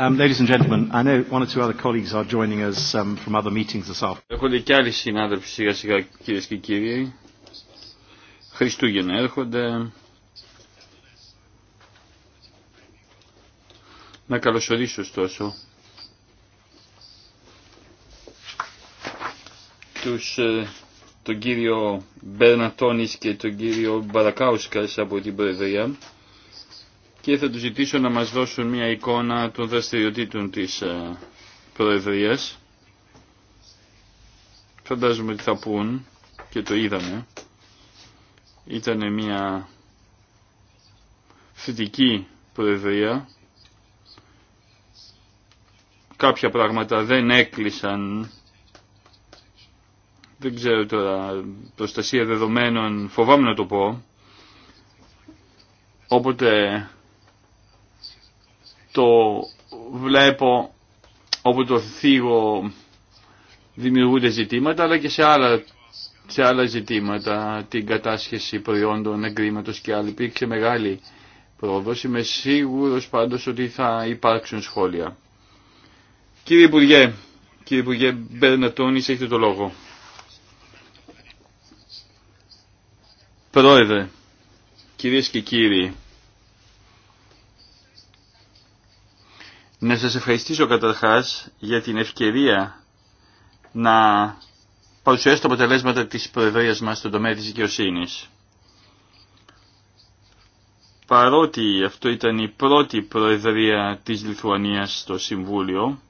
Um, ladies and gentlemen, I know Έρχονται και άλλοι συνάδελφοι σιγά σιγά κυρίες και κύριοι. Χριστούγεννα έρχονται. Να καλωσορίσω ωστόσο τους, ε, τον κύριο Μπερνατόνης και τον κύριο Μπαρακάουσκας από την Προεδρία και θα τους ζητήσω να μας δώσουν μια εικόνα των δραστηριοτήτων της ε, Προεδρίας. Φαντάζομαι ότι θα πούν και το είδαμε. Ήταν μια θετική Προεδρία. Κάποια πράγματα δεν έκλεισαν δεν ξέρω τώρα, προστασία δεδομένων, φοβάμαι να το πω. Όποτε το βλέπω όπου το θίγω δημιουργούνται ζητήματα αλλά και σε άλλα, σε άλλα ζητήματα την κατάσχεση προϊόντων εγκρήματος και άλλη υπήρξε μεγάλη πρόοδος είμαι σίγουρος πάντως ότι θα υπάρξουν σχόλια Κύριε Υπουργέ Κύριε Υπουργέ Μπερνατώνης έχετε το λόγο Πρόεδρε, κυρίες και κύριοι, Να σας ευχαριστήσω καταρχάς για την ευκαιρία να παρουσιάσω τα αποτελέσματα της προεδρίας μας στον τομέα της δικαιοσύνη. Παρότι αυτό ήταν η πρώτη προεδρία της Λιθουανίας στο Συμβούλιο,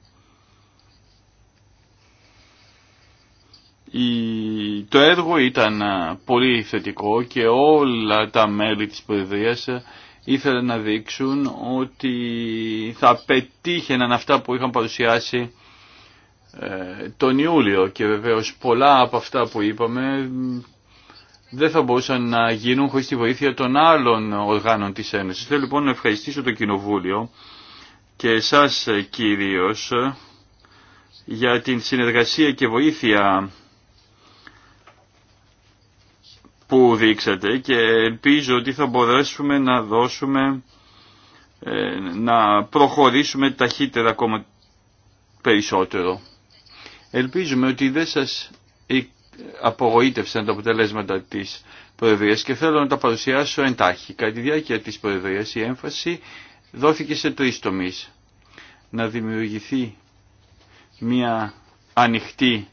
το έργο ήταν πολύ θετικό και όλα τα μέλη της Προεδρίας ήθελαν να δείξουν ότι θα πετύχαιναν αυτά που είχαν παρουσιάσει ε, τον Ιούλιο και βεβαίως πολλά από αυτά που είπαμε δεν θα μπορούσαν να γίνουν χωρίς τη βοήθεια των άλλων οργάνων της Ένωσης. Θέλω λοιπόν να ευχαριστήσω το Κοινοβούλιο και εσάς ε, κυρίως για την συνεργασία και βοήθεια που δείξατε και ελπίζω ότι θα μπορέσουμε να δώσουμε, ε, να προχωρήσουμε ταχύτερα ακόμα περισσότερο. Ελπίζουμε ότι δεν σας ε, απογοήτευσαν τα αποτελέσματα της Προεδρίας και θέλω να τα παρουσιάσω εντάχει. Κατά τη διάρκεια της Προεδρίας η έμφαση δόθηκε σε τρεις τομείς. Να δημιουργηθεί μια ανοιχτή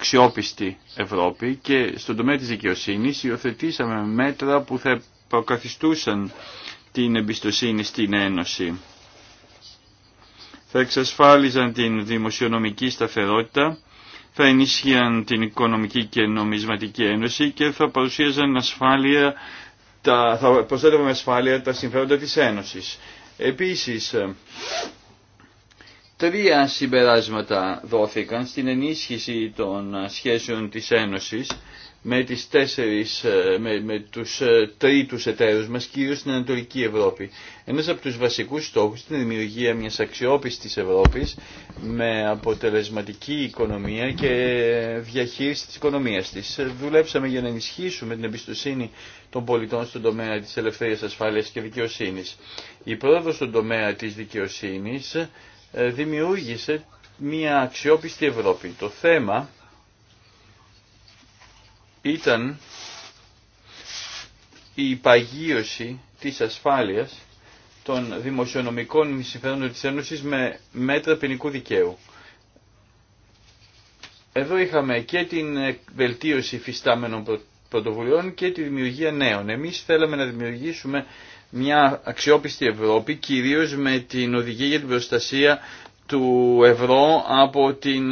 αξιόπιστη Ευρώπη και στον τομέα της δικαιοσύνη υιοθετήσαμε μέτρα που θα προκαθιστούσαν την εμπιστοσύνη στην Ένωση. Θα εξασφάλιζαν την δημοσιονομική σταθερότητα, θα ενίσχυαν την οικονομική και νομισματική ένωση και θα παρουσίαζαν ασφάλεια, τα, θα προσθέτουμε ασφάλεια τα συμφέροντα της Ένωσης. Επίσης, Τρία συμπεράσματα δόθηκαν στην ενίσχυση των σχέσεων της Ένωσης με, τις τέσσερις, ε, με, με τους ε, τρίτους εταίρους μας, κυρίως στην Ανατολική Ευρώπη. Ένας από τους βασικούς στόχους είναι η δημιουργία μιας αξιόπιστης Ευρώπης με αποτελεσματική οικονομία και διαχείριση της οικονομίας της. Δουλέψαμε για να ενισχύσουμε την εμπιστοσύνη των πολιτών στον τομέα της ελευθερίας ασφάλειας και δικαιοσύνης. Η πρόοδος στον τομέα της δικαιοσύνης ε, δημιούργησε μια αξιόπιστη Ευρώπη. Το θέμα ήταν η παγίωση της ασφάλειας των δημοσιονομικών συμφέροντων της Ένωσης με μέτρα ποινικού δικαίου. Εδώ είχαμε και την βελτίωση φυστάμενων πρωτοβουλειών και τη δημιουργία νέων. Εμείς θέλαμε να δημιουργήσουμε μια αξιόπιστη Ευρώπη, κυρίως με την οδηγία για την προστασία του ευρώ από την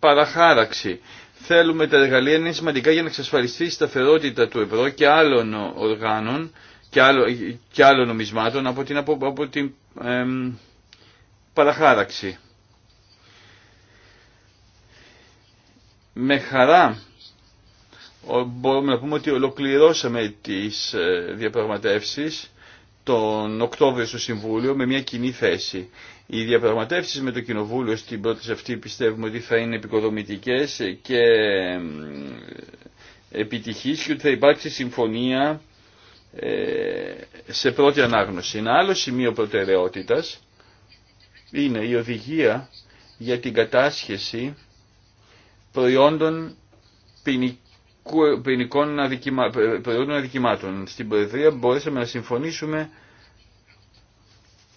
παραχάραξη. Θέλουμε τα εργαλεία να είναι σημαντικά για να εξασφαλιστεί η σταθερότητα του ευρώ και άλλων οργάνων και, άλλο, άλλων νομισμάτων από την, από, την παραχάραξη. Με χαρά μπορούμε να πούμε ότι ολοκληρώσαμε τις ε, διαπραγματεύσεις τον Οκτώβριο στο Συμβούλιο με μια κοινή θέση. Οι διαπραγματεύσεις με το Κοινοβούλιο στην πρώτη αυτή πιστεύουμε ότι θα είναι επικοδομητικές και ε, επιτυχής και ότι θα υπάρξει συμφωνία ε, σε πρώτη ανάγνωση. Ένα άλλο σημείο προτεραιότητας είναι η οδηγία για την κατάσχεση προϊόντων ποινικών ποινικών αδικημα... Ε, αδικημάτων. Στην Προεδρία μπορέσαμε να συμφωνήσουμε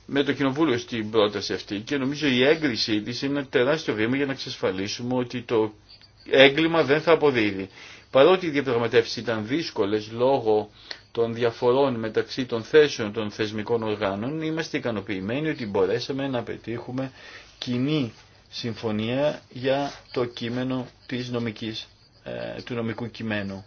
με το Κοινοβούλιο στην πρόταση αυτή και νομίζω η έγκρισή της είναι ένα τεράστιο βήμα για να εξασφαλίσουμε ότι το έγκλημα δεν θα αποδίδει. Παρότι οι διαπραγματεύσεις ήταν δύσκολες λόγω των διαφορών μεταξύ των θέσεων των θεσμικών οργάνων, είμαστε ικανοποιημένοι ότι μπορέσαμε να πετύχουμε κοινή συμφωνία για το κείμενο της νομικής ε, του νομικού κειμένου.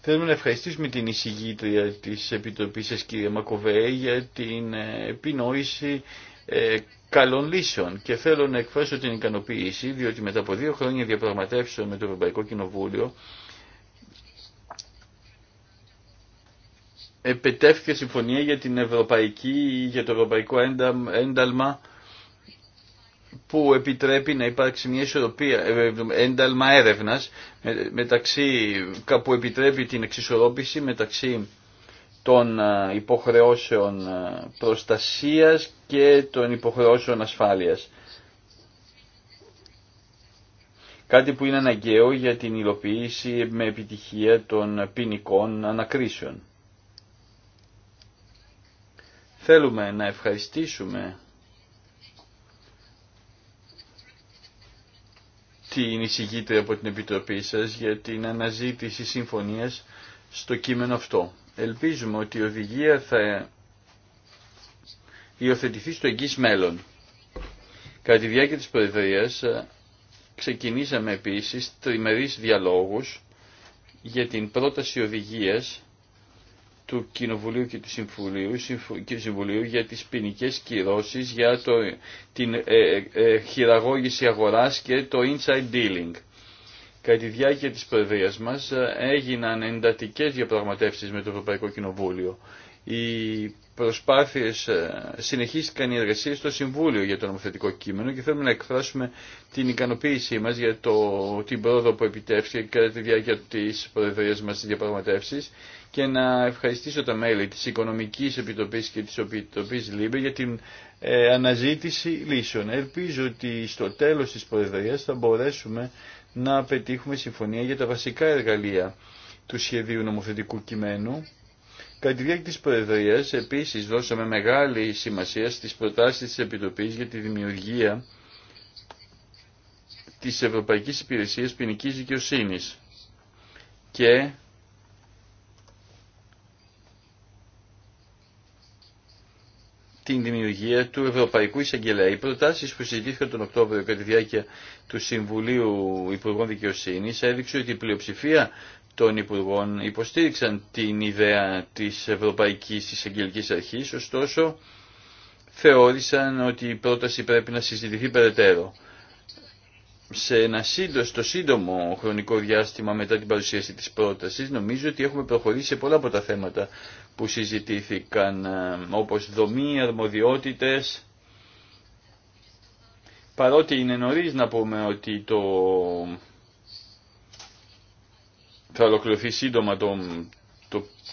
Θέλουμε να ευχαριστήσουμε την εισηγήτρια της Επιτροπής σας κύριε Μακοβέ για την ε, επινόηση ε, καλών λύσεων και θέλω να εκφράσω την ικανοποίηση διότι μετά από δύο χρόνια διαπραγματεύσεων με το Ευρωπαϊκό Κοινοβούλιο επετεύχθηκε συμφωνία για, την ευρωπαϊκή, για το ευρωπαϊκό ένταλμα που επιτρέπει να υπάρξει μια ισορροπία, ε, ε, ένταλμα έρευνας μεταξύ, που επιτρέπει την εξισορρόπηση μεταξύ των ε, υποχρεώσεων προστασίας και των υποχρεώσεων ασφάλειας. Κάτι που είναι αναγκαίο για την υλοποίηση με επιτυχία των ποινικών ανακρίσεων. Θέλουμε να ευχαριστήσουμε την εισηγήτρια από την Επιτροπή σας για την αναζήτηση συμφωνίας στο κείμενο αυτό. Ελπίζουμε ότι η οδηγία θα υιοθετηθεί στο εγγύς μέλλον. Κατά τη διάρκεια της Προεδρίας ε, ξεκινήσαμε επίσης τριμερείς διαλόγους για την πρόταση οδηγίας του Κοινοβουλίου και του Συμβουλίου, και Συμβουλίου για τις ποινικέ κυρώσεις για το, την ε, ε, ε, χειραγώγηση αγοράς και το inside dealing. Κατά τη διάρκεια της προεδρίας μας έγιναν εντατικές διαπραγματεύσεις με το Ευρωπαϊκό Κοινοβούλιο οι προσπάθειες, ε, συνεχίστηκαν οι εργασίες στο Συμβούλιο για το νομοθετικό κείμενο και θέλουμε να εκφράσουμε την ικανοποίησή μας για το, την πρόοδο που επιτεύχθηκε κατά τη διάρκεια της προεδρίας μας στις διαπραγματεύσεις και να ευχαριστήσω τα μέλη της Οικονομικής Επιτροπής και της Επιτροπής ΛΥΜΠΕ για την ε, αναζήτηση λύσεων. Ελπίζω ότι στο τέλος της προεδρίας θα μπορέσουμε να πετύχουμε συμφωνία για τα βασικά εργαλεία του σχεδίου νομοθετικού κειμένου Κατά τη διάρκεια της Προεδρίας επίσης δώσαμε μεγάλη σημασία στις προτάσεις της Επιτροπής για τη δημιουργία της Ευρωπαϊκής Υπηρεσίας Ποινικής Δικαιοσύνης και την δημιουργία του Ευρωπαϊκού Εισαγγελέα. Οι προτάσει που συζητήθηκαν τον Οκτώβριο κατά τη διάρκεια του Συμβουλίου Υπουργών Δικαιοσύνη έδειξε ότι η πλειοψηφία των Υπουργών υποστήριξαν την ιδέα της Ευρωπαϊκής της Αγγελικής Αρχής, ωστόσο θεώρησαν ότι η πρόταση πρέπει να συζητηθεί περαιτέρω. Σε ένα σύντοστο σύντομο χρονικό διάστημα μετά την παρουσίαση της πρότασης νομίζω ότι έχουμε προχωρήσει σε πολλά από τα θέματα που συζητήθηκαν ε, όπως δομή, αρμοδιότητες. Παρότι είναι νωρίς να πούμε ότι το θα ολοκληρωθεί σύντομα το,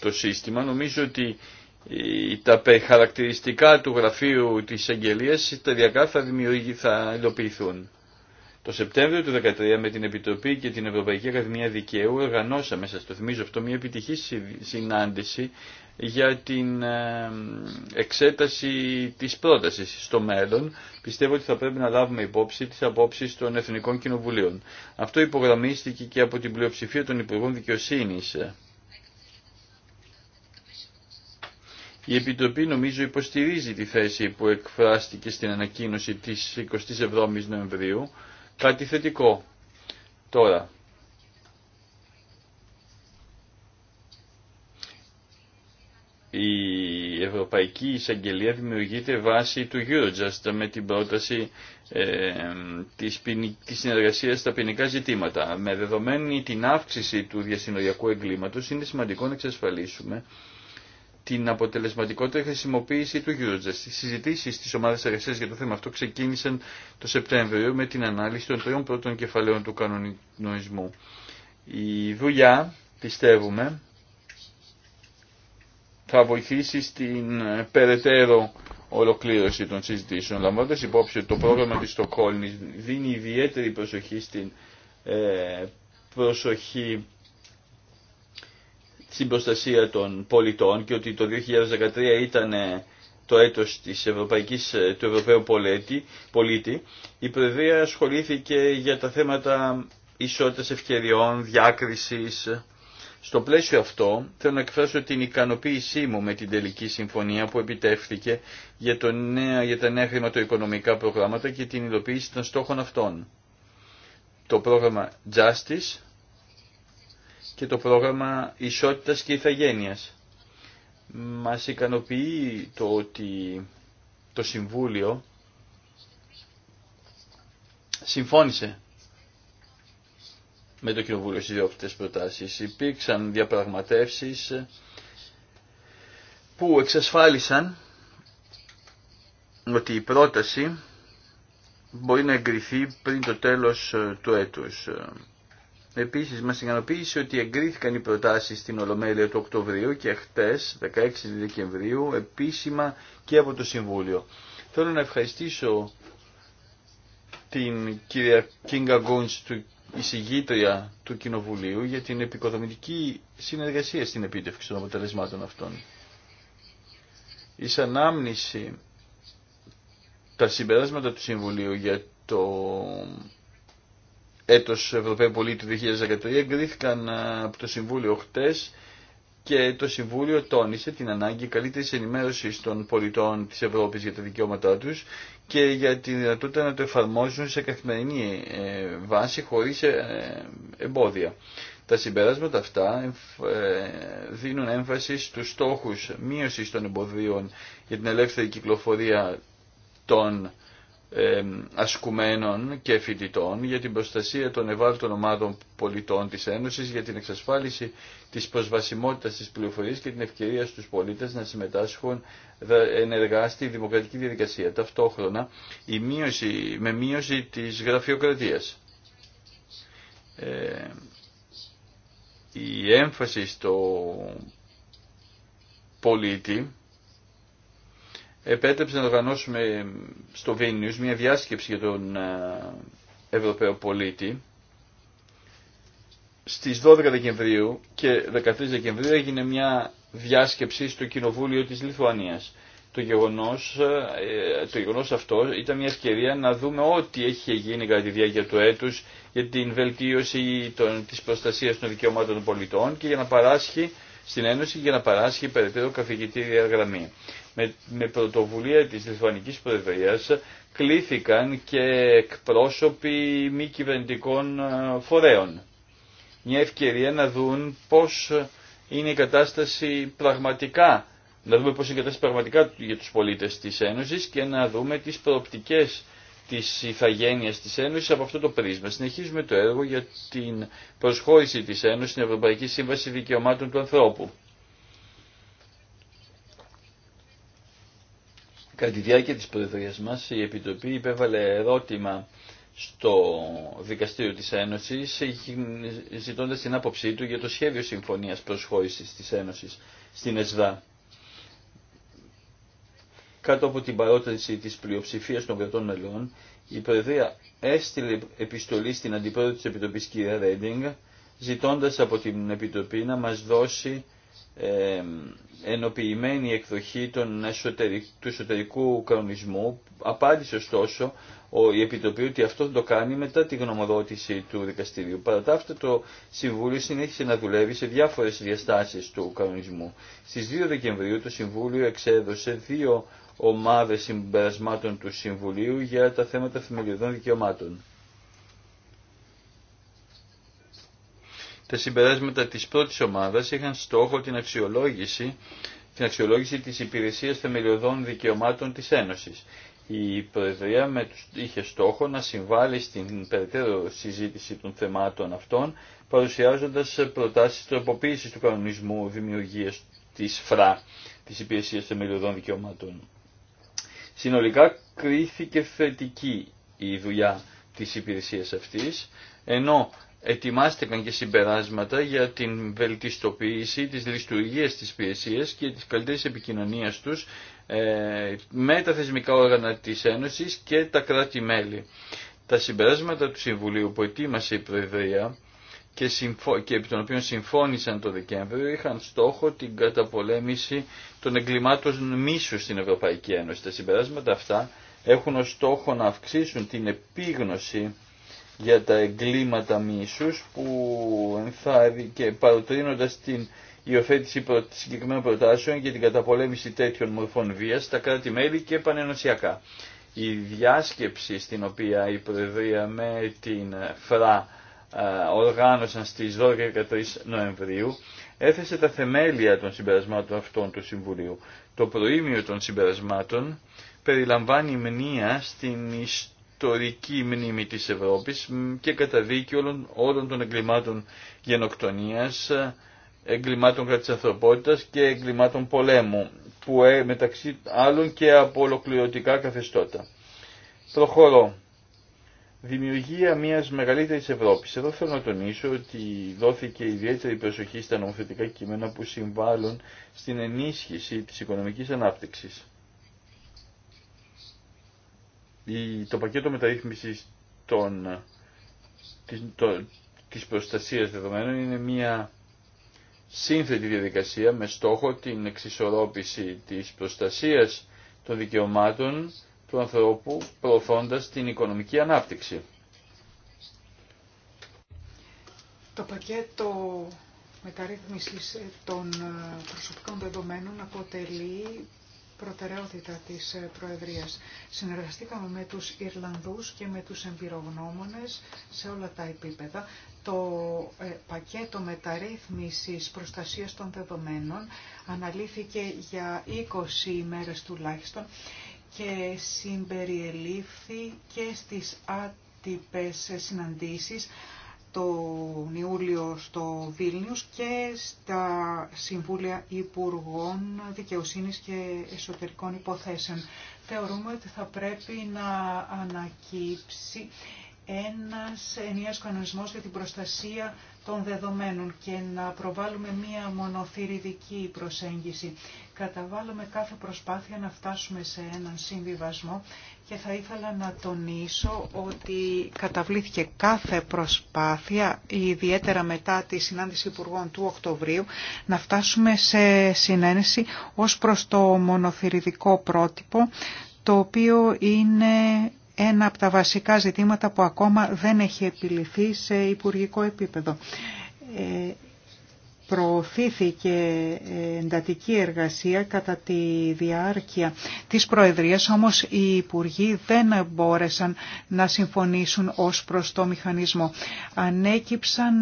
το, σύστημα. Νομίζω ότι τα χαρακτηριστικά του γραφείου της αγγελίας σταδιακά θα, θα υλοποιηθούν. Το Σεπτέμβριο του 2013 με την Επιτροπή και την Ευρωπαϊκή Ακαδημία Δικαίου οργανώσαμε, σας το θυμίζω αυτό, μια επιτυχή συνάντηση για την ε, εξέταση της πρότασης στο μέλλον. Πιστεύω ότι θα πρέπει να λάβουμε υπόψη τις απόψεις των Εθνικών Κοινοβουλίων. Αυτό υπογραμμίστηκε και από την πλειοψηφία των Υπουργών Δικαιοσύνης. Η Επιτροπή νομίζω υποστηρίζει τη θέση που εκφράστηκε στην ανακοίνωση της 27ης Νοεμβρίου, κάτι θετικό. Τώρα, η Ευρωπαϊκή Εισαγγελία δημιουργείται βάσει του Eurojust με την πρόταση ε, της, συνεργασίας στα ποινικά ζητήματα. Με δεδομένη την αύξηση του διασυνοριακού εγκλήματος είναι σημαντικό να εξασφαλίσουμε την αποτελεσματικότερη χρησιμοποίηση του Eurojust. Οι συζητήσει τη ομάδα εργασία για το θέμα αυτό ξεκίνησαν το Σεπτέμβριο με την ανάλυση των τριών πρώτων κεφαλαίων του κανονισμού. Η δουλειά, πιστεύουμε, θα βοηθήσει στην ε, περαιτέρω ολοκλήρωση των συζητήσεων. Λαμβάνοντας υπόψη ότι το πρόγραμμα της Στοκχόλμη δίνει ιδιαίτερη προσοχή στην ε, προσοχή στην προστασία των πολιτών και ότι το 2013 ήταν ε, το έτος της Ευρωπαϊκής, του Ευρωπαίου πολίτη, πολίτη, η Προεδρία ασχολήθηκε για τα θέματα ισότητας ευκαιριών, διάκρισης, στο πλαίσιο αυτό θέλω να εκφράσω την ικανοποίησή μου με την τελική συμφωνία που επιτεύχθηκε για, το νέα, για τα νέα χρηματοοικονομικά προγράμματα και την υλοποίηση των στόχων αυτών. Το πρόγραμμα Justice και το πρόγραμμα Ισότητας και Ιθαγένειας. Μας ικανοποιεί το ότι το Συμβούλιο συμφώνησε με το Κοινοβούλιο στις δύο αυτές προτάσεις. Υπήρξαν διαπραγματεύσεις που εξασφάλισαν ότι η πρόταση μπορεί να εγκριθεί πριν το τέλος ε, του έτους. Επίσης μας ικανοποίησε ότι εγκρίθηκαν οι προτάσεις στην Ολομέλεια του Οκτωβρίου και χτες, 16 Δεκεμβρίου, επίσημα και από το Συμβούλιο. Θέλω να ευχαριστήσω την κυρία Κίνγκα Γκούντς του εισηγήτρια του Κοινοβουλίου για την επικοδομητική συνεργασία στην επίτευξη των αποτελεσμάτων αυτών. Η ανάμνηση τα συμπεράσματα του Συμβουλίου για το έτος Ευρωπαίου Πολίτη 2013 εγκρίθηκαν από το Συμβούλιο χτες και το Συμβούλιο τόνισε την ανάγκη καλύτερης ενημέρωσης των πολιτών της Ευρώπης για τα δικαιώματά τους και για τη δυνατότητα να το εφαρμόζουν σε καθημερινή ε, βάση χωρίς ε, εμπόδια. Τα συμπεράσματα αυτά ε, δίνουν έμφαση στους στόχους μείωσης των εμποδίων για την ελεύθερη κυκλοφορία των ασκουμένων και φοιτητών για την προστασία των ευάλωτων ομάδων πολιτών της Ένωσης για την εξασφάλιση της προσβασιμότητας της πληροφορίας και την ευκαιρία στους πολίτες να συμμετάσχουν ενεργά στη δημοκρατική διαδικασία. Ταυτόχρονα η μείωση, με μείωση της γραφειοκρατίας. Ε, η έμφαση στο πολίτη επέτρεψε να οργανώσουμε στο Βίνιους μια διάσκεψη για τον ε, Ευρωπαίο πολίτη στις 12 Δεκεμβρίου και 13 Δεκεμβρίου έγινε μια διάσκεψη στο Κοινοβούλιο της Λιθουανίας. Το γεγονός, ε, το γεγονός αυτό ήταν μια ευκαιρία να δούμε ό,τι έχει γίνει κατά τη διάρκεια του έτους για την βελτίωση των, της προστασίας των δικαιωμάτων των πολιτών και για να παράσχει στην Ένωση για να παράσχει περαιτέρω καθηγητή γραμμή. Με, με πρωτοβουλία της Λιθουανικής Προεδρίας κλήθηκαν και εκπρόσωποι μη κυβερνητικών ε, φορέων. Μια ευκαιρία να δουν πώς είναι η κατάσταση πραγματικά, να δούμε πώς είναι η κατάσταση πραγματικά για τους πολίτες της Ένωσης και να δούμε τις προοπτικές της ηθαγένεια της Ένωσης από αυτό το πρίσμα. Συνεχίζουμε το έργο για την προσχώρηση της Ένωσης στην Ευρωπαϊκή Σύμβαση Δικαιωμάτων του Ανθρώπου. Κατά τη διάρκεια της Προεδρία μας η Επιτροπή υπέβαλε ερώτημα στο Δικαστήριο της Ένωσης ζητώντας την άποψή του για το σχέδιο συμφωνίας προσχώρησης της Ένωσης στην ΕΣΔΑ. Κάτω από την παρότριση της πλειοψηφίας των κρατών μελών, η Προεδρία έστειλε επιστολή στην Αντιπρόεδρο της Επιτροπής κυρία Ρέντινγκ, ζητώντας από την Επιτροπή να μας δώσει ε, ενοποιημένη εκδοχή των εσωτερικ, του εσωτερικού κανονισμού. Απάντησε ωστόσο ο, η Επιτροπή ότι αυτό το κάνει μετά τη γνωμοδότηση του δικαστηρίου. Παρά τα το Συμβούλιο συνέχισε να δουλεύει σε διάφορες διαστάσεις του κανονισμού. Στις 2 Δεκεμβρίου το Συμβούλιο εξέδωσε δύο ομάδες συμπερασμάτων του Συμβουλίου για τα θέματα θεμελιωδών δικαιωμάτων. Τα συμπεράσματα της πρώτης ομάδας είχαν στόχο την αξιολόγηση, την αξιολόγηση της υπηρεσίας θεμελιωδών δικαιωμάτων της Ένωσης. Η Προεδρία με, είχε στόχο να συμβάλλει στην περαιτέρω συζήτηση των θεμάτων αυτών, παρουσιάζοντας προτάσεις τροποποίησης του κανονισμού δημιουργίας της ΦΡΑ, της Υπηρεσίας Θεμελιωδών Δικαιωμάτων. Συνολικά κρίθηκε θετική η δουλειά της υπηρεσίας αυτής, ενώ ετοιμάστηκαν και συμπεράσματα για την βελτιστοποίηση της λειτουργίας της υπηρεσία και της καλύτερης επικοινωνίας τους ε, με τα θεσμικά όργανα της Ένωσης και τα κράτη-μέλη. Τα συμπεράσματα του Συμβουλίου που ετοίμασε η Προεδρία και, συμφω... και επί των οποίων συμφώνησαν το Δεκέμβριο είχαν στόχο την καταπολέμηση των εγκλημάτων μίσου στην Ευρωπαϊκή Ένωση. Τα συμπεράσματα αυτά έχουν ως στόχο να αυξήσουν την επίγνωση για τα εγκλήματα μίσους που ενθάρρει και παροτρύνοντας την υιοθέτηση συγκεκριμένων προτάσεων για την καταπολέμηση τέτοιων μορφών βίας στα κράτη-μέλη και πανενωσιακά. Η διάσκεψη στην οποία η Προεδρία με την ΦΡΑ ε, οργάνωσαν στις 12 και 13 Νοεμβρίου έθεσε τα θεμέλια των συμπερασμάτων αυτών του Συμβουλίου. Το προήμιο των συμπερασμάτων περιλαμβάνει μνήμα στην ιστορική μνήμη της Ευρώπης και καταδίκη όλων, όλων των εγκλημάτων γενοκτονίας, εγκλημάτων κατά της και εγκλημάτων πολέμου, που ε, μεταξύ άλλων και από ολοκληρωτικά καθεστώτα. Προχωρώ δημιουργία μιας μεγαλύτερης Ευρώπης. Εδώ θέλω να τονίσω ότι δόθηκε ιδιαίτερη προσοχή στα νομοθετικά κείμενα που συμβάλλουν στην ενίσχυση της οικονομικής ανάπτυξης. Το πακέτο μεταρρύθμισης των, της, της προστασίας δεδομένων είναι μια σύνθετη διαδικασία με στόχο την εξισορρόπηση της προστασίας των δικαιωμάτων του ανθρώπου προωθώντας την οικονομική ανάπτυξη. Το πακέτο μεταρρύθμισης ε, των ε, προσωπικών δεδομένων αποτελεί προτεραιότητα της ε, Προεδρίας. Συνεργαστήκαμε με τους Ιρλανδούς και με τους εμπειρογνώμονες σε όλα τα επίπεδα. Το πακέτο μεταρρύθμισης προστασίας των δεδομένων αναλύθηκε για 20 ημέρες τουλάχιστον και συμπεριελήφθη και στις άτυπες συναντήσεις τον Ιούλιο στο Βίλνιους και στα Συμβούλια Υπουργών Δικαιοσύνης και Εσωτερικών Υποθέσεων. Θεωρούμε ότι θα πρέπει να ανακύψει ένας ενιαίος κανονισμός για την προστασία των δεδομένων και να προβάλλουμε μία μονοθυριδική προσέγγιση. Καταβάλλουμε κάθε προσπάθεια να φτάσουμε σε έναν συμβιβασμό και θα ήθελα να τονίσω ότι καταβλήθηκε κάθε προσπάθεια, ιδιαίτερα μετά τη συνάντηση Υπουργών του Οκτωβρίου, να φτάσουμε σε συνένεση ως προς το μονοθυριδικό πρότυπο, το οποίο είναι ένα από τα βασικά ζητήματα που ακόμα δεν έχει επιληθεί σε υπουργικό επίπεδο. Ε, προωθήθηκε εντατική εργασία κατά τη διάρκεια της Προεδρίας, όμως οι Υπουργοί δεν μπόρεσαν να συμφωνήσουν ως προς το μηχανισμό. Ανέκυψαν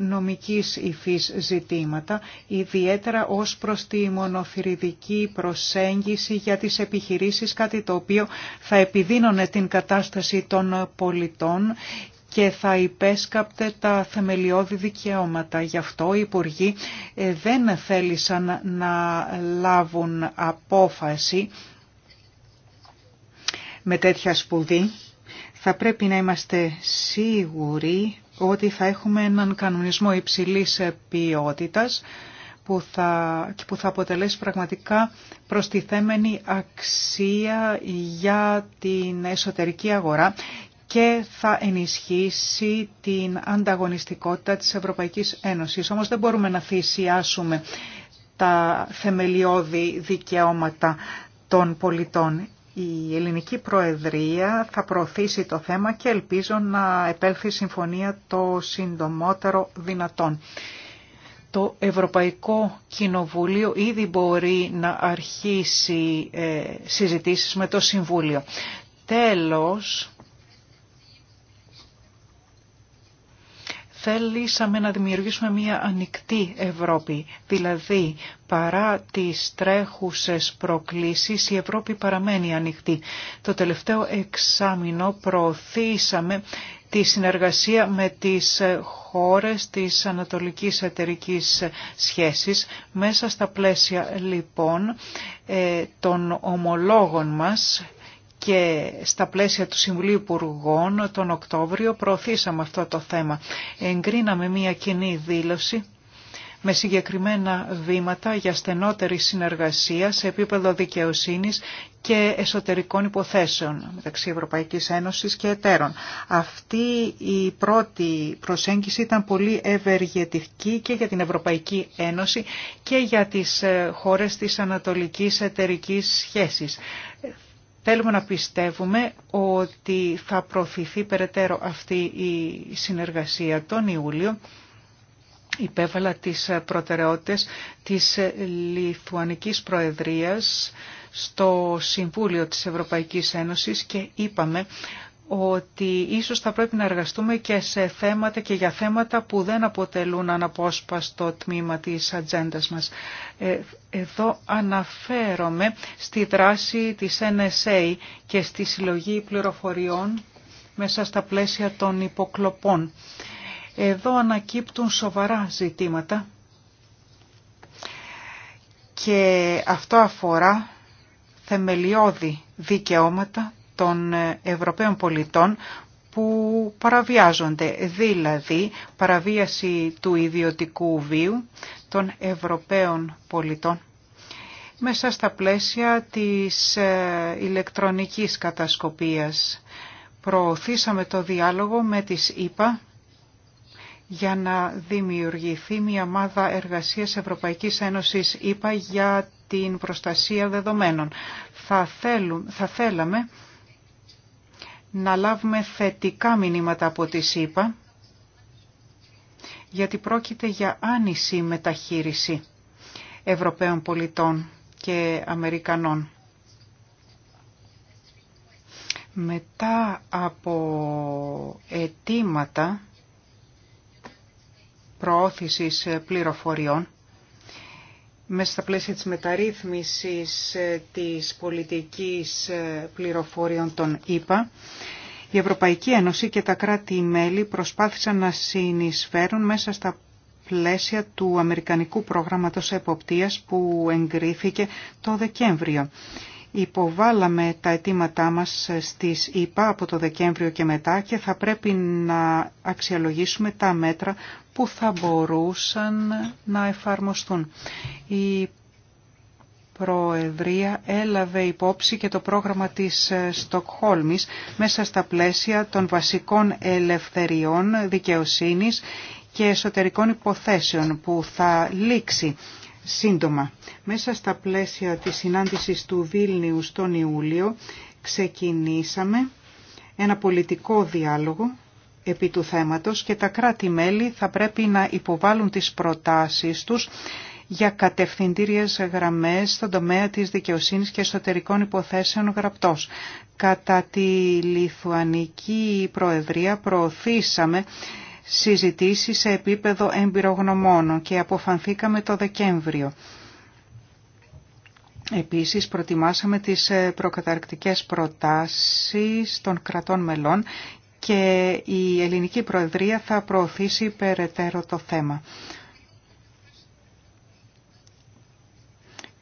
νομικής υφής ζητήματα, ιδιαίτερα ως προς τη μονοθυριδική προσέγγιση για τις επιχειρήσεις, κάτι το οποίο θα επιδίνωνε την κατάσταση των πολιτών και θα υπέσκαπτε τα θεμελιώδη δικαιώματα. Γι' αυτό οι Υπουργοί ε, δεν θέλησαν να λάβουν απόφαση με τέτοια σπουδή. Θα πρέπει να είμαστε σίγουροι ότι θα έχουμε έναν κανονισμό υψηλής ποιότητας που θα, και που θα αποτελέσει πραγματικά προστιθέμενη αξία για την εσωτερική αγορά και θα ενισχύσει την ανταγωνιστικότητα της Ευρωπαϊκής Ένωσης. Όμως δεν μπορούμε να θυσιάσουμε τα θεμελιώδη δικαιώματα των πολιτών. Η ελληνική προεδρία θα προωθήσει το θέμα και ελπίζω να επέλθει συμφωνία το συντομότερο δυνατόν. Το Ευρωπαϊκό Κοινοβούλιο ήδη μπορεί να αρχίσει ε, συζητήσεις με το Συμβούλιο. Τέλος, Θέλησαμε να δημιουργήσουμε μια ανοιχτή Ευρώπη, δηλαδή παρά τις τρέχουσες προκλήσεις η Ευρώπη παραμένει ανοιχτή. Το τελευταίο εξάμεινο προωθήσαμε τη συνεργασία με τις χώρες της ανατολικής εταιρικής σχέσης μέσα στα πλαίσια λοιπόν ε, των ομολόγων μας και στα πλαίσια του Συμβουλίου Υπουργών τον Οκτώβριο προωθήσαμε αυτό το θέμα. Εγκρίναμε μια κοινή δήλωση με συγκεκριμένα βήματα για στενότερη συνεργασία σε επίπεδο δικαιοσύνης και εσωτερικών υποθέσεων μεταξύ Ευρωπαϊκής Ένωσης και εταίρων. Αυτή η πρώτη προσέγγιση ήταν πολύ ευεργετική και για την Ευρωπαϊκή Ένωση και για τις ε, χώρες της ανατολικής εταιρικής σχέσης. Θέλουμε να πιστεύουμε ότι θα προωθηθεί περαιτέρω αυτή η συνεργασία τον Ιούλιο υπέβαλα τις προτεραιότητες της Λιθουανικής Προεδρίας στο Συμβούλιο της Ευρωπαϊκής Ένωσης και είπαμε ότι ίσως θα πρέπει να εργαστούμε και σε θέματα και για θέματα που δεν αποτελούν αναπόσπαστο τμήμα της ατζέντα μας. Ε, εδώ αναφέρομαι στη δράση της NSA και στη συλλογή πληροφοριών μέσα στα πλαίσια των υποκλοπών. Εδώ ανακύπτουν σοβαρά ζητήματα και αυτό αφορά θεμελιώδη δικαιώματα των Ευρωπαίων πολιτών που παραβιάζονται, δηλαδή παραβίαση του ιδιωτικού βίου των Ευρωπαίων πολιτών μέσα στα πλαίσια της ε, ηλεκτρονικής κατασκοπίας. Προωθήσαμε το διάλογο με τις ΗΠΑ για να δημιουργηθεί μια ομάδα εργασίας Ευρωπαϊκής Ένωσης ΗΠΑ για την προστασία δεδομένων. Θα, θέλουν, θα θέλαμε να λάβουμε θετικά μηνύματα από τη ΣΥΠΑ, γιατί πρόκειται για άνηση μεταχείριση Ευρωπαίων πολιτών και Αμερικανών. Μετά από αιτήματα προώθησης πληροφοριών, μέσα στα πλαίσια της μεταρρύθμισης ε, της πολιτικής ε, πληροφοριών των ΗΠΑ, η Ευρωπαϊκή Ένωση και τα κράτη-μέλη προσπάθησαν να συνεισφέρουν μέσα στα πλαίσια του Αμερικανικού Προγράμματος Εποπτείας που εγκρίθηκε το Δεκέμβριο. Υποβάλαμε τα αιτήματά μας στις ΙΠΑ από το Δεκέμβριο και μετά και θα πρέπει να αξιολογήσουμε τα μέτρα που θα μπορούσαν να εφαρμοστούν. Η Προεδρία έλαβε υπόψη και το πρόγραμμα της Στοκχόλμης μέσα στα πλαίσια των βασικών ελευθεριών δικαιοσύνης και εσωτερικών υποθέσεων που θα λήξει σύντομα. Μέσα στα πλαίσια της συνάντησης του Βίλνιου στον Ιούλιο ξεκινήσαμε ένα πολιτικό διάλογο επί του θέματος και τα κράτη-μέλη θα πρέπει να υποβάλουν τις προτάσεις τους για κατευθυντήριες γραμμές στον τομέα της δικαιοσύνης και εσωτερικών υποθέσεων γραπτός. Κατά τη Λιθουανική Προεδρία προωθήσαμε συζητήσει σε επίπεδο εμπειρογνωμόνων και αποφανθήκαμε το Δεκέμβριο. Επίσης προτιμάσαμε τις ε, προκαταρκτικές προτάσεις των κρατών μελών και η Ελληνική Προεδρία θα προωθήσει περαιτέρω το θέμα.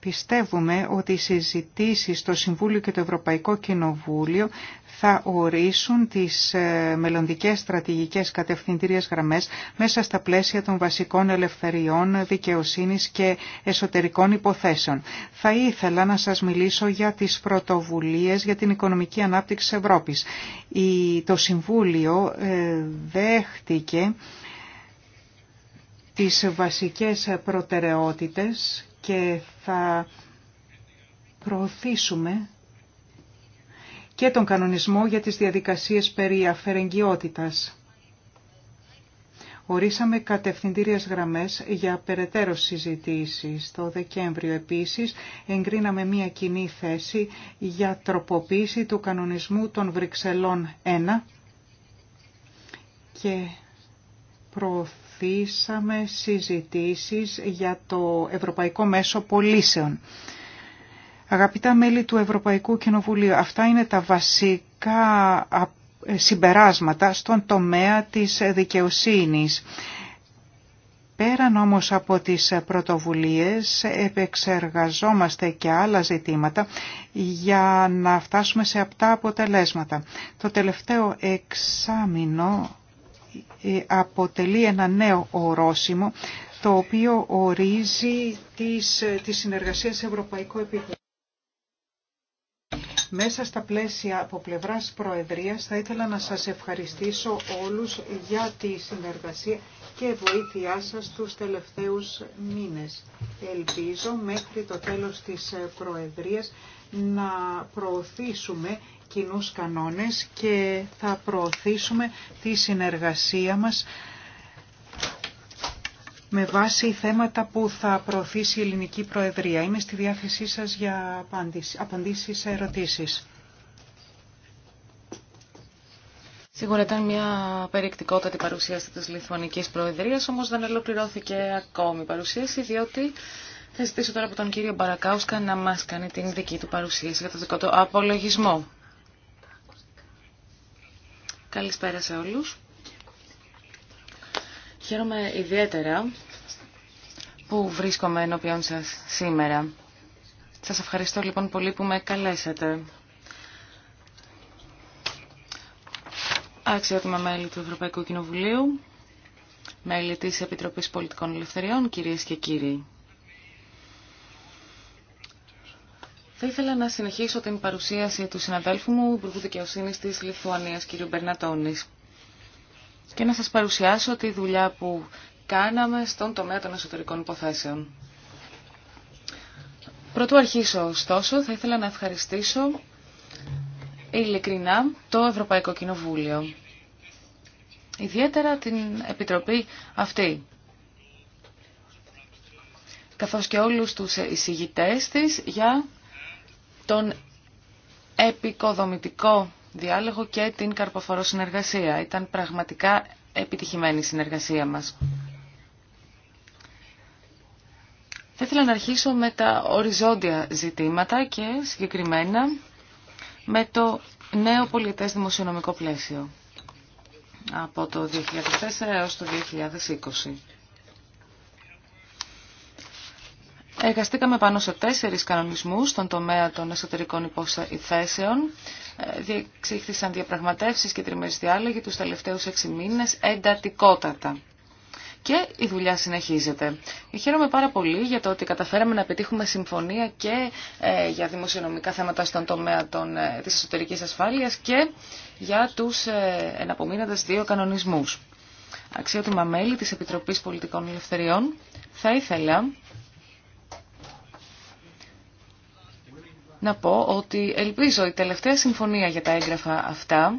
Πιστεύουμε ότι οι συζητήσεις στο Συμβούλιο και το Ευρωπαϊκό Κοινοβούλιο θα ορίσουν τις ε, μελλοντικές στρατηγικές κατευθυντήριες γραμμές μέσα στα πλαίσια των βασικών ελευθεριών, δικαιοσύνης και εσωτερικών υποθέσεων. Θα ήθελα να σας μιλήσω για τις πρωτοβουλίες για την οικονομική ανάπτυξη της Ευρώπης. Το Συμβούλιο ε, δέχτηκε τις βασικές προτεραιότητες και θα προωθήσουμε και τον κανονισμό για τις διαδικασίες περί αφαιρεγγιότητας. Ορίσαμε κατευθυντήριες γραμμές για περαιτέρω συζητήσεις. Το Δεκέμβριο επίσης εγκρίναμε μία κοινή θέση για τροποποίηση του κανονισμού των Βρυξελών 1 και προωθήσαμε συζητήσεις για το Ευρωπαϊκό Μέσο Πολίσεων. Αγαπητά μέλη του Ευρωπαϊκού Κοινοβουλίου, αυτά είναι τα βασικά ε, συμπεράσματα στον τομέα της δικαιοσύνης. Πέραν όμως από τις πρωτοβουλίες επεξεργαζόμαστε και άλλα ζητήματα για να φτάσουμε σε αυτά αποτελέσματα. Το τελευταίο εξάμεινο ε, αποτελεί ένα νέο ορόσημο το οποίο ορίζει τις, ε, τις συνεργασίες σε ευρωπαϊκό επίπεδο. Μέσα στα πλαίσια από πλευράς Προεδρίας θα ήθελα να σας ευχαριστήσω όλους για τη συνεργασία και βοήθειά σας τους τελευταίους μήνες. Ελπίζω μέχρι το τέλος της Προεδρίας να προωθήσουμε κοινούς κανόνες και θα προωθήσουμε τη συνεργασία μας με βάση θέματα που θα προωθήσει η Ελληνική Προεδρία. Είμαι στη διάθεσή σας για απαντήσεις σε ερωτήσεις. Σίγουρα ήταν μια περιεκτικότατη παρουσίαση της Λιθουανικής Προεδρίας, όμως δεν ολοκληρώθηκε ακόμη η παρουσίαση, διότι θα ζητήσω τώρα από τον κύριο Μπαρακάουσκα να μας κάνει την δική του παρουσίαση για το δικό του απολογισμό. Καλησπέρα σε όλους. Χαίρομαι ιδιαίτερα που βρίσκομαι ενώπιον σας σήμερα. Σας ευχαριστώ λοιπόν πολύ που με καλέσατε. Αξιότιμα μέλη του Ευρωπαϊκού Κοινοβουλίου, μέλη της Επιτροπής Πολιτικών Ελευθεριών, κυρίες και κύριοι. Θα ήθελα να συνεχίσω την παρουσίαση του συναδέλφου μου, Υπουργού Δικαιοσύνη τη Λιθουανίας, κ. Μπερνατώνης και να σας παρουσιάσω τη δουλειά που κάναμε στον τομέα των εσωτερικών υποθέσεων. Πρωτού αρχίσω, ωστόσο, θα ήθελα να ευχαριστήσω ειλικρινά το Ευρωπαϊκό Κοινοβούλιο. Ιδιαίτερα την Επιτροπή αυτή, καθώς και όλους τους εισηγητές της για τον επικοδομητικό διάλογο και την καρποφορό συνεργασία. Ήταν πραγματικά επιτυχημένη η συνεργασία μας. Θα ήθελα να αρχίσω με τα οριζόντια ζητήματα και συγκεκριμένα με το νέο πολιτές δημοσιονομικό πλαίσιο από το 2004 έως το 2020. Εργαστήκαμε πάνω σε τέσσερις κανονισμούς στον τομέα των εσωτερικών υποθέσεων. Ε, διεξήχθησαν διαπραγματεύσεις και τριμερείς διάλογοι τους τελευταίους έξι μήνες εντατικότατα. Και η δουλειά συνεχίζεται. Χαίρομαι πάρα πολύ για το ότι καταφέραμε να πετύχουμε συμφωνία και ε, για δημοσιονομικά θέματα στον τομέα των, ε, της εσωτερικής ασφάλειας και για τους ε, εναπομείνοντας δύο κανονισμούς. Αξιότιμα μέλη της Επιτροπής Πολιτικών Ελευθεριών, θα ήθελα να πω ότι ελπίζω η τελευταία συμφωνία για τα έγγραφα αυτά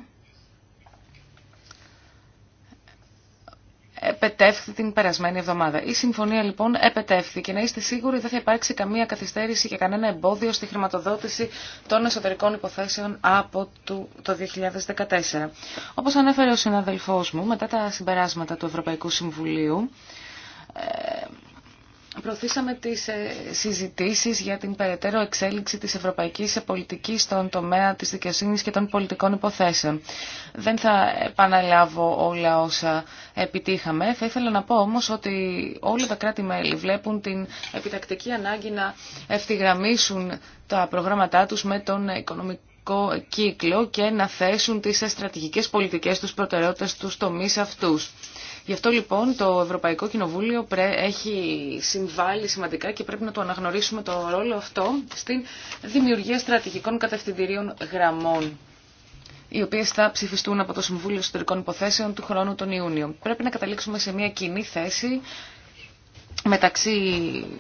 επετεύχθη την περασμένη εβδομάδα. Η συμφωνία λοιπόν επετεύχθη και να είστε σίγουροι δεν θα υπάρξει καμία καθυστέρηση και κανένα εμπόδιο στη χρηματοδότηση των εσωτερικών υποθέσεων από το 2014. Όπως ανέφερε ο συναδελφός μου, μετά τα συμπεράσματα του Ευρωπαϊκού Συμβουλίου, ε, προωθήσαμε τις ε, συζητήσεις για την περαιτέρω εξέλιξη της ευρωπαϊκής πολιτικής στον τομέα της δικαιοσύνης και των πολιτικών υποθέσεων. Δεν θα επαναλάβω όλα όσα επιτύχαμε. Θα ήθελα να πω όμως ότι όλα τα κράτη-μέλη βλέπουν την επιτακτική ανάγκη να ευθυγραμμίσουν τα προγράμματά τους με τον οικονομικό κύκλο και να θέσουν τις στρατηγικές πολιτικές τους προτεραιότητες τους τομείς αυτούς. Γι' αυτό λοιπόν το Ευρωπαϊκό Κοινοβούλιο έχει συμβάλει σημαντικά και πρέπει να το αναγνωρίσουμε το ρόλο αυτό στην δημιουργία στρατηγικών κατευθυντηρίων γραμμών οι οποίε θα ψηφιστούν από το Συμβούλιο Ιστορικών Υποθέσεων του χρόνου τον Ιούνιο. Πρέπει να καταλήξουμε σε μια κοινή θέση μεταξύ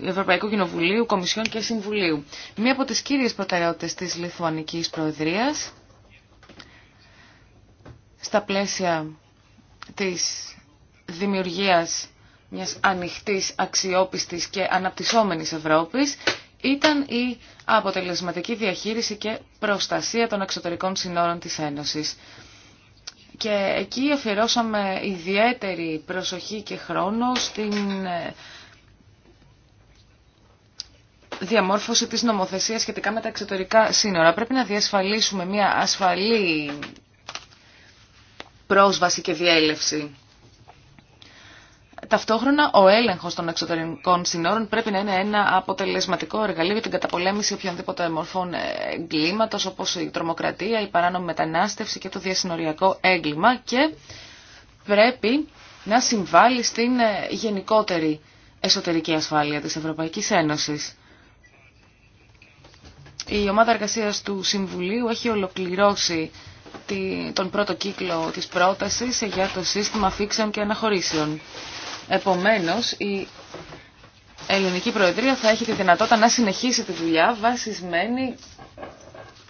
Ευρωπαϊκού Κοινοβουλίου, Κομισιόν και Συμβουλίου. Μία από τις κύριες προτεραιότητες της Λιθουανικής Προεδρίας στα πλαίσια της δημιουργίας μιας ανοιχτής, αξιόπιστης και αναπτυσσόμενης Ευρώπης ήταν η αποτελεσματική διαχείριση και προστασία των εξωτερικών συνόρων της Ένωσης. Και εκεί αφιερώσαμε ιδιαίτερη προσοχή και χρόνο στην ε, διαμόρφωση της νομοθεσίας σχετικά με τα εξωτερικά σύνορα. Πρέπει να διασφαλίσουμε μια ασφαλή πρόσβαση και διέλευση Ταυτόχρονα, ο έλεγχος των εξωτερικών συνόρων πρέπει να είναι ένα αποτελεσματικό εργαλείο για την καταπολέμηση οποιονδήποτε μορφών εγκλήματος, όπως η τρομοκρατία, η παράνομη μετανάστευση και το διασυνοριακό έγκλημα και πρέπει να συμβάλλει στην ε, γενικότερη εσωτερική ασφάλεια της Ευρωπαϊκής Ένωσης. Η ομάδα εργασίας του Συμβουλίου έχει ολοκληρώσει τον πρώτο κύκλο της πρότασης για το σύστημα φίξεων και αναχωρήσεων. Επομένως, η Ελληνική Προεδρία θα έχει τη δυνατότητα να συνεχίσει τη δουλειά βασισμένη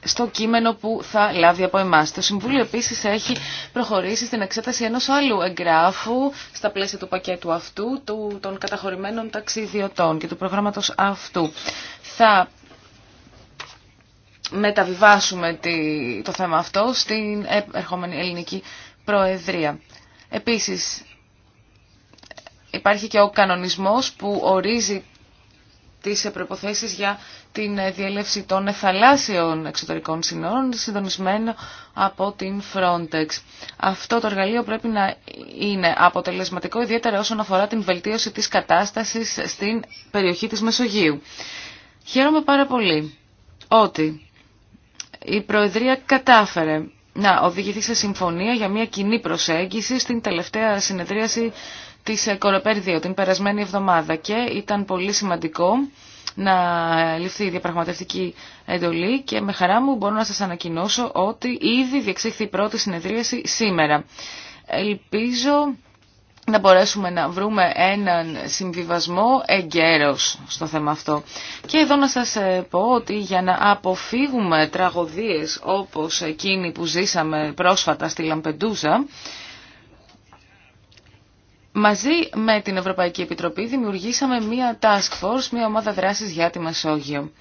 στο κείμενο που θα λάβει από εμά. Το Συμβούλιο επίση έχει προχωρήσει στην εξέταση ενό άλλου εγγράφου στα πλαίσια του πακέτου αυτού, του, των καταχωρημένων ταξιδιωτών και του προγράμματο αυτού. Θα μεταβιβάσουμε το θέμα αυτό στην ερχόμενη ελληνική προεδρία. Επίσης, Υπάρχει και ο κανονισμός που ορίζει τις προϋποθέσεις για την διέλευση των θαλάσσιων εξωτερικών συνόρων συντονισμένο από την Frontex. Αυτό το εργαλείο πρέπει να είναι αποτελεσματικό ιδιαίτερα όσον αφορά την βελτίωση της κατάστασης στην περιοχή της Μεσογείου. Χαίρομαι πάρα πολύ ότι η Προεδρία κατάφερε να οδηγηθεί σε συμφωνία για μια κοινή προσέγγιση στην τελευταία συνεδρίαση της Κοροπέρδη την περασμένη εβδομάδα και ήταν πολύ σημαντικό να ληφθεί η διαπραγματευτική εντολή και με χαρά μου μπορώ να σας ανακοινώσω ότι ήδη διεξήχθη η πρώτη συνεδρίαση σήμερα. Ελπίζω να μπορέσουμε να βρούμε έναν συμβιβασμό εγκαίρος στο θέμα αυτό. Και εδώ να σας ε, πω ότι για να αποφύγουμε τραγωδίες όπως εκείνη που ζήσαμε πρόσφατα στη Λαμπεντούζα, Μαζί με την Ευρωπαϊκή Επιτροπή δημιουργήσαμε μία task force, μία ομάδα δράσης για τη Μεσόγειο.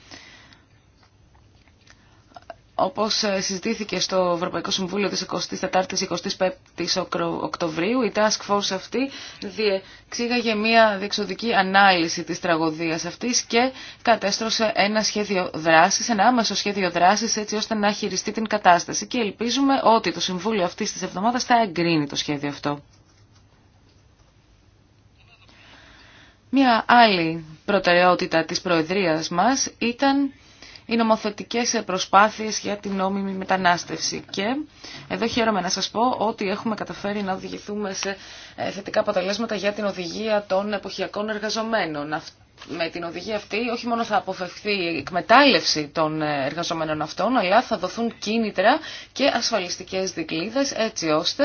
Όπως ε, συζητήθηκε στο Ευρωπαϊκό Συμβούλιο της 24ης-25ης Οκτωβρίου, η Task Force αυτή διεξήγαγε μία διεξοδική ανάλυση της τραγωδίας αυτής και κατέστρωσε ένα σχέδιο δράσης, ένα άμεσο σχέδιο δράσης έτσι ώστε να χειριστεί την κατάσταση και ελπίζουμε ότι το Συμβούλιο αυτής της εβδομάδας θα εγκρίνει το σχέδιο αυτό. Μία άλλη προτεραιότητα της Προεδρίας μας ήταν οι νομοθετικές προσπάθειες για την νόμιμη μετανάστευση. Και εδώ χαίρομαι να σας πω ότι έχουμε καταφέρει να οδηγηθούμε σε ε, θετικά αποτελέσματα για την οδηγία των εποχιακών εργαζομένων. Με την οδηγία αυτή όχι μόνο θα αποφευχθεί η εκμετάλλευση των ε, εργαζομένων αυτών, αλλά θα δοθούν κίνητρα και ασφαλιστικές δικλείδες έτσι ώστε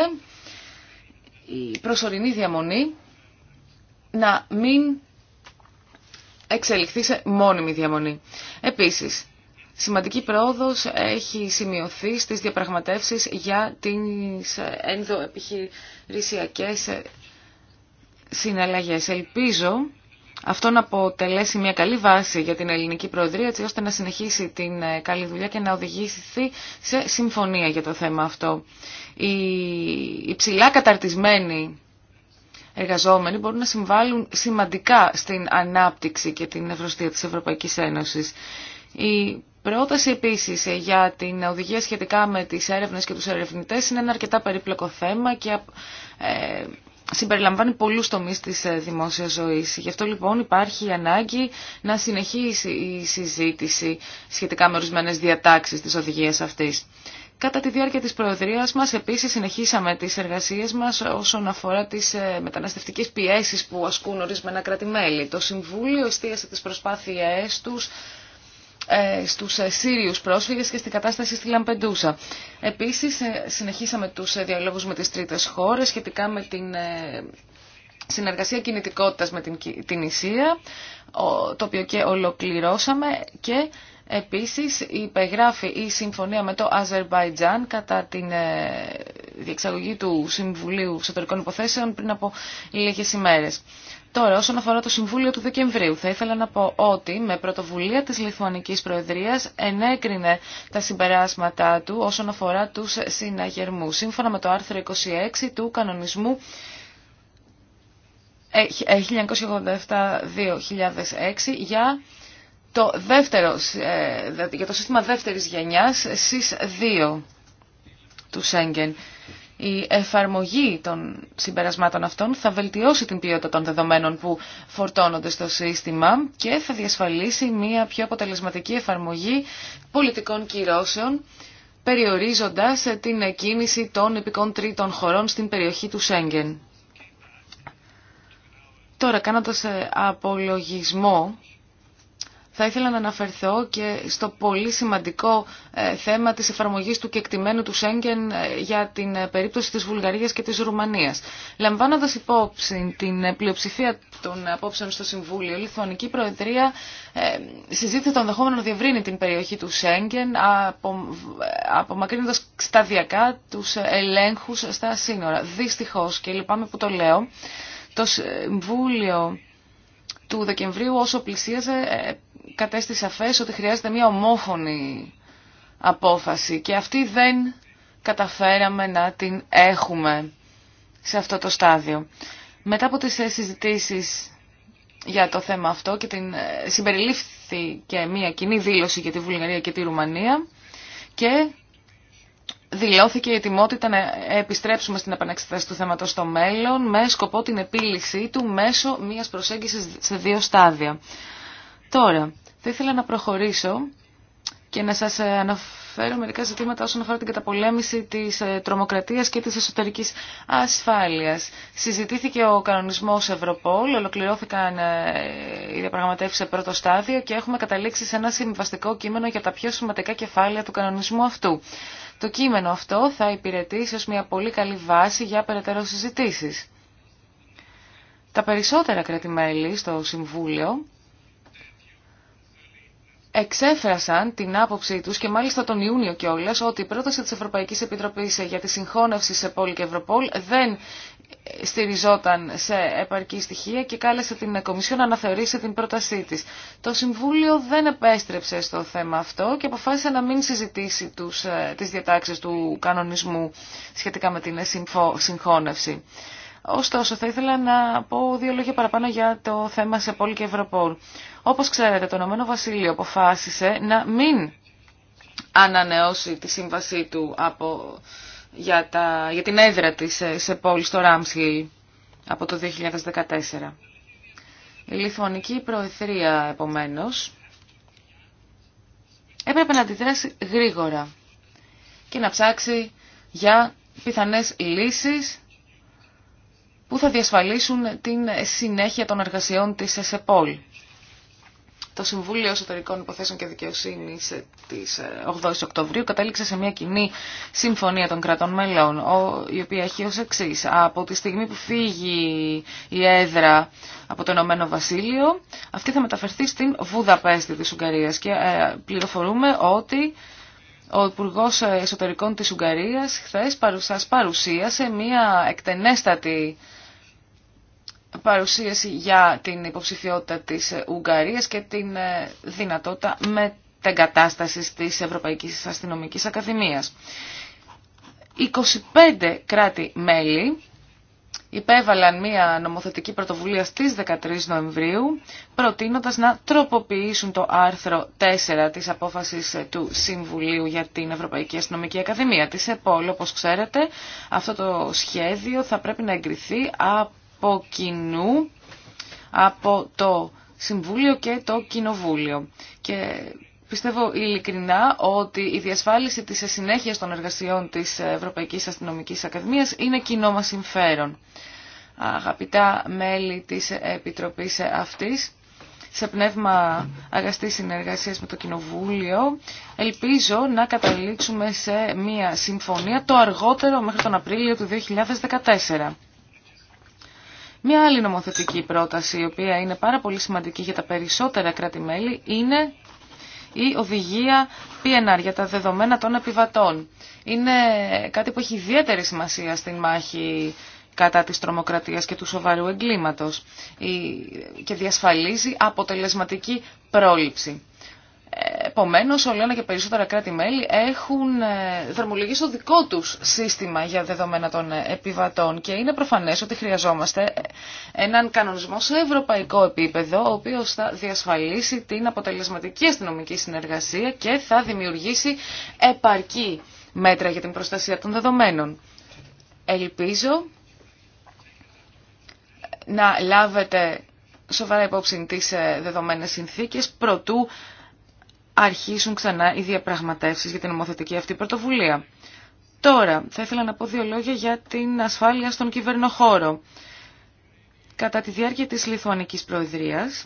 η προσωρινή διαμονή να μην εξελιχθεί σε μόνιμη διαμονή. Επίσης, σημαντική πρόοδος έχει σημειωθεί στις διαπραγματεύσεις για τις ενδοεπιχειρησιακές συναλλαγές. Ελπίζω αυτό να αποτελέσει μια καλή βάση για την ελληνική προεδρία, έτσι ώστε να συνεχίσει την καλή δουλειά και να οδηγήσει σε συμφωνία για το θέμα αυτό. Η ψηλά εργαζόμενοι μπορούν να συμβάλλουν σημαντικά στην ανάπτυξη και την ευρωστία της Ευρωπαϊκής Ένωσης. Η πρόταση επίσης ε, για την οδηγία σχετικά με τις έρευνες και τους ερευνητές είναι ένα αρκετά περίπλοκο θέμα και ε, συμπεριλαμβάνει πολλούς τομείς της ε, δημόσιας ζωής. Γι' αυτό λοιπόν υπάρχει η ανάγκη να συνεχίσει η συζήτηση σχετικά με ορισμένες διατάξεις της οδηγίας αυτής. Κατά τη διάρκεια της Προεδρίας μας επίσης συνεχίσαμε τις εργασίες μας όσον αφορά τις ε, μεταναστευτικές πιέσεις που ασκούν ορισμένα κράτη-μέλη. Το Συμβούλιο εστίασε τις προσπάθειές τους ε, στους ε, Σύριους πρόσφυγες και στην κατάσταση στη Λαμπεντούσα. Επίσης συνεχίσαμε τους διαλόγους με τις τρίτες χώρες σχετικά με την συνεργασία κινητικότητας με την Ισία, το οποίο και ολοκληρώσαμε και Επίσης υπεγράφει η συμφωνία με το Αζερβαϊτζάν κατά την ε, διεξαγωγή του Συμβουλίου Εξωτερικών Υποθέσεων πριν από λίγες ημέρες. Τώρα, όσον αφορά το Συμβούλιο του Δεκεμβρίου, θα ήθελα να πω ότι με πρωτοβουλία της Λιθουανικής Προεδρίας ενέκρινε τα συμπεράσματά του όσον αφορά τους συναγερμούς. Σύμφωνα με το άρθρο 26 του κανονισμού 1987-2006 ε, ε, για το δεύτερο, ε, για το σύστημα δεύτερης γενιάς, ΣΥΣ 2 του Σέγγεν. Η εφαρμογή των συμπερασμάτων αυτών θα βελτιώσει την ποιότητα των δεδομένων που φορτώνονται στο σύστημα και θα διασφαλίσει μια πιο αποτελεσματική εφαρμογή πολιτικών κυρώσεων, περιορίζοντας την κίνηση των επικών τρίτων χωρών στην περιοχή του Σέγγεν. Τώρα, κάνοντας ε, απολογισμό θα ήθελα να αναφερθώ και στο πολύ σημαντικό ε, θέμα της εφαρμογής του κεκτημένου του Σέγγεν ε, για την ε, περίπτωση της Βουλγαρίας και της Ρουμανίας. Λαμβάνοντας υπόψη την πλειοψηφία των απόψεων στο Συμβούλιο, η Λιθουανική Προεδρία συζήτησε το δεχόμενο να διευρύνει την περιοχή του Σέγγεν, απομακρύνοντας σταδιακά τους ελέγχους στα σύνορα. Δυστυχώς, και λυπάμαι που το λέω, το Συμβούλιο του Δεκεμβρίου όσο πλησίαζε κατέστη σαφές ότι χρειάζεται μια ομόφωνη απόφαση και αυτή δεν καταφέραμε να την έχουμε σε αυτό το στάδιο. Μετά από τις συζητήσεις για το θέμα αυτό και την ε, συμπεριλήφθη και μια κοινή δήλωση για τη Βουλγαρία και τη Ρουμανία και δηλώθηκε η ετοιμότητα να επιστρέψουμε στην επανεξετάση του θέματος στο μέλλον με σκοπό την επίλυσή του μέσω μιας προσέγγισης σε δύο στάδια. Τώρα, θα ήθελα να προχωρήσω και να σας ε, αναφέρω μερικά ζητήματα όσον αφορά την καταπολέμηση της ε, τρομοκρατίας και της εσωτερικής ασφάλειας. Συζητήθηκε ο κανονισμός Ευρωπόλ, ολοκληρώθηκαν ε, οι διαπραγματεύσεις σε πρώτο στάδιο και έχουμε καταλήξει σε ένα συμβαστικό κείμενο για τα πιο σημαντικά κεφάλαια του κανονισμού αυτού. Το κείμενο αυτό θα υπηρετήσει ως μια πολύ καλή βάση για περαιτέρω συζητήσεις. Τα περισσοτερα κρατημέλη στο Συμβούλιο εξέφρασαν την άποψή τους και μάλιστα τον Ιούνιο κιόλα ότι η πρόταση της Ευρωπαϊκής Επιτροπής για τη συγχώνευση σε πόλη και Ευρωπόλ δεν στηριζόταν σε επαρκή στοιχεία και κάλεσε την Κομισιό να αναθεωρήσει την πρότασή της. Το Συμβούλιο δεν επέστρεψε στο θέμα αυτό και αποφάσισε να μην συζητήσει τους, ε, τις διατάξεις του κανονισμού σχετικά με την συγχώνευση. Ωστόσο, θα ήθελα να πω δύο λόγια παραπάνω για το θέμα σε πόλη και Ευρωπόλ. Όπως ξέρετε, το Ηνωμένο Βασίλειο αποφάσισε να μην ανανεώσει τη σύμβασή του από, για, τα, για την έδρα της σε πόλη στο Ράμσλι από το 2014. Η Λιθουανική Προεθρία, επομένως, έπρεπε να αντιδράσει γρήγορα και να ψάξει για πιθανές λύσεις που θα διασφαλίσουν την συνέχεια των εργασιών της ΕΣΕΠΟΛ. Το Συμβούλιο Εσωτερικών Υποθέσεων και Δικαιοσύνη τη 8η ε, Οκτωβρίου κατέληξε σε μια κοινή συμφωνία των κρατών μελών, η οποία έχει ω εξή. Από τη στιγμή που φύγει η έδρα από το Ηνωμένο Βασίλειο, αυτή θα μεταφερθεί στην Βουδαπέστη τη Ουγγαρία. Και ε, πληροφορούμε ότι ο Υπουργό Εσωτερικών τη Ουγγαρία χθε παρουσίασε μια εκτενέστατη παρουσίαση για την υποψηφιότητα της ε, Ουγγαρίας και την ε, δυνατότητα μετεγκατάστασης της Ευρωπαϊκής Αστυνομικής Ακαδημίας. 25 κράτη-μέλη υπέβαλαν μία νομοθετική πρωτοβουλία στις 13 Νοεμβρίου, προτείνοντας να τροποποιήσουν το άρθρο 4 της απόφασης ε, του Συμβουλίου για την Ευρωπαϊκή Αστυνομική Ακαδημία της ΕΠΟΛ. Όπως ξέρετε, αυτό το σχέδιο θα πρέπει να εγκριθεί από από κοινού από το Συμβούλιο και το Κοινοβούλιο. Και πιστεύω ειλικρινά ότι η διασφάλιση της συνέχεια των εργασιών της Ευρωπαϊκής Αστυνομικής Ακαδημίας είναι κοινό μας συμφέρον. Αγαπητά μέλη της Επιτροπής αυτής, σε πνεύμα αγαστής συνεργασίας με το Κοινοβούλιο, ελπίζω να καταλήξουμε σε μια συμφωνία το αργότερο μέχρι τον Απρίλιο του 2014. Μία άλλη νομοθετική πρόταση, η οποία είναι πάρα πολύ σημαντική για τα περισσότερα κράτη-μέλη, είναι η οδηγία PNR για τα δεδομένα των επιβατών. Είναι κάτι που έχει ιδιαίτερη σημασία στην μάχη κατά της τρομοκρατίας και του σοβαρού εγκλήματος και διασφαλίζει αποτελεσματική πρόληψη. Επομένω, ένα και περισσότερα κράτη-μέλη έχουν ε, δρομολογήσει το δικό του σύστημα για δεδομένα των ε, επιβατών και είναι προφανέ ότι χρειαζόμαστε ε, έναν κανονισμό σε ευρωπαϊκό επίπεδο, ο οποίο θα διασφαλίσει την αποτελεσματική αστυνομική συνεργασία και θα δημιουργήσει επαρκή μέτρα για την προστασία των δεδομένων. Ελπίζω να λάβετε σοβαρά υπόψη τις δεδομένε συνθήκε προτού αρχίσουν ξανά οι διαπραγματεύσεις για την νομοθετική αυτή πρωτοβουλία. Τώρα, θα ήθελα να πω δύο λόγια για την ασφάλεια στον κυβερνοχώρο. Κατά τη διάρκεια της Λιθουανικής Προεδρίας,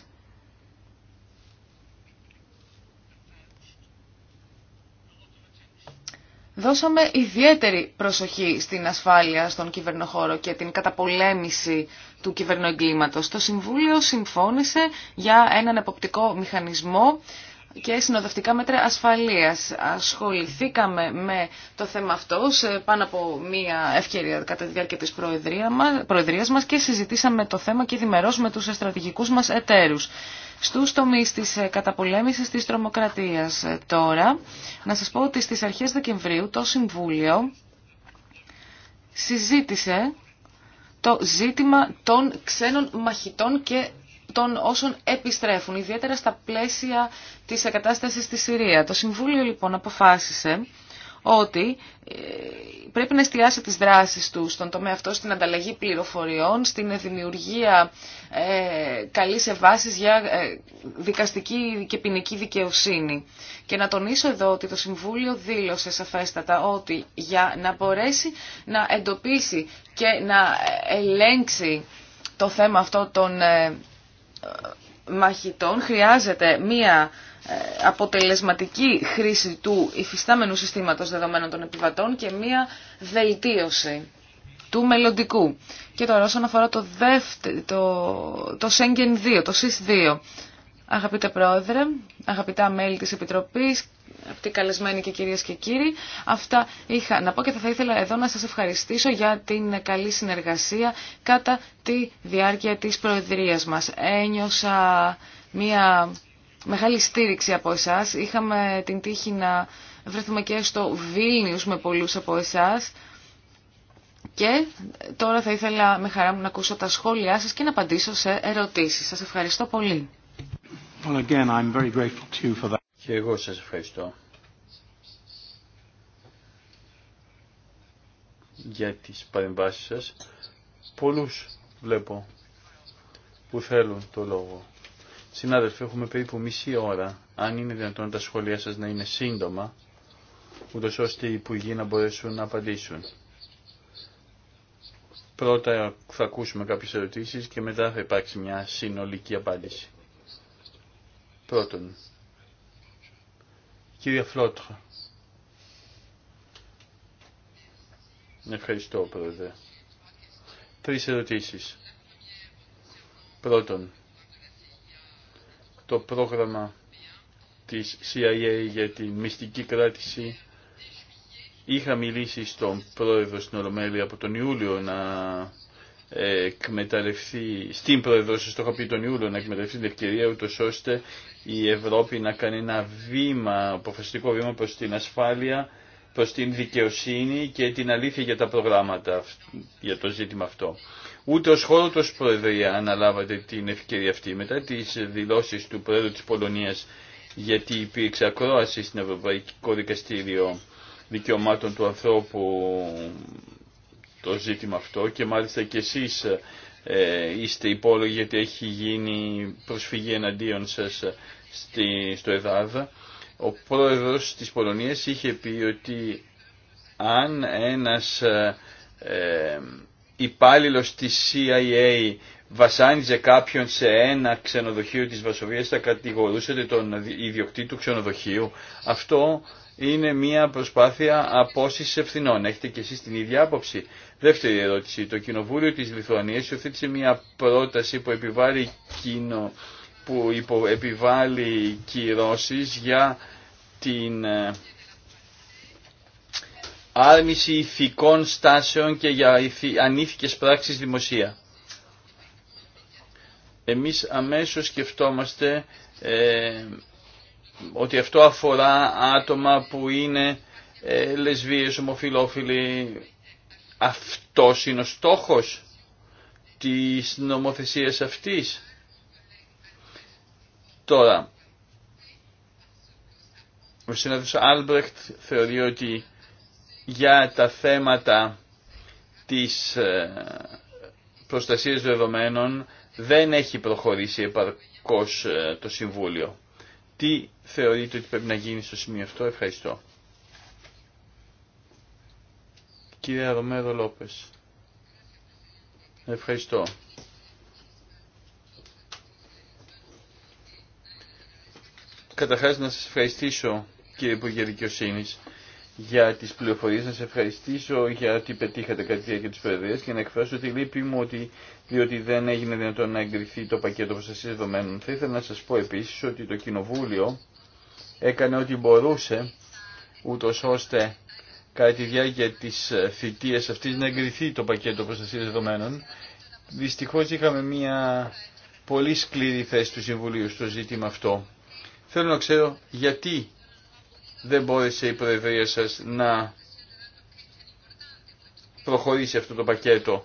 δώσαμε ιδιαίτερη προσοχή στην ασφάλεια στον κυβερνοχώρο και την καταπολέμηση του κυβερνοεγκλήματος. Το Συμβούλιο συμφώνησε για έναν εποπτικό μηχανισμό και συνοδευτικά μέτρα ασφαλείας. Ασχοληθήκαμε με το θέμα αυτό σε πάνω από μία ευκαιρία κατά τη διάρκεια της Προεδρίας μας και συζητήσαμε το θέμα και δημερό τους στρατηγικούς μας εταίρους. Στους τομείς της ε, καταπολέμησης της τρομοκρατίας ε, τώρα, να σας πω ότι στις αρχές Δεκεμβρίου το Συμβούλιο συζήτησε το ζήτημα των ξένων μαχητών και των όσων επιστρέφουν, ιδιαίτερα στα πλαίσια της εγκατάστασης στη Συρία. Το Συμβούλιο λοιπόν αποφάσισε ότι ε, πρέπει να εστιάσει τις δράσεις του στον τομέα αυτό, στην ανταλλαγή πληροφοριών, στην δημιουργία ε, καλής ευάσης για ε, δικαστική και ποινική δικαιοσύνη. Και να τονίσω εδώ ότι το Συμβούλιο δήλωσε σαφέστατα ότι για να μπορέσει να εντοπίσει και να ε, ελέγξει το θέμα αυτό των μαχητών χρειάζεται μία ε, αποτελεσματική χρήση του υφιστάμενου συστήματος δεδομένων των επιβατών και μία βελτίωση του μελλοντικού. Και τώρα όσον αφορά το, δεύτε, το, το 2, το ΣΥΣ 2, Αγαπητέ Πρόεδρε, αγαπητά μέλη της Επιτροπής, αγαπητοί καλεσμένοι και κυρίες και κύριοι, αυτά είχα να πω και θα ήθελα εδώ να σας ευχαριστήσω για την καλή συνεργασία κατά τη διάρκεια της Προεδρίας μας. Ένιωσα μια μεγάλη στήριξη από εσάς. Είχαμε την τύχη να βρεθούμε και στο Βίλνιους με πολλούς από εσάς. Και τώρα θα ήθελα με χαρά μου να ακούσω τα σχόλιά σας και να απαντήσω σε ερωτήσεις. Σας ευχαριστώ πολύ. Και εγώ σας ευχαριστώ για τις παρεμβάσεις σας. Πολλούς βλέπω που θέλουν το λόγο. Συνάδελφοι, έχουμε περίπου μισή ώρα, αν είναι δυνατόν τα σχόλιά σας να είναι σύντομα, ούτως ώστε οι υπουργοί να μπορέσουν να απαντήσουν. Πρώτα θα ακούσουμε κάποιες ερωτήσεις και μετά θα υπάρξει μια συνολική απάντηση. Πρώτον, κύριε Φλότρα, ευχαριστώ πρόεδρε. Τρεις ερωτήσεις. Πρώτον, το πρόγραμμα της CIA για τη μυστική κράτηση είχα μιλήσει στον πρόεδρο στην Ολομέλη από τον Ιούλιο να εκμεταλλευτεί, στην Προεδρόση, στο είχα πει τον Ιούλιο, να εκμεταλλευτεί την ευκαιρία ούτω ώστε η Ευρώπη να κάνει ένα βήμα, αποφασιστικό βήμα προς την ασφάλεια, προς την δικαιοσύνη και την αλήθεια για τα προγράμματα, για το ζήτημα αυτό. Ούτε ως χώρο ως Προεδρία αναλάβατε την ευκαιρία αυτή. Μετά τις δηλώσεις του Πρόεδρου της Πολωνίας γιατί υπήρξε ακρόαση στην Ευρωπαϊκό Δικαστήριο Δικαιωμάτων του Ανθρώπου το ζήτημα αυτό και μάλιστα και εσείς ε, είστε υπόλογοι γιατί έχει γίνει προσφυγή εναντίον σας στη, στο ΕΔΑΔ. Ο πρόεδρος της Πολωνίας είχε πει ότι αν ένας ε, ε υπάλληλος της CIA βασάνιζε κάποιον σε ένα ξενοδοχείο της Βασοβίας θα κατηγορούσε τον ιδιοκτήτη του ξενοδοχείου. Αυτό είναι μια προσπάθεια απόσυσης ευθυνών. Έχετε και εσείς την ίδια άποψη. Δεύτερη ερώτηση. Το Κοινοβούλιο της Λιθουανίας υιοθέτησε μια πρόταση που επιβάλλει, κοινο, που υπο, επιβάλλει κυρώσεις για την ε, άρνηση ηθικών στάσεων και για ανήθικες πράξεις δημοσία. Εμείς αμέσως σκεφτόμαστε ε, ότι αυτό αφορά άτομα που είναι ε, λεσβείες, ομοφιλόφιλοι. Αυτός είναι ο στόχος της νομοθεσίας αυτής. Τώρα, ο συνάδελφος Άλμπρεχτ θεωρεί ότι για τα θέματα της ε, προστασίας δεδομένων δεν έχει προχωρήσει επαρκώς ε, το Συμβούλιο. Τι θεωρείτε ότι πρέπει να γίνει στο σημείο αυτό. Ευχαριστώ. Κύριε Ρομέρο Λόπες. Ευχαριστώ. Καταρχάς να σας ευχαριστήσω κύριε Υπουργέ Δικαιοσύνης για τις πληροφορίες, να σε ευχαριστήσω για ότι πετύχατε κατά για διάρκεια της και να εκφράσω τη λύπη μου ότι, διότι δεν έγινε δυνατόν να εγκριθεί το πακέτο προστασίας δεδομένων. Θα ήθελα να σας πω επίσης ότι το Κοινοβούλιο έκανε ό,τι μπορούσε ούτω ώστε κατά τη διάρκεια της θητείας αυτής να εγκριθεί το πακέτο προστασίας δεδομένων. Δυστυχώς είχαμε μια πολύ σκληρή θέση του Συμβουλίου στο ζήτημα αυτό. Θέλω να ξέρω γιατί δεν μπόρεσε η Προεδρία σας να προχωρήσει αυτό το πακέτο.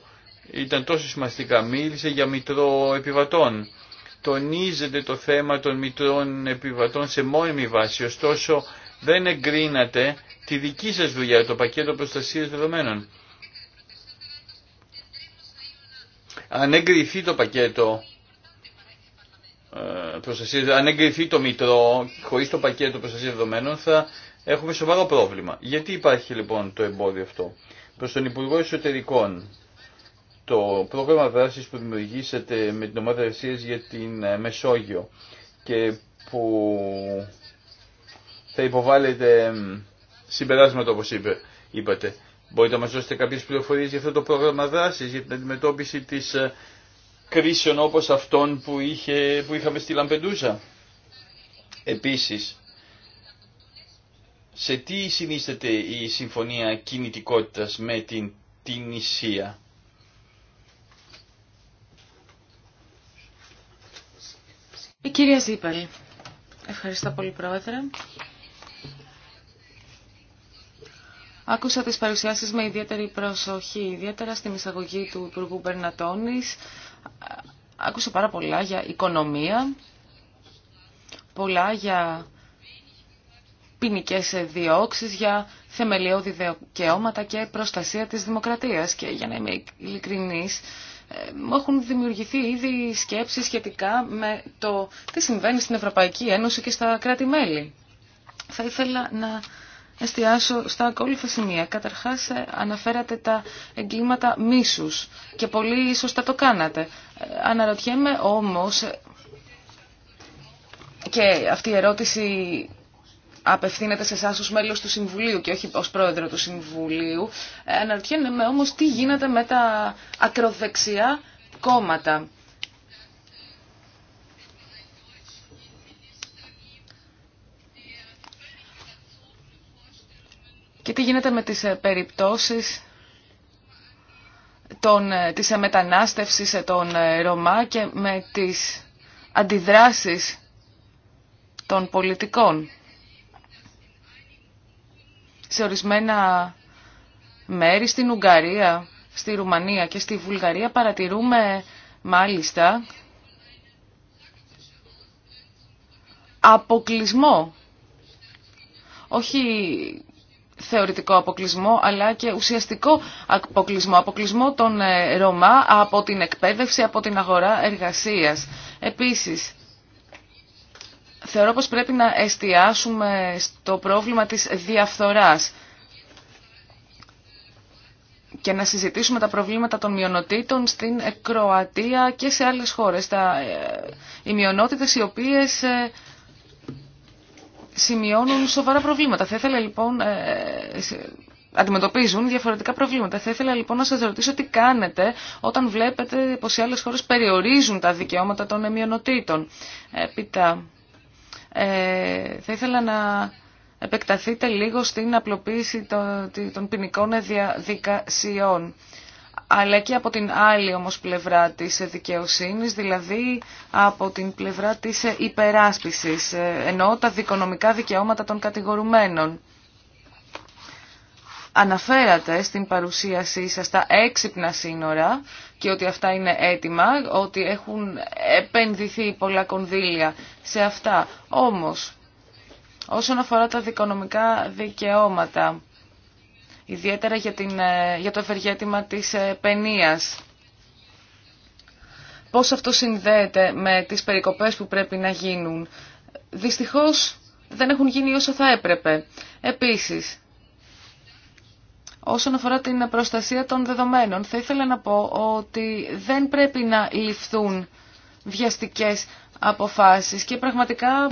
Ήταν τόσο σημαντικά. Μίλησε για μητρό επιβατών. Τονίζεται το θέμα των μητρών επιβατών σε μόνιμη βάση. Ωστόσο δεν εγκρίνατε τη δική σας δουλειά, το πακέτο προστασίας δεδομένων. Αν εγκριθεί το πακέτο ε, αν εγκριθεί το μητρό χωρί το πακέτο προστασία δεδομένων θα έχουμε σοβαρό πρόβλημα. Γιατί υπάρχει λοιπόν το εμπόδιο αυτό. Προ τον Υπουργό Εσωτερικών το πρόγραμμα δράση που δημιουργήσατε με την ομάδα εργασία για την ε, Μεσόγειο και που θα υποβάλλετε συμπεράσματα όπως είπε, είπατε. Μπορείτε να μας δώσετε κάποιες πληροφορίες για αυτό το πρόγραμμα δράσης, για την αντιμετώπιση της ε, κρίσεων όπως αυτών που, είχε, που είχαμε στη Λαμπεντούζα. Επίσης, σε τι συνίσταται η συμφωνία κινητικότητας με την Τινησία. Η κυρία Ζήπαλη. Ευχαριστώ πολύ πρόεδρε. Άκουσα τις παρουσιάσεις με ιδιαίτερη προσοχή, ιδιαίτερα στην εισαγωγή του Υπουργού Μπερνατώνης. Άκουσα πάρα πολλά για οικονομία, πολλά για ποινικέ διώξει για θεμελιώδη δικαιώματα και προστασία της δημοκρατίας. Και για να είμαι ειλικρινής, ε, μου έχουν δημιουργηθεί ήδη σκέψεις σχετικά με το τι συμβαίνει στην Ευρωπαϊκή Ένωση και στα κράτη-μέλη. Θα ήθελα να εστιάσω στα ακόλουθα σημεία. Καταρχάς ε, αναφέρατε τα εγκλήματα μίσου. και πολύ σωστά το κάνατε. Ε, αναρωτιέμαι όμως ε, και αυτή η ερώτηση απευθύνεται σε εσά ως μέλος του Συμβουλίου και όχι ως πρόεδρο του Συμβουλίου. Αναρωτιέμαι όμως τι γίνεται με τα ακροδεξιά κόμματα. Και τι γίνεται με τις ε, περιπτώσεις των, ε, της ε, μετανάστευσης των Ρωμά και με τις αντιδράσεις των πολιτικών. Σε ορισμένα μέρη, στην Ουγγαρία, στη Ρουμανία και στη Βουλγαρία παρατηρούμε μάλιστα αποκλεισμό. Όχι θεωρητικό αποκλεισμό αλλά και ουσιαστικό αποκλεισμό. Αποκλεισμό των ε, Ρωμά από την εκπαίδευση, από την αγορά εργασίας. Επίσης, θεωρώ πως πρέπει να εστιάσουμε στο πρόβλημα της διαφθοράς και να συζητήσουμε τα προβλήματα των μειονοτήτων στην Κροατία και σε άλλες χώρες. Τα, ε, οι μειονότητες οι οποίες ε, σημειώνουν σοβαρά προβλήματα. Θα λοιπόν, ε, αντιμετωπίζουν διαφορετικά προβλήματα. Θα ήθελα λοιπόν να σας ρωτήσω τι κάνετε όταν βλέπετε πως οι άλλες χώρες περιορίζουν τα δικαιώματα των μειονοτήτων. Επίτα, ε, θα ήθελα να επεκταθείτε λίγο στην απλοποίηση των, των ποινικών διαδικασιών αλλά και από την άλλη όμως πλευρά της δικαιοσύνης, δηλαδή από την πλευρά της υπεράσπισης, εννοώ τα δικονομικά δικαιώματα των κατηγορουμένων. Αναφέρατε στην παρουσίασή σας τα έξυπνα σύνορα και ότι αυτά είναι έτοιμα, ότι έχουν επενδυθεί πολλά κονδύλια σε αυτά. Όμως, όσον αφορά τα δικονομικά δικαιώματα, ιδιαίτερα για, την, ε, για το ευεργέτημα της ε, παινίας. Πώς αυτό συνδέεται με τις περικοπές που πρέπει να γίνουν. Δυστυχώς δεν έχουν γίνει όσο θα έπρεπε. Επίσης, όσον αφορά την προστασία των δεδομένων, θα ήθελα να πω ότι δεν πρέπει να ληφθούν βιαστικές αποφάσεις και πραγματικά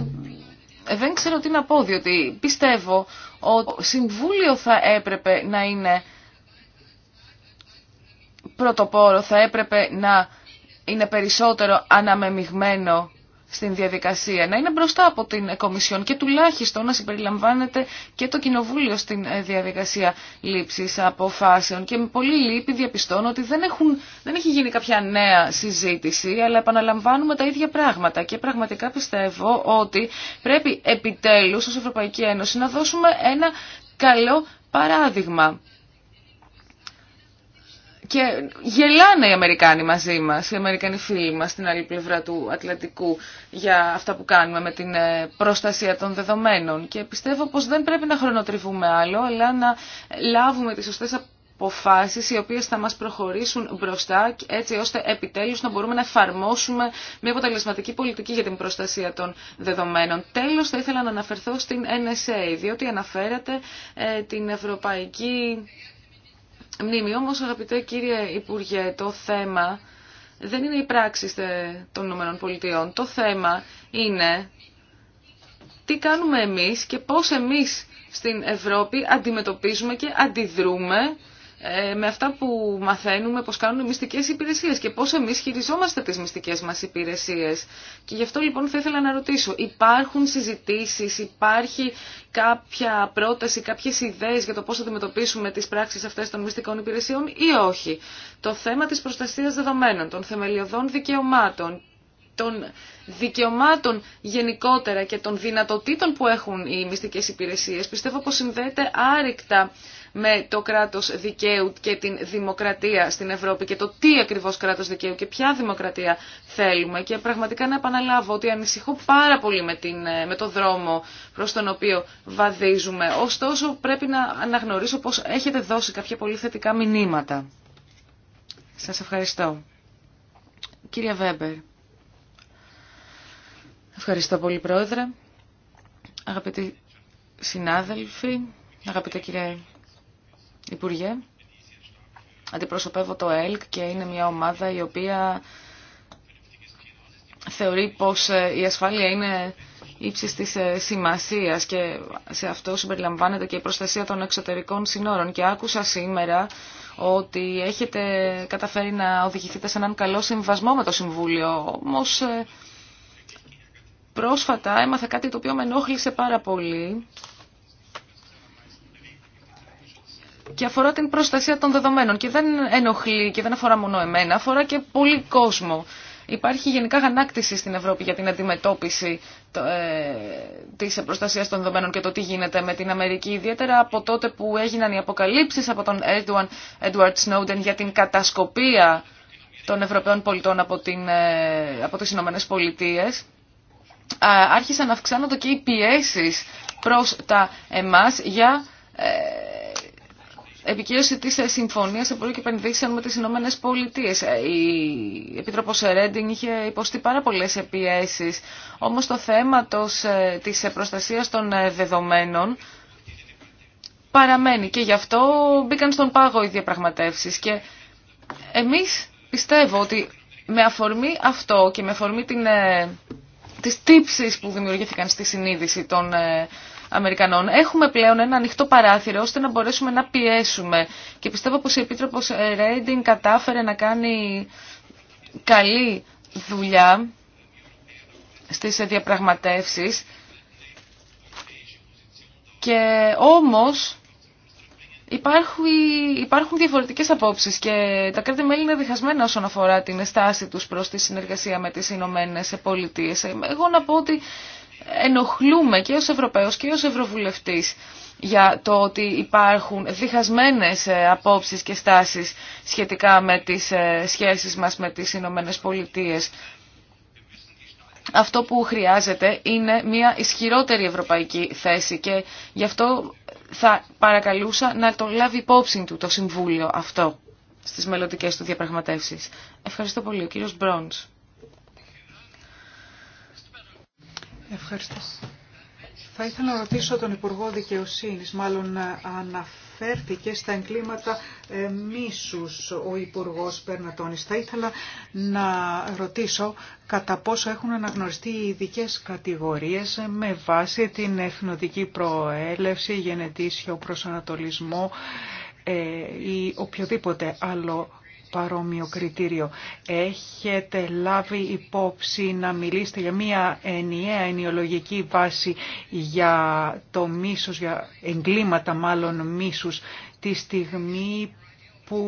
ε, δεν ξέρω τι να πω, διότι πιστεύω ότι το Συμβούλιο θα έπρεπε να είναι πρωτοπόρο, θα έπρεπε να είναι περισσότερο αναμεμειγμένο στην διαδικασία, να είναι μπροστά από την Κομισιόν και τουλάχιστον να συμπεριλαμβάνεται και το Κοινοβούλιο στην ε, διαδικασία λήψης αποφάσεων. Και με πολύ λύπη διαπιστώνω ότι δεν, έχουν, δεν έχει γίνει κάποια νέα συζήτηση, αλλά επαναλαμβάνουμε τα ίδια πράγματα. Και πραγματικά πιστεύω ότι πρέπει επιτέλους ως Ευρωπαϊκή Ένωση να δώσουμε ένα καλό παράδειγμα. Και γελάνε οι Αμερικάνοι μαζί μας, οι Αμερικανοί φίλοι μας στην άλλη πλευρά του Ατλαντικού για αυτά που κάνουμε με την ε, προστασία των δεδομένων. Και πιστεύω πως δεν πρέπει να χρονοτριβούμε άλλο, αλλά να λάβουμε τις σωστές αποφάσεις οι οποίες θα μας προχωρήσουν μπροστά έτσι ώστε επιτέλους να μπορούμε να εφαρμόσουμε μια αποτελεσματική πολιτική για την προστασία των δεδομένων. Τέλος θα ήθελα να αναφερθώ στην NSA διότι αναφέρατε ε, την Ευρωπαϊκή μνήμη. Όμως, αγαπητέ κύριε Υπουργέ, το θέμα δεν είναι οι πράξη των ΗΠΑ. Το θέμα είναι τι κάνουμε εμείς και πώς εμείς στην Ευρώπη αντιμετωπίζουμε και αντιδρούμε ε, με αυτά που μαθαίνουμε πως κάνουν οι μυστικές υπηρεσίες και πώς εμείς χειριζόμαστε τις μυστικές μας υπηρεσίες. Και γι' αυτό λοιπόν θα ήθελα να ρωτήσω, υπάρχουν συζητήσεις, υπάρχει κάποια πρόταση, κάποιες ιδέες για το πώς θα αντιμετωπίσουμε τις πράξεις αυτές των μυστικών υπηρεσιών ή όχι. Το θέμα της προστασίας δεδομένων, των θεμελιωδών δικαιωμάτων, των δικαιωμάτων γενικότερα και των δυνατοτήτων που έχουν οι μυστικές υπηρεσίες, πιστεύω πως συνδέεται άρρηκτα με το κράτος δικαίου και την δημοκρατία στην Ευρώπη και το τι ακριβώς κράτος δικαίου και ποια δημοκρατία θέλουμε και πραγματικά να επαναλάβω ότι ανησυχώ πάρα πολύ με, την, ε, με το δρόμο προς τον οποίο βαδίζουμε. Ωστόσο πρέπει να αναγνωρίσω πως έχετε δώσει κάποια πολύ θετικά μηνύματα. Σας ευχαριστώ. Κύριε Βέμπερ. Ευχαριστώ πολύ Πρόεδρε. Αγαπητοί συνάδελφοι, αγαπητέ κύριε Υπουργέ, αντιπροσωπεύω το ΕΛΚ και είναι μια ομάδα η οποία θεωρεί πως ε, η ασφάλεια είναι ύψης της ε, σημασίας και σε αυτό συμπεριλαμβάνεται και η προστασία των εξωτερικών συνόρων. Και άκουσα σήμερα ότι έχετε καταφέρει να οδηγηθείτε σε έναν καλό συμβασμό με το Συμβούλιο. Όμως ε, πρόσφατα έμαθα κάτι το οποίο με ενόχλησε πάρα πολύ και αφορά την προστασία των δεδομένων και δεν ενοχλεί και δεν αφορά μόνο εμένα, αφορά και πολύ κόσμο. Υπάρχει γενικά γανάκτηση στην Ευρώπη για την αντιμετώπιση ε, της προστασίας των δεδομένων και το τι γίνεται με την Αμερική, ιδιαίτερα από τότε που έγιναν οι αποκαλύψεις από τον Edward, Edward Snowden για την κατασκοπία των Ευρωπαίων πολιτών από, την, ε, από τις Ηνωμένες Πολιτείες. Άρχισαν να αυξάνονται και οι πιέσεις προς τα εμάς για ε, επικύρωση τη ε, συμφωνίας εμπορίου και επενδύσεων με τις Ηνωμένε Πολιτείε. Ε, η Επίτροπο Ρέντινγκ είχε υποστεί πάρα πολλές πιέσει. όμως το θέμα τη ε, της των δεδομένων παραμένει και γι' αυτό μπήκαν στον πάγο οι διαπραγματεύσεις και εμείς πιστεύω ότι με αφορμή αυτό και με αφορμή την, τις που δημιουργήθηκαν στη συνείδηση των Αμερικανών. Έχουμε πλέον ένα ανοιχτό παράθυρο ώστε να μπορέσουμε να πιέσουμε. Και πιστεύω πως η Επίτροπος Ρέντιν κατάφερε να κάνει καλή δουλειά στις διαπραγματεύσεις και όμως υπάρχουν, υπάρχουν διαφορετικές απόψεις και τα κράτη-μέλη είναι διχασμένα όσον αφορά την στάση τους προς τη συνεργασία με τις Ηνωμένε Πολιτείε. Εγώ να πω ότι ενοχλούμε και ως Ευρωπαίος και ως Ευρωβουλευτής για το ότι υπάρχουν διχασμένες ε, απόψεις και στάσεις σχετικά με τις ε, σχέσεις μας με τις Ηνωμένε Πολιτείες. Αυτό που χρειάζεται είναι μια ισχυρότερη ευρωπαϊκή θέση και γι' αυτό θα παρακαλούσα να το λάβει υπόψη του το Συμβούλιο αυτό στις μελλοντικές του διαπραγματεύσεις. Ευχαριστώ πολύ. Ο κύριος Μπρόντς. Ευχαριστώ. Θα ήθελα να ρωτήσω τον Υπουργό Δικαιοσύνης, μάλλον ε, αναφέρθηκε στα εγκλήματα ε, μίσους ο Υπουργός Περνατώνη. Θα ήθελα να ρωτήσω κατά πόσο έχουν αναγνωριστεί οι ειδικέ κατηγορίες με βάση την εθνοτική προέλευση, γενετήσιο προσανατολισμό ε, ή οποιοδήποτε άλλο παρόμοιο κριτήριο. Έχετε λάβει υπόψη να μιλήσετε για μια ενιαία ενιολογική βάση για το μίσος, για εγκλήματα μάλλον μίσους, τη στιγμή που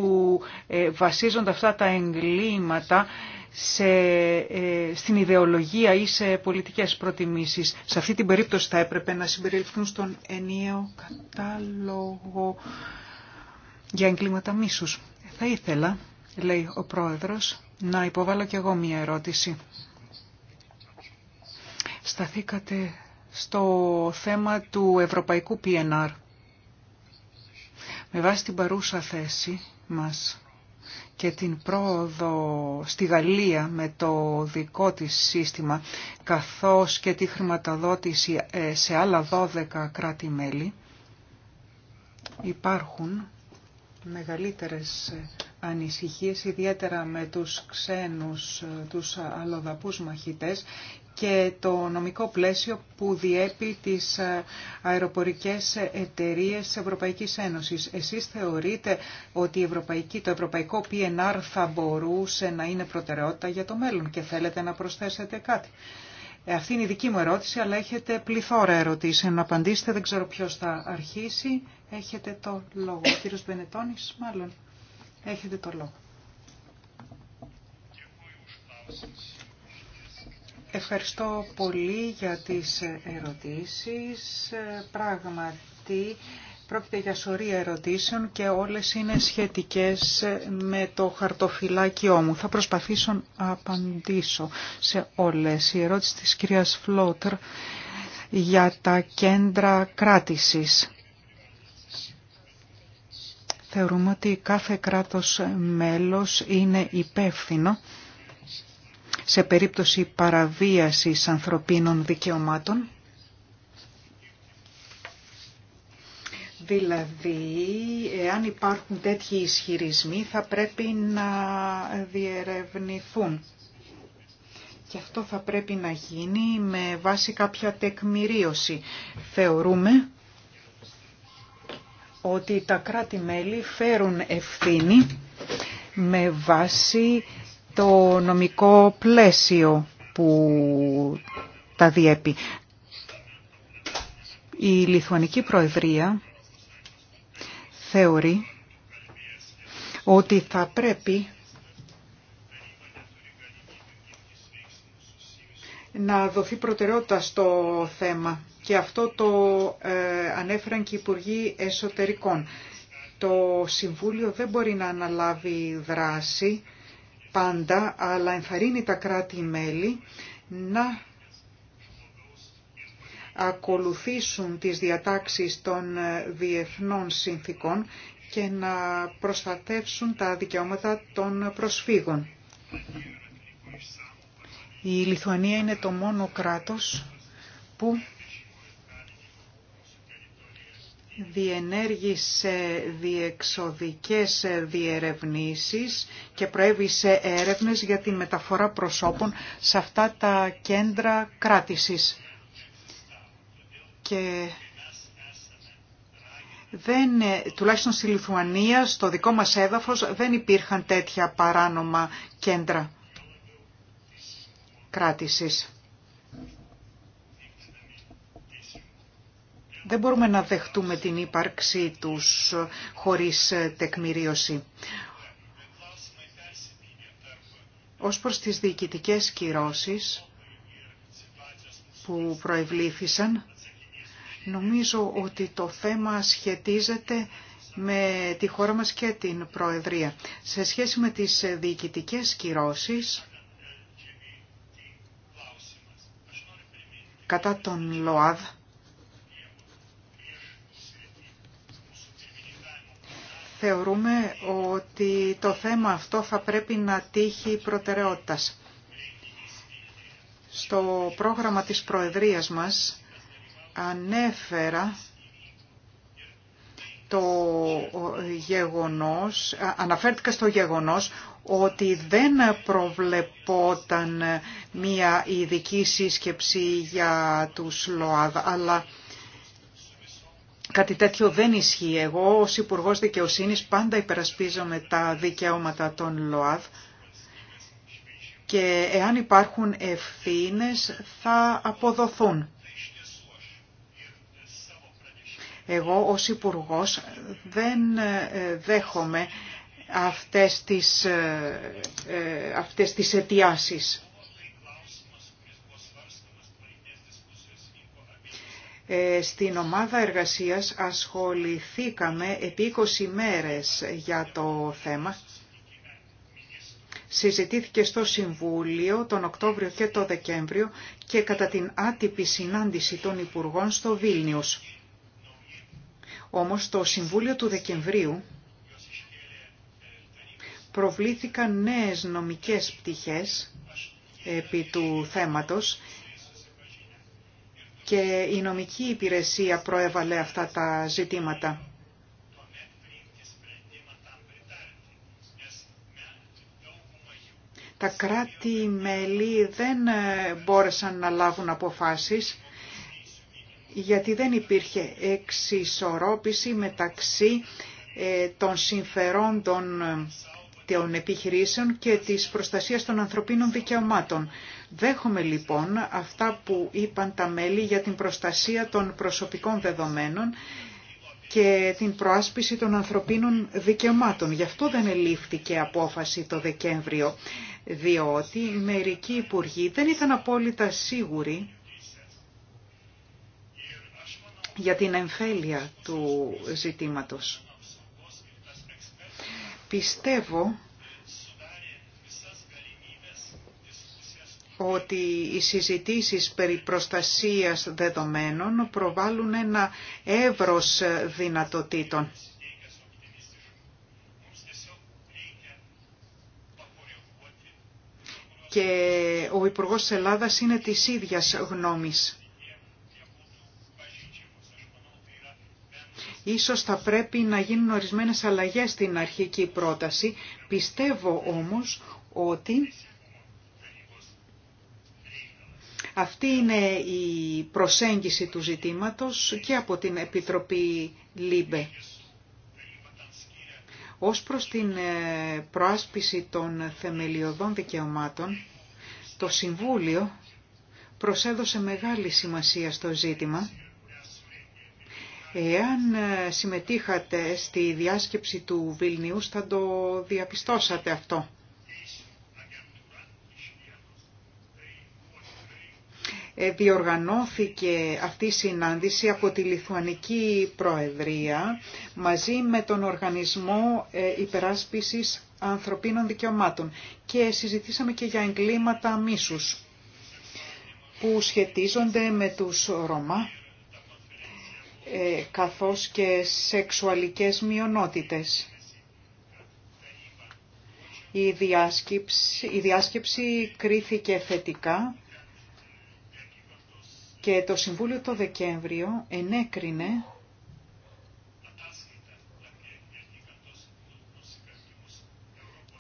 ε, βασίζονται αυτά τα εγκλήματα σε, ε, στην ιδεολογία ή σε πολιτικές προτιμήσεις. Σε αυτή την περίπτωση θα έπρεπε να συμπεριληφθούν στον ενιαίο κατάλογο για εγκλήματα μίσους. Θα ήθελα, λέει ο Πρόεδρος, να υποβάλω κι εγώ μία ερώτηση. Σταθήκατε στο θέμα του Ευρωπαϊκού PNR. Με βάση την παρούσα θέση μας και την πρόοδο στη Γαλλία με το δικό της σύστημα, καθώς και τη χρηματοδότηση ε, σε άλλα 12 κράτη-μέλη, υπάρχουν μεγαλύτερες ανησυχίες, ιδιαίτερα με τους ξένους, τους αλλοδαπούς μαχητές και το νομικό πλαίσιο που διέπει τις αεροπορικές εταιρείες της Ευρωπαϊκής Ένωσης. Εσείς θεωρείτε ότι το ευρωπαϊκό PNR θα μπορούσε να είναι προτεραιότητα για το μέλλον και θέλετε να προσθέσετε κάτι. Ε, αυτή είναι η δική μου ερώτηση, αλλά έχετε πληθώρα ερωτήσεων να απαντήσετε. Δεν ξέρω ποιος θα αρχίσει. Έχετε το λόγο. Ο κύριος μάλλον. Έχετε το λόγο. Ευχαριστώ πολύ για τις ερωτήσεις. Ε, πράγματι, Πρόκειται για σωρία ερωτήσεων και όλες είναι σχετικές με το χαρτοφυλάκιό μου. Θα προσπαθήσω να απαντήσω σε όλες. Η ερώτηση της κυρίας Φλότρ για τα κέντρα κράτησης. Θεωρούμε ότι κάθε κράτος μέλος είναι υπεύθυνο σε περίπτωση παραβίασης ανθρωπίνων δικαιωμάτων Δηλαδή, εάν υπάρχουν τέτοιοι ισχυρισμοί θα πρέπει να διερευνηθούν. Και αυτό θα πρέπει να γίνει με βάση κάποια τεκμηρίωση. Θεωρούμε ότι τα κράτη-μέλη φέρουν ευθύνη με βάση το νομικό πλαίσιο που τα διέπει. Η Λιθουανική Προεδρία θεωρεί ότι θα πρέπει να δοθεί προτεραιότητα στο θέμα. Και αυτό το ε, ανέφεραν και οι Υπουργοί Εσωτερικών. Το Συμβούλιο δεν μπορεί να αναλάβει δράση πάντα, αλλά ενθαρρύνει τα κράτη-μέλη να ακολουθήσουν τις διατάξεις των ε, διεθνών συνθήκων και να προστατεύσουν τα δικαιώματα των προσφύγων. Η Λιθουανία είναι το μόνο κράτος που διενέργησε διεξοδικές διερευνήσεις και προέβησε έρευνες για τη μεταφορά προσώπων σε αυτά τα κέντρα κράτησης και δεν, τουλάχιστον στη Λιθουανία, στο δικό μας έδαφος, δεν υπήρχαν τέτοια παράνομα κέντρα κράτησης. Δεν μπορούμε να δεχτούμε την ύπαρξή τους χωρίς τεκμηρίωση. Ως προς τις διοικητικές κυρώσεις που προευλήθησαν, Νομίζω ότι το θέμα σχετίζεται με τη χώρα μας και την Προεδρία. Σε σχέση με τις διοικητικές κυρώσεις κατά τον ΛΟΑΔ, θεωρούμε ότι το θέμα αυτό θα πρέπει να τύχει προτεραιότητας. Στο πρόγραμμα της Προεδρίας μας ανέφερα το γεγονός, αναφέρθηκα στο γεγονός ότι δεν προβλεπόταν μία ειδική σύσκεψη για τους ΛΟΑΔ, αλλά κάτι τέτοιο δεν ισχύει. Εγώ ως Υπουργός Δικαιοσύνης πάντα υπερασπίζομαι τα δικαιώματα των ΛΟΑΔ και εάν υπάρχουν ευθύνες θα αποδοθούν. Εγώ ως Υπουργός δεν ε, δέχομαι αυτές τις, ε, ε, αυτές τις αιτιάσεις. στην ομάδα εργασίας ασχοληθήκαμε επί 20 μέρες για το θέμα. Συζητήθηκε στο Συμβούλιο τον Οκτώβριο και τον Δεκέμβριο και κατά την άτυπη συνάντηση των Υπουργών στο Βίλνιους. Όμως το Συμβούλιο του Δεκεμβρίου προβλήθηκαν νέες νομικές πτυχές επί του θέματος και η νομική υπηρεσία προέβαλε αυτά τα ζητήματα. Τα κράτη-μέλη δεν μπόρεσαν να λάβουν αποφάσεις γιατί δεν υπήρχε εξισορρόπηση μεταξύ ε, των συμφερόντων ε, των επιχειρήσεων και της προστασίας των ανθρωπίνων δικαιωμάτων. Δέχομαι λοιπόν αυτά που είπαν τα μέλη για την προστασία των προσωπικών δεδομένων και την προάσπιση των ανθρωπίνων δικαιωμάτων. Γι' αυτό δεν ελήφθηκε απόφαση το Δεκέμβριο, διότι μερικοί υπουργοί δεν ήταν απόλυτα σίγουροι για την εμφέλεια του ζητήματος. Πιστεύω ότι οι συζητήσεις περί προστασίας δεδομένων προβάλλουν ένα εύρος δυνατοτήτων. Και ο Υπουργός της Ελλάδας είναι της ίδιας γνώμης. Ίσως θα πρέπει να γίνουν ορισμένες αλλαγές στην αρχική πρόταση. Πιστεύω όμως ότι αυτή είναι η προσέγγιση του ζητήματος και από την Επιτροπή ΛΥΜΠΕ. Ως προς την ε, προάσπιση των θεμελιωδών δικαιωμάτων, το Συμβούλιο προσέδωσε μεγάλη σημασία στο ζήτημα Εάν ε, συμμετείχατε στη διάσκεψη του Βιλνιούς θα το διαπιστώσατε αυτό. Ε, διοργανώθηκε αυτή η συνάντηση από τη Λιθουανική Προεδρία μαζί με τον Οργανισμό ε, Υπεράσπισης Ανθρωπίνων Δικαιωμάτων και συζητήσαμε και για εγκλήματα μίσους που σχετίζονται με τους Ρωμά ε, καθώς και σεξουαλικές μειονότητες. Η διάσκεψη, η διάσκεψη κρίθηκε θετικά και το Συμβούλιο το Δεκέμβριο ενέκρινε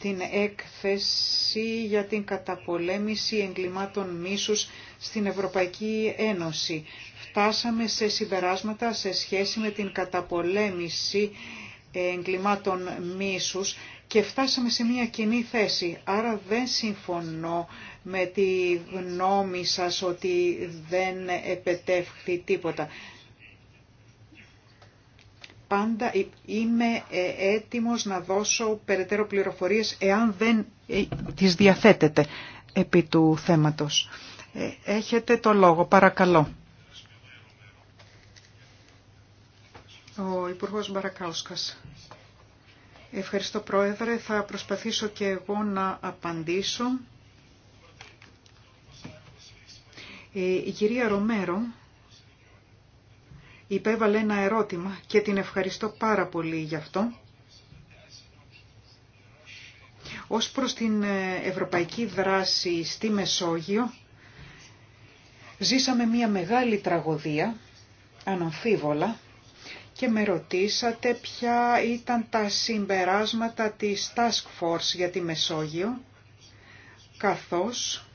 την έκθεση για την καταπολέμηση εγκλημάτων μίσους στην Ευρωπαϊκή Ένωση φτάσαμε σε συμπεράσματα σε σχέση με την καταπολέμηση εγκλημάτων μίσους και φτάσαμε σε μια κοινή θέση. Άρα δεν συμφωνώ με τη γνώμη σας ότι δεν επετεύχθη τίποτα. Πάντα είμαι ε, έτοιμος να δώσω περαιτέρω πληροφορίες εάν δεν ε, τις διαθέτετε επί του θέματος. Ε, έχετε το λόγο, παρακαλώ. Ο Υπουργός Μπαρακάουσκας. Ευχαριστώ Πρόεδρε. Θα προσπαθήσω και εγώ να απαντήσω. Η κυρία Ρομέρο υπέβαλε ένα ερώτημα και την ευχαριστώ πάρα πολύ γι' αυτό. Ως προς την ε, ευρωπαϊκή δράση στη Μεσόγειο, ζήσαμε μια μεγάλη τραγωδία, αναμφίβολα, και με ρωτήσατε ποια ήταν τα συμπεράσματα της Task Force για τη Μεσόγειο, καθώς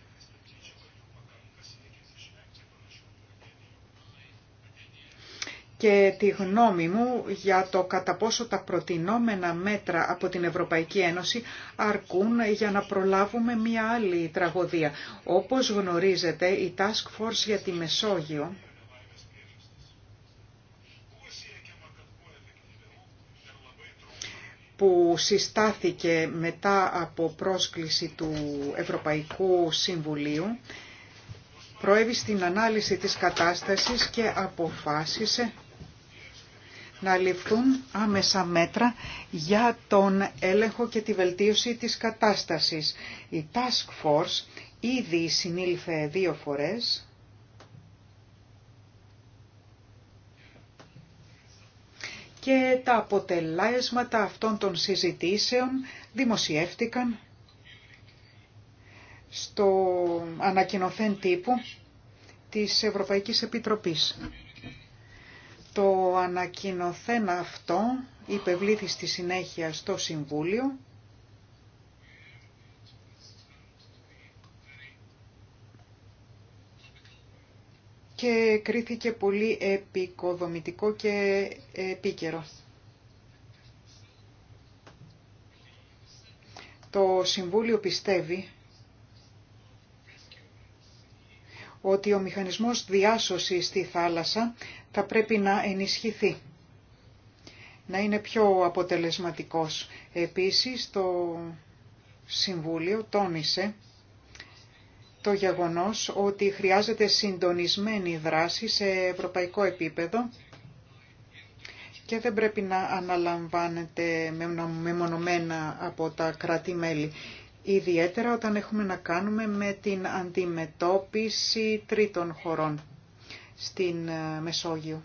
και τη γνώμη μου για το κατά πόσο τα προτινόμενα μέτρα από την Ευρωπαϊκή Ένωση αρκούν για να προλάβουμε μια άλλη τραγωδία. Όπως γνωρίζετε, η Task Force για τη Μεσόγειο που συστάθηκε μετά από πρόσκληση του Ευρωπαϊκού Συμβουλίου προέβη στην ανάλυση της κατάστασης και αποφάσισε να ληφθούν άμεσα μέτρα για τον έλεγχο και τη βελτίωση της κατάστασης. Η Task Force ήδη συνήλθε δύο φορές και τα αποτελέσματα αυτών των συζητήσεων δημοσιεύτηκαν στο ανακοινωθέν τύπου της Ευρωπαϊκής Επιτροπής. Το ανακοινωθέν αυτό υπευλήθη στη συνέχεια στο Συμβούλιο και κρίθηκε πολύ επικοδομητικό και επίκαιρο. Το Συμβούλιο πιστεύει ότι ο μηχανισμός διάσωσης στη θάλασσα θα πρέπει να ενισχυθεί, να είναι πιο αποτελεσματικός. Επίσης, το Συμβούλιο τόνισε το γεγονός ότι χρειάζεται συντονισμένη δράση σε ευρωπαϊκό επίπεδο και δεν πρέπει να αναλαμβάνεται μεμονωμένα από τα κράτη-μέλη. Ιδιαίτερα όταν έχουμε να κάνουμε με την αντιμετώπιση τρίτων χωρών στην ε, Μεσόγειο.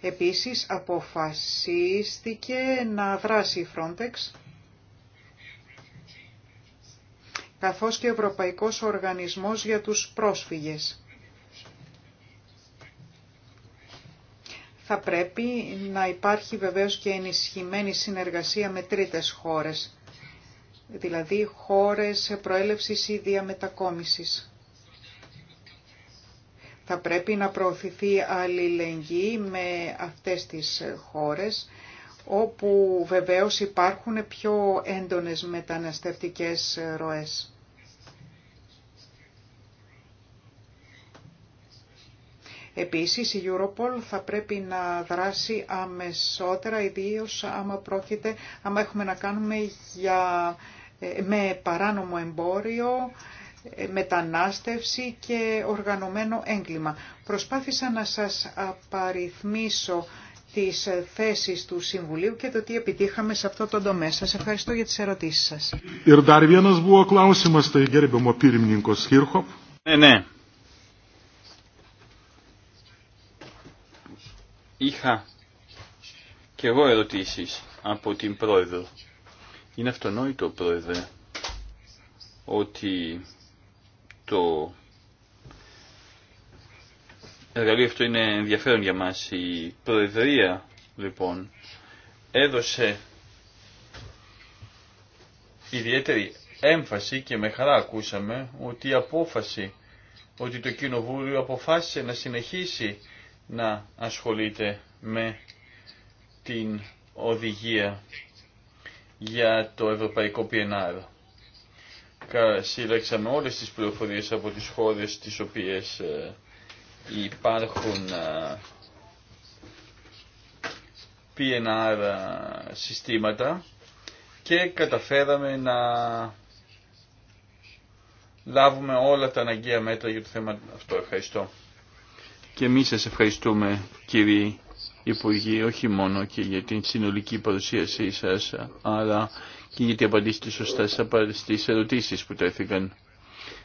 Επίσης αποφασίστηκε να δράσει η Frontex καθώς και ο Ευρωπαϊκός Οργανισμός για τους Πρόσφυγες. Θα πρέπει να υπάρχει βεβαίως και ενισχυμένη συνεργασία με τρίτες χώρες, δηλαδή χώρες προέλευσης ή διαμετακόμισης. Θα πρέπει να προωθηθεί αλληλεγγύη με αυτές τις χώρες, όπου βεβαίως υπάρχουν πιο έντονες μεταναστευτικές ροές. Επίσης η Europol θα πρέπει να δράσει αμεσότερα, ιδίως άμα πρόκειται, άμα έχουμε να κάνουμε για, ε, με παράνομο εμπόριο, μετανάστευση και οργανωμένο έγκλημα. Προσπάθησα να σας απαριθμίσω τις θέσεις του Συμβουλίου και το τι επιτύχαμε σε αυτό το τομέα. Σας ευχαριστώ για τις ερωτήσεις σας. Ναι, ναι. Είχα και εγώ ερωτήσεις από την Πρόεδρο. Είναι αυτονόητο, Πρόεδρε, ότι το εργαλείο αυτό είναι ενδιαφέρον για μας. Η Προεδρία λοιπόν έδωσε ιδιαίτερη έμφαση και με χαρά ακούσαμε ότι η απόφαση ότι το Κοινοβούλιο αποφάσισε να συνεχίσει να ασχολείται με την οδηγία για το Ευρωπαϊκό Πιενάριο σύλλεξαμε όλες τις πληροφορίες από τις χώρες τις οποίες ε, υπάρχουν ε, PNR ε, συστήματα και καταφέραμε να λάβουμε όλα τα αναγκαία μέτρα για το θέμα αυτό. Ευχαριστώ. Και εμείς σας ευχαριστούμε κύριοι Υπουργοί, όχι μόνο και για την συνολική παρουσίασή σας, αλλά και γιατί απαντήσετε σωστά στις ερωτήσεις που τέθηκαν.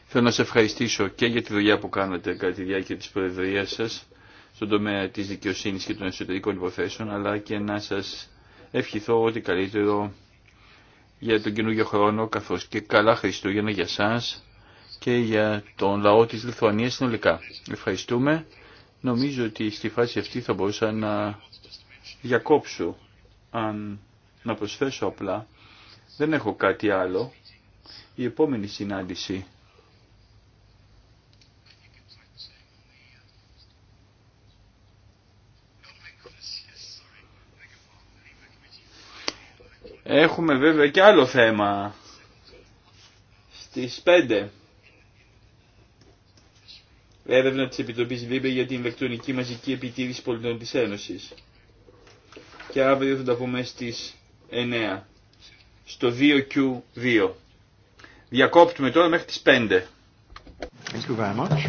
Θέλω να σε ευχαριστήσω και για τη δουλειά που κάνατε κατά τη διάρκεια της Προεδρίας σας στον τομέα της δικαιοσύνης και των εσωτερικών υποθέσεων, αλλά και να σας ευχηθώ ό,τι καλύτερο για τον καινούργιο χρόνο, καθώς και καλά Χριστούγεννα για σας και για τον λαό της Λιθουανίας συνολικά. Ευχαριστούμε. Νομίζω ότι στη φάση αυτή θα μπορούσα να διακόψω, αν να προσθέσω απλά δεν έχω κάτι άλλο. Η επόμενη συνάντηση Έχουμε βέβαια και άλλο θέμα στις 5. Έρευνα της Επιτροπής ΒΥΜΕ για την ηλεκτρονική μαζική επιτήρηση πολιτών της Ένωσης. Και αύριο θα τα πούμε στις 9 στο 2Q2. Διακόπτουμε τώρα μέχρι τις 5. Thank you very much.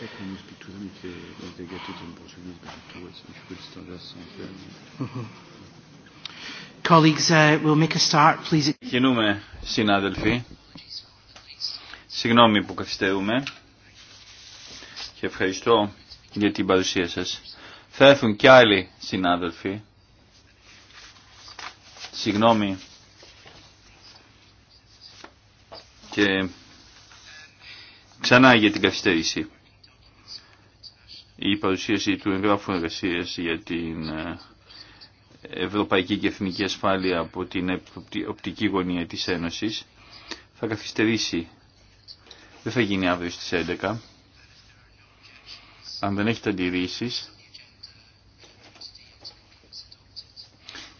Uh, Κινούμε, συνάδελφοι. Συγγνώμη που καθυστερούμε και ευχαριστώ για την παρουσία σας. Θα έρθουν και άλλοι συνάδελφοι. Συγγνώμη και ξανά για την καθυστέρηση η παρουσίαση του εγγράφου εργασία για την ε, Ευρωπαϊκή και Εθνική Ασφάλεια από την οπτική γωνία της Ένωσης θα καθυστερήσει. Δεν θα γίνει αύριο στις 11. Αν δεν έχετε αντιρρήσει,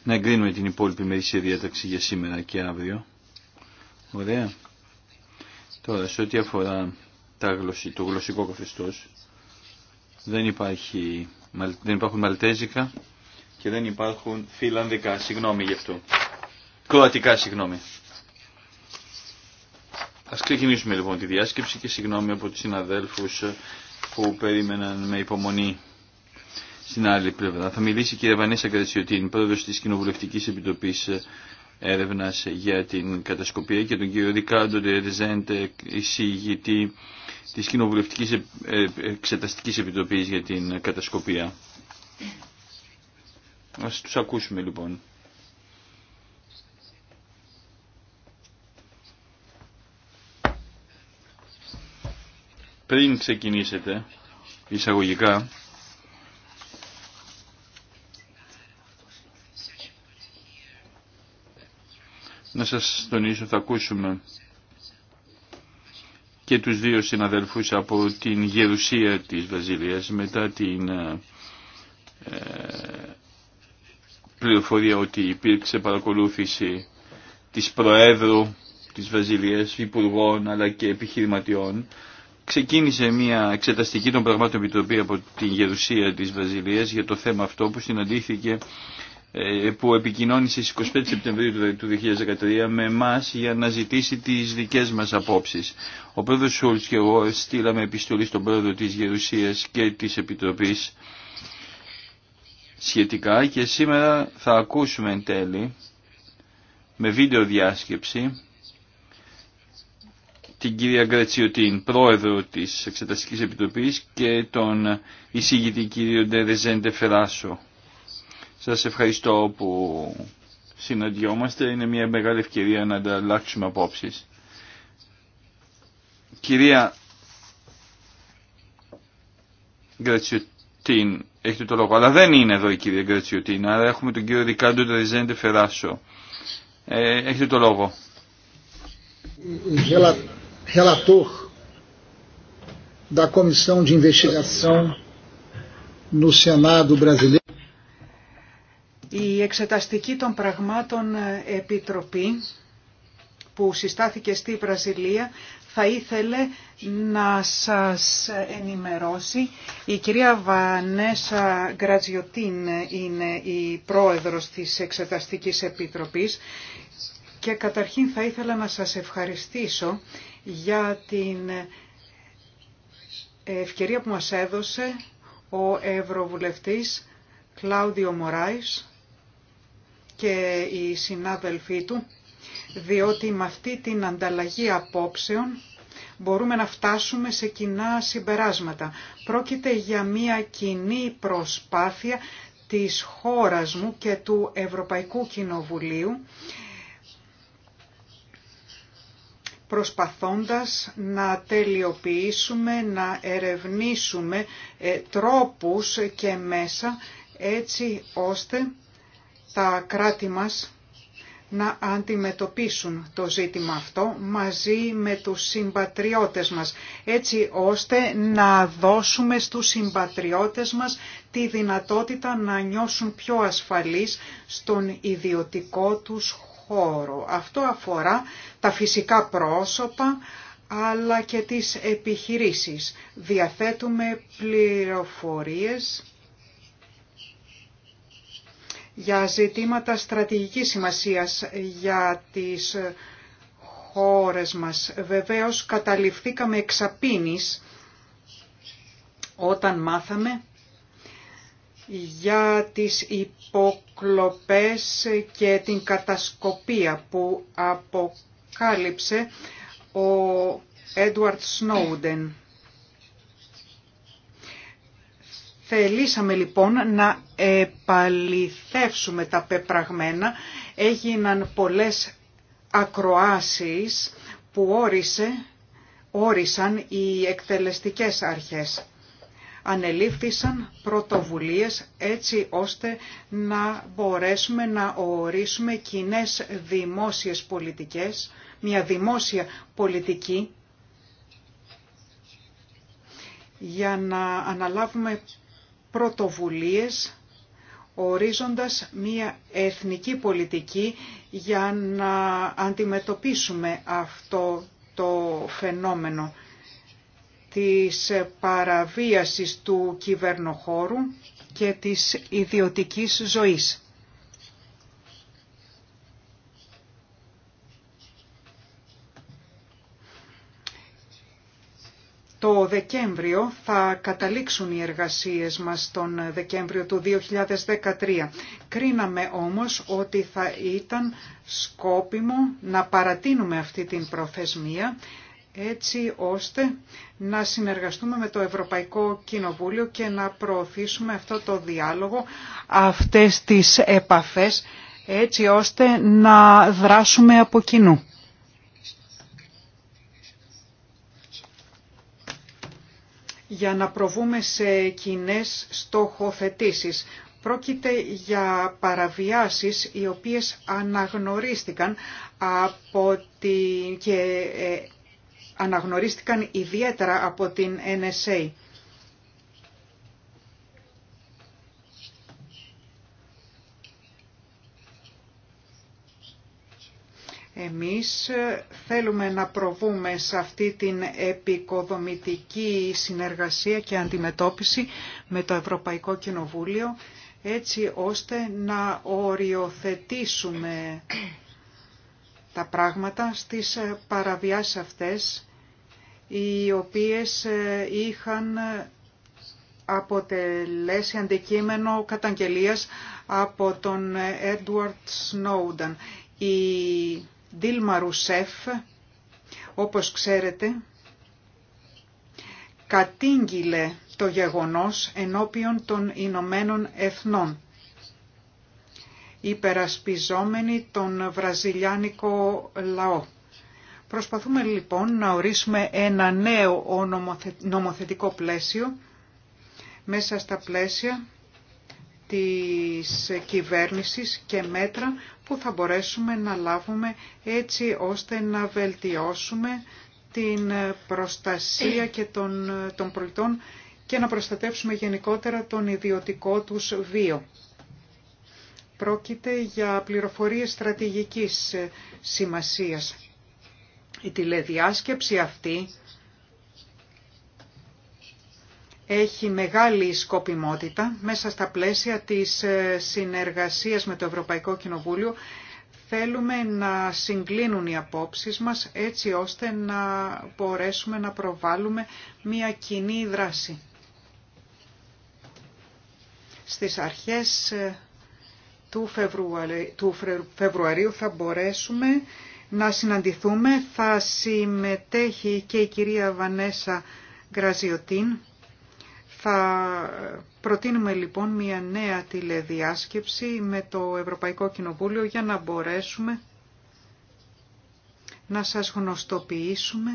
να εγκρίνουμε την υπόλοιπη μερίσια διάταξη για σήμερα και αύριο. Ωραία. Τώρα, σε ό,τι αφορά το γλωσσικό καθεστώς, δεν, υπάρχει, δεν υπάρχουν μαλτέζικα και δεν υπάρχουν φιλανδικά. Συγγνώμη γι' αυτό. Κροατικά, συγγνώμη. Ας ξεκινήσουμε λοιπόν τη διάσκεψη και συγγνώμη από τους συναδέλφους που περίμεναν με υπομονή στην άλλη πλευρά. Θα μιλήσει η κυρία Βανέσα την πρόεδρος της Κοινοβουλευτικής Επιτροπής έρευνα για την κατασκοπία και τον κύριο Ρικάρντο Ρεζέντε, εισηγητή τη κοινοβουλευτική ε, Εξεταστική επιτροπή για την κατασκοπία. Α του ακούσουμε λοιπόν. Πριν ξεκινήσετε εισαγωγικά, να σας τονίσω θα ακούσουμε και τους δύο συναδέλφους από την γερουσία της Βαζιλίας μετά την ε, ε, πληροφορία ότι υπήρξε παρακολούθηση της Προέδρου της Βραζιλίας, υπουργών αλλά και επιχειρηματιών. Ξεκίνησε μια εξεταστική των πραγμάτων επιτροπή από την γερουσία της Βαζιλίας για το θέμα αυτό που συναντήθηκε ε, που επικοινώνησε στις 25 Σεπτεμβρίου του 2013 με εμά για να ζητήσει τις δικές μας απόψεις. Ο πρόεδρος Σούλτς και εγώ στείλαμε επιστολή στον πρόεδρο της Γερουσίας και της Επιτροπής σχετικά και σήμερα θα ακούσουμε εν τέλει με βίντεο διάσκεψη την κυρία Γκρατσιωτίν, πρόεδρο της Εξεταστικής Επιτροπής και τον εισηγητή κύριο Ντερεζέντε Φεράσο. Σας ευχαριστώ που συναντιόμαστε. Είναι μια μεγάλη ευκαιρία να ανταλλάξουμε απόψεις. Κυρία Γκρατσιωτίν, έχετε το λόγο, αλλά δεν είναι εδώ η κυρία Γκρατσιωτίν, αλλά έχουμε τον κύριο Ρικάντο Τριζέντε Φεράσο. Ε, έχετε το λόγο. Relator da Comissão de Investigação no Senado brasileiro. Η εξεταστική των πραγμάτων ε, επιτροπή που συστάθηκε στη Βραζιλία θα ήθελε να σας ενημερώσει. Η κυρία Βανέσα Γκρατζιωτίν είναι η πρόεδρος της Εξεταστικής Επιτροπής και καταρχήν θα ήθελα να σας ευχαριστήσω για την ευκαιρία που μας έδωσε ο Ευρωβουλευτής Κλάουδιο Μωράης και οι συνάδελφοί του, διότι με αυτή την ανταλλαγή απόψεων μπορούμε να φτάσουμε σε κοινά συμπεράσματα. Πρόκειται για μια κοινή προσπάθεια της χώρας μου και του Ευρωπαϊκού Κοινοβουλίου, προσπαθώντας να τελειοποιήσουμε, να ερευνήσουμε ε, τρόπους και μέσα έτσι ώστε τα κράτη μας να αντιμετωπίσουν το ζήτημα αυτό μαζί με τους συμπατριώτες μας, έτσι ώστε να δώσουμε στους συμπατριώτες μας τη δυνατότητα να νιώσουν πιο ασφαλείς στον ιδιωτικό τους χώρο. Αυτό αφορά τα φυσικά πρόσωπα, αλλά και τις επιχειρήσεις. Διαθέτουμε πληροφορίες για ζητήματα στρατηγικής σημασίας για τις χώρες μας. Βεβαίως καταληφθήκαμε εξαπίνης όταν μάθαμε για τις υποκλοπές και την κατασκοπία που αποκάλυψε ο Έντουαρτ Σνόουντεν. Θελήσαμε λοιπόν να επαληθεύσουμε τα πεπραγμένα. Έγιναν πολλές ακροάσεις που όρισε, όρισαν οι εκτελεστικές αρχές. Ανελήφθησαν πρωτοβουλίες έτσι ώστε να μπορέσουμε να ορίσουμε κοινέ δημόσιες πολιτικές, μια δημόσια πολιτική για να αναλάβουμε πρωτοβουλίες ορίζοντας μία εθνική πολιτική για να αντιμετωπίσουμε αυτό το φαινόμενο της παραβίασης του κυβερνοχώρου και της ιδιωτικής ζωής. Το Δεκέμβριο θα καταλήξουν οι εργασίες μας τον Δεκέμβριο του 2013. Κρίναμε όμως ότι θα ήταν σκόπιμο να παρατείνουμε αυτή την προθεσμία έτσι ώστε να συνεργαστούμε με το Ευρωπαϊκό Κοινοβούλιο και να προωθήσουμε αυτό το διάλογο, αυτές τις επαφές, έτσι ώστε να δράσουμε από κοινού. για να προβούμε σε κοινέ στοχοθετήσεις. Πρόκειται για παραβιάσεις οι οποίες αναγνωρίστηκαν από την... και ε, αναγνωρίστηκαν ιδιαίτερα από την NSA. Εμείς θέλουμε να προβούμε σε αυτή την επικοδομητική συνεργασία και αντιμετώπιση με το Ευρωπαϊκό Κοινοβούλιο έτσι ώστε να οριοθετήσουμε τα πράγματα στις παραβιάσεις αυτές οι οποίες είχαν αποτελέσει αντικείμενο καταγγελίας από τον Έντουαρτ Snowden. Δίλμα Ρουσέφ, όπως ξέρετε, κατήγγειλε το γεγονός ενώπιον των Ηνωμένων Εθνών, υπερασπιζόμενη τον βραζιλιάνικο λαό. Προσπαθούμε λοιπόν να ορίσουμε ένα νέο νομοθετικό πλαίσιο μέσα στα πλαίσια της κυβέρνησης και μέτρα που θα μπορέσουμε να λάβουμε έτσι ώστε να βελτιώσουμε την προστασία και των, των πολιτών και να προστατεύσουμε γενικότερα τον ιδιωτικό τους βίο. Πρόκειται για πληροφορίες στρατηγικής σημασίας. Η τηλεδιάσκεψη αυτή έχει μεγάλη σκοπιμότητα μέσα στα πλαίσια της ε, συνεργασίας με το Ευρωπαϊκό Κοινοβούλιο. Θέλουμε να συγκλίνουν οι απόψεις μας έτσι ώστε να μπορέσουμε να προβάλλουμε μια κοινή δράση. Στις αρχές ε, του Φεβρουαρίου θα μπορέσουμε να συναντηθούμε. Θα συμμετέχει και η κυρία Βανέσα Γκραζιωτίν θα προτείνουμε λοιπόν μια νέα τηλεδιάσκεψη με το Ευρωπαϊκό Κοινοβούλιο για να μπορέσουμε να σας γνωστοποιήσουμε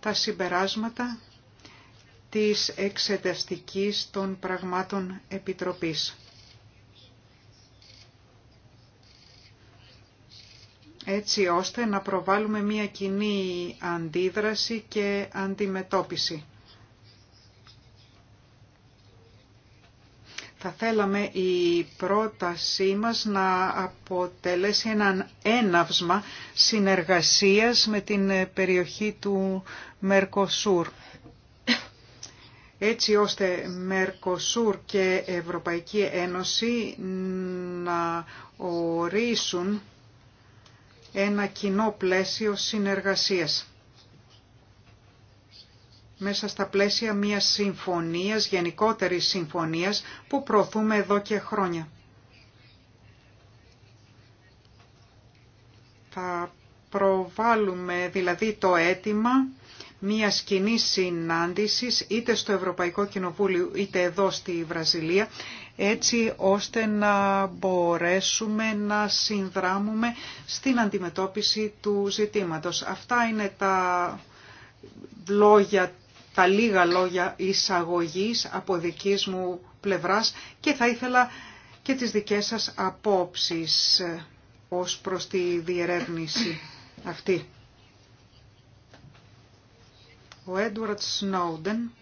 τα συμπεράσματα της εξεταστικής των πραγμάτων επιτροπής. έτσι ώστε να προβάλλουμε μια κοινή αντίδραση και αντιμετώπιση. Θα θέλαμε η πρότασή μας να αποτελέσει έναν έναυσμα συνεργασίας με την περιοχή του Μερκοσούρ. Έτσι ώστε Μερκοσούρ και Ευρωπαϊκή Ένωση να ορίσουν ένα κοινό πλαίσιο συνεργασίας μέσα στα πλαίσια μιας συμφωνίας, γενικότερης συμφωνίας που προωθούμε εδώ και χρόνια. Θα προβάλλουμε δηλαδή το αίτημα μια κοινή συνάντηση είτε στο Ευρωπαϊκό Κοινοβούλιο είτε εδώ στη Βραζιλία έτσι ώστε να μπορέσουμε να συνδράμουμε στην αντιμετώπιση του ζητήματος. Αυτά είναι τα λόγια τα λίγα λόγια εισαγωγής από δικής μου πλευράς και θα ήθελα και τις δικές σας απόψεις ε, ως προς τη διερεύνηση αυτή. Ο Έντουαρτ Σνόντεν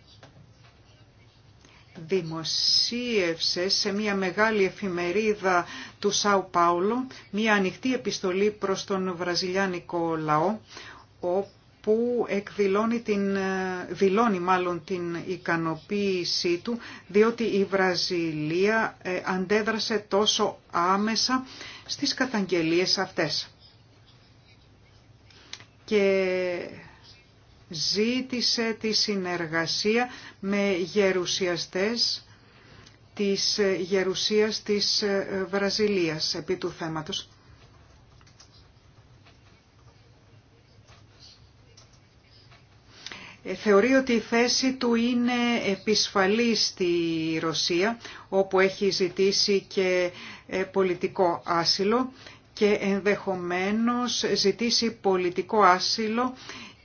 δημοσίευσε σε μια μεγάλη εφημερίδα του Σάου Πάουλο μια ανοιχτή επιστολή προς τον βραζιλιάνικο λαό, που εκδηλώνει την, ε, δηλώνει μάλλον την ικανοποίησή του, διότι η Βραζιλία ε, αντέδρασε τόσο άμεσα στις καταγγελίες αυτές. Και ζήτησε τη συνεργασία με γερουσιαστές της ε, γερουσίας της Βραζιλίας επί του θέματος. θεωρεί ότι η θέση του είναι επισφαλή στη Ρωσία, όπου έχει ζητήσει και ε, πολιτικό άσυλο και ενδεχομένως ζητήσει πολιτικό άσυλο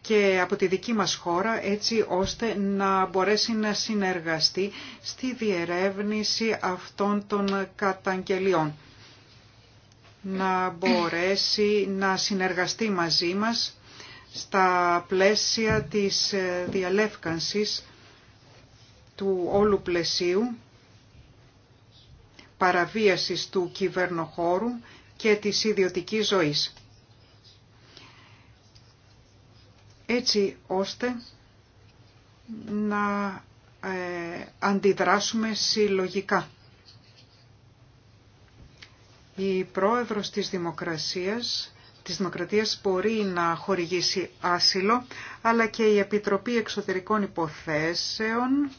και από τη δική μας χώρα έτσι ώστε να μπορέσει να συνεργαστεί στη διερεύνηση αυτών των καταγγελιών. Να μπορέσει να συνεργαστεί μαζί μας στα πλαίσια της ε, διαλεύκανσης του όλου πλαισίου παραβίασης του κυβερνοχώρου και της ιδιωτικής ζωής. Έτσι ώστε να ε, αντιδράσουμε συλλογικά. Η πρόεδρος της Δημοκρασίας της Δημοκρατίας μπορεί να χορηγήσει άσυλο, αλλά και η Επιτροπή Εξωτερικών Υποθέσεων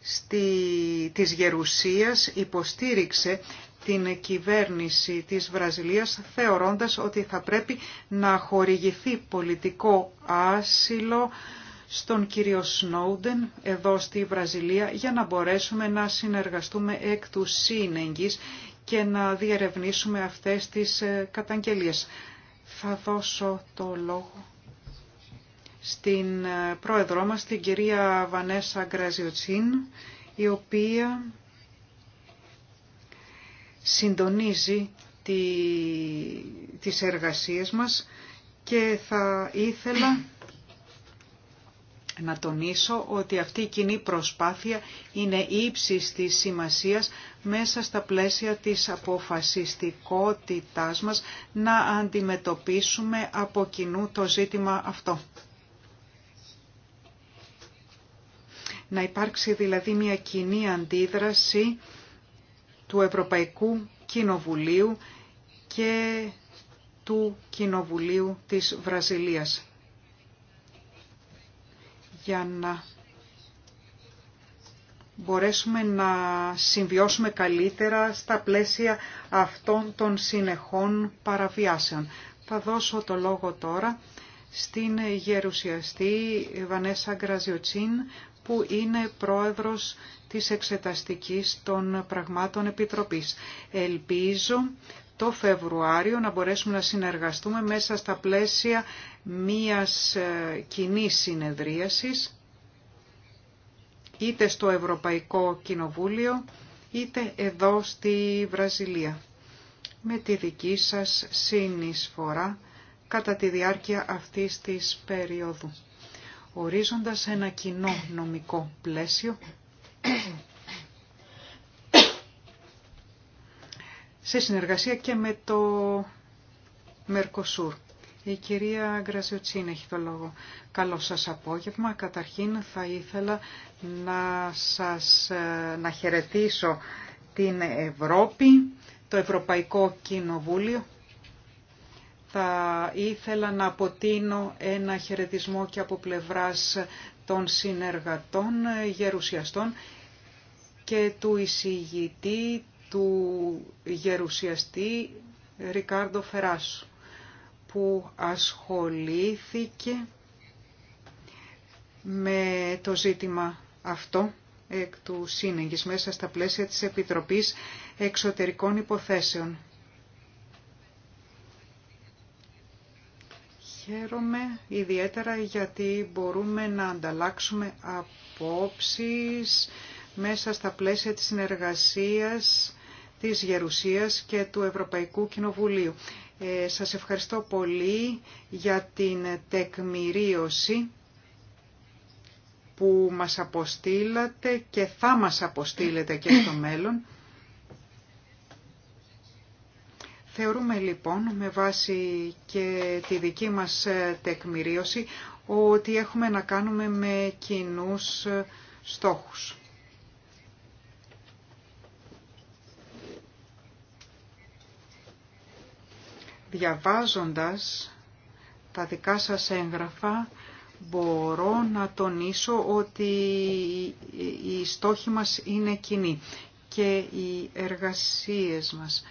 στη, της Γερουσίας υποστήριξε την κυβέρνηση της Βραζιλίας θεωρώντας ότι θα πρέπει να χορηγηθεί πολιτικό άσυλο στον κύριο Σνόουντεν εδώ στη Βραζιλία για να μπορέσουμε να συνεργαστούμε εκ του σύνεγγης και να διερευνήσουμε αυτές τις ε, καταγγελίες. Θα δώσω το λόγο στην ε, πρόεδρό μας, την κυρία Βανέσα Γκραζιοτσίν, η οποία συντονίζει τις εργασίες μας και θα ήθελα να τονίσω ότι αυτή η κοινή προσπάθεια είναι ύψης της σημασίας μέσα στα πλαίσια της αποφασιστικότητάς μας να αντιμετωπίσουμε από κοινού το ζήτημα αυτό. Να υπάρξει δηλαδή μια κοινή αντίδραση του Ευρωπαϊκού Κοινοβουλίου και του Κοινοβουλίου της Βραζιλίας για να μπορέσουμε να συμβιώσουμε καλύτερα στα πλαίσια αυτών των συνεχών παραβιάσεων. Θα δώσω το λόγο τώρα στην γερουσιαστή Βανέσα Γκραζιοτσίν που είναι πρόεδρος της Εξεταστικής των Πραγμάτων Επιτροπής. Ελπίζω το Φεβρουάριο να μπορέσουμε να συνεργαστούμε μέσα στα πλαίσια μίας ε, κοινή συνεδρίασης, είτε στο Ευρωπαϊκό Κοινοβούλιο, είτε εδώ στη Βραζιλία, με τη δική σας συνεισφορά κατά τη διάρκεια αυτής της περίοδου, ορίζοντας ένα κοινό νομικό πλαίσιο σε συνεργασία και με το Μερκοσούρ. Η κυρία Γκραζιοτσίν έχει το λόγο. Καλό σας απόγευμα. Καταρχήν θα ήθελα να σας ε, χαιρετήσω την Ευρώπη, το Ευρωπαϊκό Κοινοβούλιο. Θα ήθελα να αποτείνω ένα χαιρετισμό και από πλευράς των συνεργατών, γερουσιαστών και του εισηγητή του γερουσιαστή Ρικάρντο Φεράσου που ασχολήθηκε με το ζήτημα αυτό εκ του σύνεγγης μέσα στα πλαίσια της Επιτροπής Εξωτερικών Υποθέσεων. Χαίρομαι ιδιαίτερα γιατί μπορούμε να ανταλλάξουμε απόψεις μέσα στα πλαίσια της συνεργασίας της Γερουσίας και του Ευρωπαϊκού Κοινοβουλίου. Ε, σας ευχαριστώ πολύ για την τεκμηρίωση που μας αποστήλατε και θα μας αποστήλετε και στο μέλλον. Θεωρούμε λοιπόν με βάση και τη δική μας ε, τεκμηρίωση ότι έχουμε να κάνουμε με κοινούς ε, στόχους. Διαβάζοντας τα δικά σας έγγραφα μπορώ να τονίσω ότι οι στόχοι μας είναι κοινοί και οι εργασίες μας.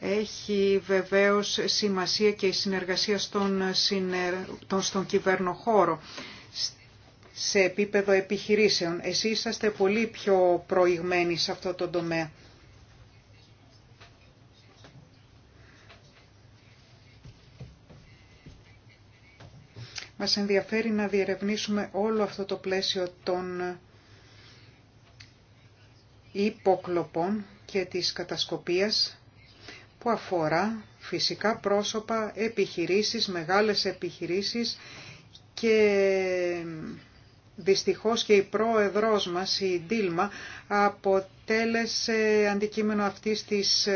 Έχει βεβαίως σημασία και η συνεργασία στον, στον κυβερνοχώρο σε επίπεδο επιχειρήσεων. Εσείς είσαστε πολύ πιο προηγμένοι σε αυτό το τομέα. Μας ενδιαφέρει να διερευνήσουμε όλο αυτό το πλαίσιο των υποκλοπών και της κατασκοπίας που αφορά φυσικά πρόσωπα, επιχειρήσεις, μεγάλες επιχειρήσεις και δυστυχώς και η πρόεδρός μας, η Ντίλμα, αποτέλεσε αντικείμενο αυτής της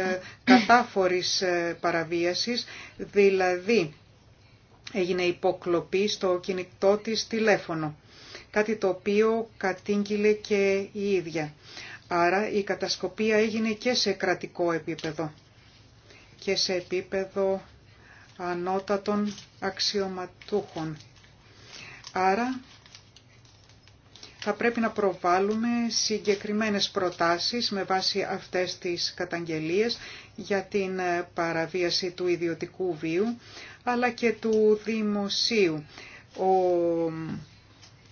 κατάφορης παραβίασης, δηλαδή έγινε υποκλοπή στο κινητό της τηλέφωνο, κάτι το οποίο κατήγγειλε και η ίδια. Άρα η κατασκοπία έγινε και σε κρατικό επίπεδο και σε επίπεδο ανώτατων αξιωματούχων. Άρα θα πρέπει να προβάλλουμε συγκεκριμένες προτάσεις με βάση αυτές τις καταγγελίες για την ε, παραβίαση του ιδιωτικού βίου αλλά και του δημοσίου. Ο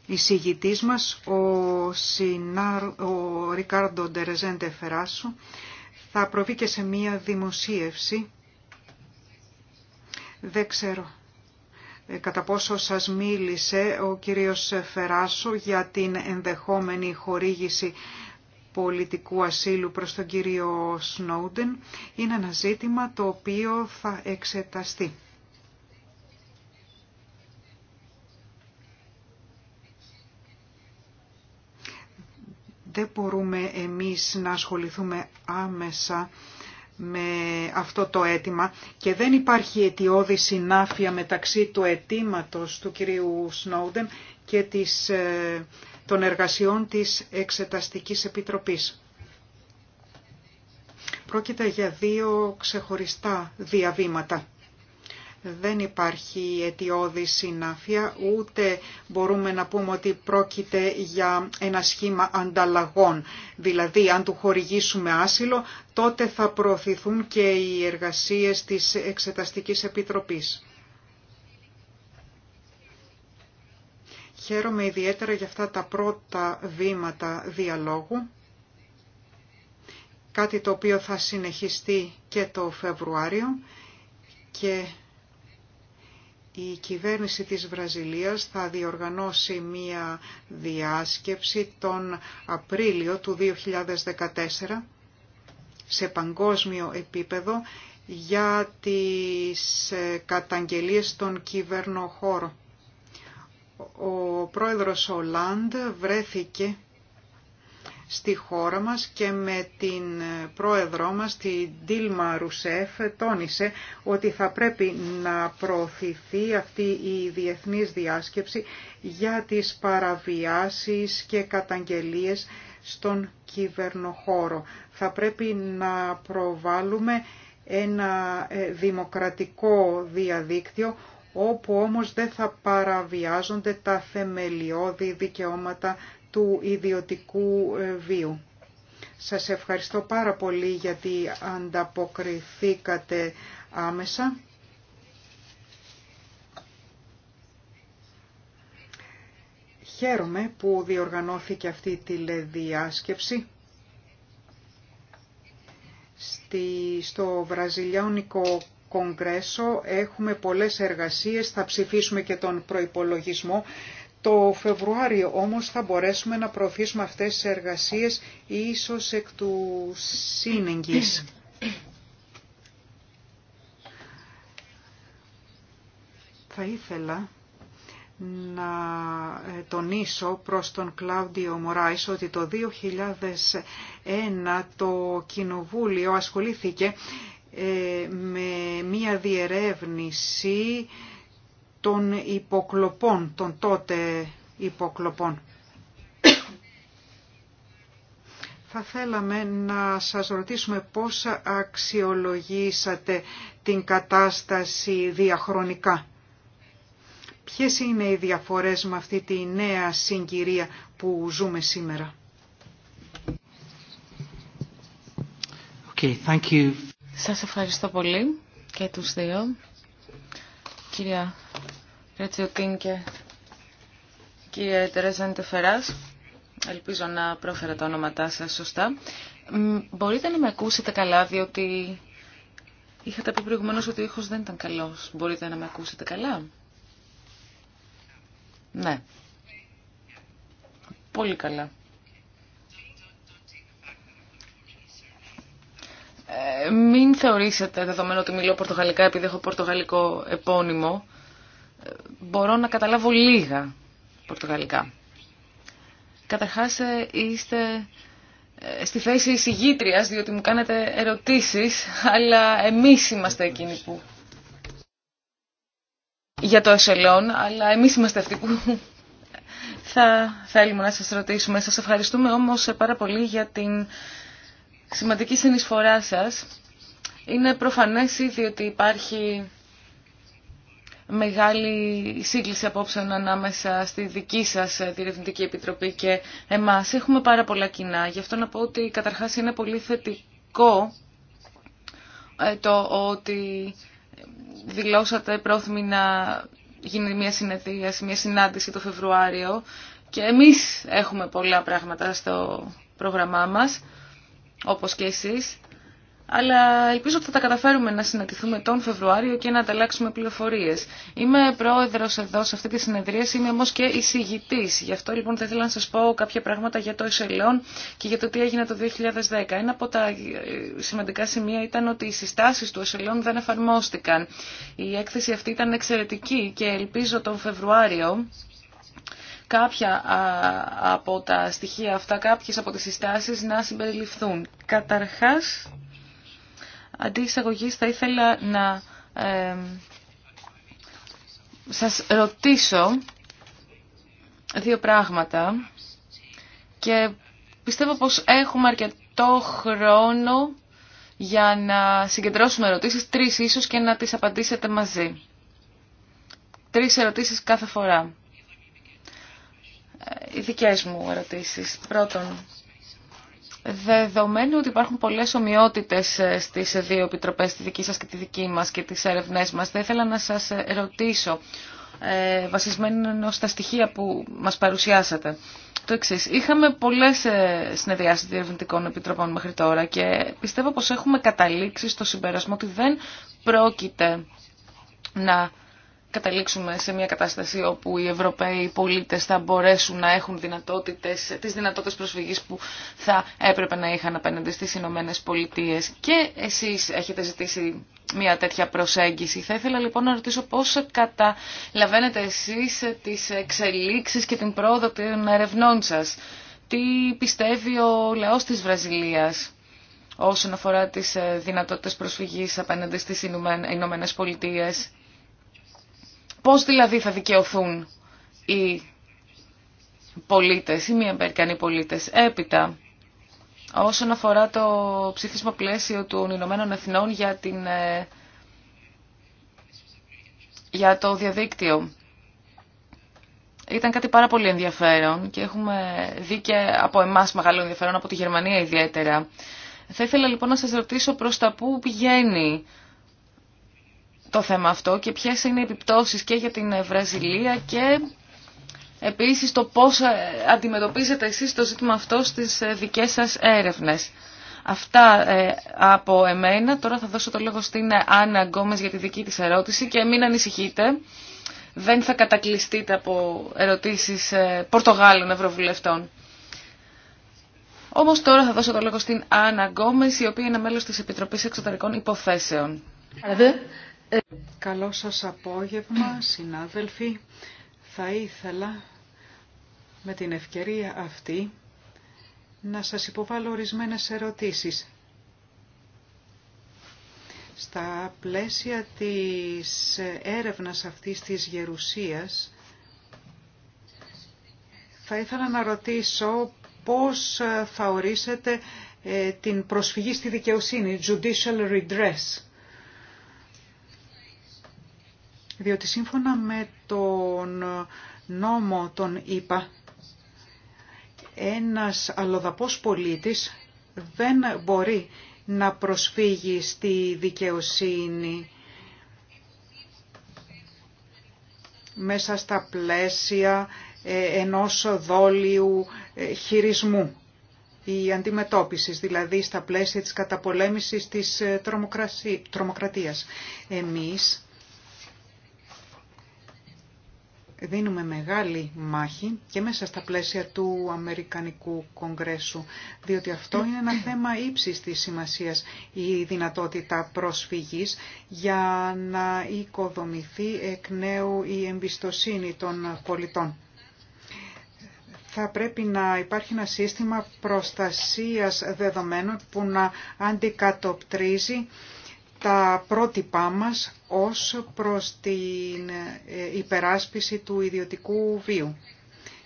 εισηγητής μας, ο, ο Ρικάρντο Ντερεζέντε Φεράσου, θα προβεί και σε μία δημοσίευση. Δεν ξέρω ε, κατά πόσο σας μίλησε ο κύριος Φεράσο για την ενδεχόμενη χορήγηση πολιτικού ασύλου προς τον κύριο Σνόντεν είναι ένα ζήτημα το οποίο θα εξεταστεί. Δεν μπορούμε εμείς να ασχοληθούμε άμεσα με αυτό το αίτημα και δεν υπάρχει αιτιώδη συνάφεια μεταξύ του αιτήματο του κυρίου Σνόουντεν και της, ε, των εργασιών της Εξεταστικής Επιτροπής. Πρόκειται για δύο ξεχωριστά διαβήματα δεν υπάρχει αιτιώδη συνάφεια, ούτε μπορούμε να πούμε ότι πρόκειται για ένα σχήμα ανταλλαγών. Δηλαδή, αν του χορηγήσουμε άσυλο, τότε θα προωθηθούν και οι εργασίες της Εξεταστικής Επιτροπής. Χαίρομαι ιδιαίτερα για αυτά τα πρώτα βήματα διαλόγου, κάτι το οποίο θα συνεχιστεί και το Φεβρουάριο και η κυβέρνηση της Βραζιλίας θα διοργανώσει μία διάσκεψη τον Απρίλιο του 2014 σε παγκόσμιο επίπεδο για τις ε, καταγγελίες των κυβερνοχώρο. Ο πρόεδρος Ολάντ βρέθηκε στη χώρα μας και με την πρόεδρό μας, τη Ντίλμα Ρουσέφ, τόνισε ότι θα πρέπει να προωθηθεί αυτή η διεθνής διάσκεψη για τις παραβιάσεις και καταγγελίες στον κυβερνοχώρο. Θα πρέπει να προβάλλουμε ένα ε, δημοκρατικό διαδίκτυο όπου όμως δεν θα παραβιάζονται τα θεμελιώδη δικαιώματα του ιδιωτικού ε, βίου. Σας ευχαριστώ πάρα πολύ γιατί ανταποκριθήκατε άμεσα. Χαίρομαι που διοργανώθηκε αυτή η τηλεδιάσκεψη στο Βραζιλιάνικο Κογκρέσο έχουμε πολλές εργασίες, θα ψηφίσουμε και τον προϋπολογισμό το Φεβρουάριο όμως θα μπορέσουμε να προωθήσουμε αυτές τις εργασίες ίσως εκ του σύνεγγης. Θα ήθελα να ε, τονίσω προς τον Κλάουντιο Μωράης ότι το 2001 το Κοινοβούλιο ασχολήθηκε ε, με μία διερεύνηση των υποκλοπών, των τότε υποκλοπών. Θα θέλαμε να σας ρωτήσουμε πώς αξιολογήσατε την κατάσταση διαχρονικά. Ποιες είναι οι διαφορές με αυτή τη νέα συγκυρία που ζούμε σήμερα. Okay, thank you. Σας ευχαριστώ πολύ και τους δύο κυρία και κυρία Τερέζαν Τεφεράς, Ελπίζω να πρόφερα τα όνοματά σας σωστά. Μπορείτε να με ακούσετε καλά, διότι είχατε πει προηγουμένως ότι ο ήχος δεν ήταν καλός. Μπορείτε να με ακούσετε καλά. Ναι. Πολύ καλά. Ε, μην θεωρήσετε δεδομένου ότι μιλώ πορτογαλικά επειδή έχω πορτογαλικό επώνυμο. Ε, μπορώ να καταλάβω λίγα πορτογαλικά. Καταρχάς ε, είστε στη θέση εισηγήτριας διότι μου κάνετε ερωτήσεις αλλά εμείς είμαστε εκείνοι που για το εσελόν αλλά εμείς είμαστε αυτοί που θα θέλουμε να σας ρωτήσουμε. Σας ευχαριστούμε όμως πάρα πολύ για την σημαντική συνεισφορά σας. Είναι προφανές ήδη ότι υπάρχει μεγάλη σύγκληση απόψεων ανάμεσα στη δική σας ε, Διερευνητική Επιτροπή και εμάς. Έχουμε πάρα πολλά κοινά. Γι' αυτό να πω ότι καταρχάς είναι πολύ θετικό ε, το ότι δηλώσατε πρόθυμοι να γίνει μια συνεδρίαση, μια συνάντηση το Φεβρουάριο και εμείς έχουμε πολλά πράγματα στο πρόγραμμά μας όπως και εσείς, αλλά ελπίζω ότι θα τα καταφέρουμε να συναντηθούμε τον Φεβρουάριο και να ανταλλάξουμε πληροφορίε. Είμαι πρόεδρο εδώ σε αυτή τη συνεδρία, είμαι όμω και εισηγητή. Γι' αυτό λοιπόν θα ήθελα να σα πω κάποια πράγματα για το Ισελαιόν και για το τι έγινε το 2010. Ένα από τα ε, σημαντικά σημεία ήταν ότι οι συστάσεις του Ισελαιόν δεν εφαρμόστηκαν. Η έκθεση αυτή ήταν εξαιρετική και ελπίζω τον Φεβρουάριο κάποια από τα στοιχεία αυτά, κάποιες από τις συστάσεις να συμπεριληφθούν. Καταρχάς, αντί εισαγωγής θα ήθελα να ε, σας ρωτήσω δύο πράγματα και πιστεύω πως έχουμε αρκετό χρόνο για να συγκεντρώσουμε ερωτήσεις, τρεις ίσως και να τις απαντήσετε μαζί. Τρεις ερωτήσεις κάθε φορά οι δικές μου ερωτήσεις. Πρώτον, δεδομένου ότι υπάρχουν πολλές ομοιότητες ε, στις δύο επιτροπές, τη δική σας και τη δική μας και τις έρευνές μας, θα ήθελα να σας ερωτήσω ε, ε βασισμένο στα στοιχεία που μας παρουσιάσατε, το εξής. Είχαμε πολλές ε, συνεδριάσεις διερευνητικών επιτροπών μέχρι τώρα και πιστεύω πως έχουμε καταλήξει στο συμπέρασμα ότι δεν πρόκειται να καταλήξουμε σε μια κατάσταση όπου οι Ευρωπαίοι πολίτες θα μπορέσουν να έχουν δυνατότητες, τις δυνατότητες προσφυγής που θα έπρεπε να είχαν απέναντι στις Ηνωμένε Πολιτείε. Και εσείς έχετε ζητήσει μια τέτοια προσέγγιση. Θα ήθελα λοιπόν να ρωτήσω πώς καταλαβαίνετε εσείς τις εξελίξεις και την πρόοδο των ερευνών σας. Τι πιστεύει ο λαός της Βραζιλίας όσον αφορά τις ε, δυνατότητες προσφυγής απέναντι στις Ηνωμένε Πολιτείε. Πώς δηλαδή θα δικαιωθούν οι πολίτες, οι μη Αμερικανοί πολίτες. Έπειτα, όσον αφορά το ψήφισμα πλαίσιο των Ηνωμένων Εθνών για, την, ε, για το διαδίκτυο. Ήταν κάτι πάρα πολύ ενδιαφέρον και έχουμε δει και από εμάς μεγάλο ενδιαφέρον, από τη Γερμανία ιδιαίτερα. Θα ήθελα λοιπόν να σας ρωτήσω προς τα πού πηγαίνει το θέμα αυτό και ποιες είναι οι επιπτώσεις και για την Βραζιλία και επίσης το πώς ε, αντιμετωπίζετε εσείς το ζήτημα αυτό στις ε, δικές σας έρευνες. Αυτά ε, από εμένα. Τώρα θα δώσω το λόγο στην Άννα Γκόμες για τη δική της ερώτηση και μην ανησυχείτε. Δεν θα κατακλειστείτε από ερωτήσεις Πορτογάλων Ευρωβουλευτών. Όμως τώρα θα δώσω το λόγο στην Άννα Γκόμες, η οποία είναι μέλος της Επιτροπής Εξωτερικών Υποθέσεων. Ε, καλό σας απόγευμα, συνάδελφοι. Θα ήθελα με την ευκαιρία αυτή να σας υποβάλω ορισμένες ερωτήσεις. Στα πλαίσια της έρευνας αυτής της Γερουσίας, θα ήθελα να ρωτήσω πώς θα ορίσετε ε, την προσφυγή στη δικαιοσύνη, judicial redress. Διότι σύμφωνα με τον νόμο των ΙΠΑ, ένας αλλοδαπός πολίτης δεν μπορεί να προσφύγει στη δικαιοσύνη μέσα στα πλαίσια ε, ενός δόλιου ε, χειρισμού ή αντιμετώπιση, δηλαδή στα πλαίσια της καταπολέμησης της ε, τρομοκρατίας. Εμείς δίνουμε μεγάλη μάχη και μέσα στα πλαίσια του Αμερικανικού Κογκρέσου, διότι αυτό είναι ένα θέμα ύψης της σημασίας, η δυνατότητα προσφυγής για να οικοδομηθεί εκ νέου η εμπιστοσύνη των πολιτών. Θα πρέπει να υπάρχει ένα σύστημα προστασίας δεδομένων που να αντικατοπτρίζει τα πρότυπά μας ως προς την ε, υπεράσπιση του ιδιωτικού βίου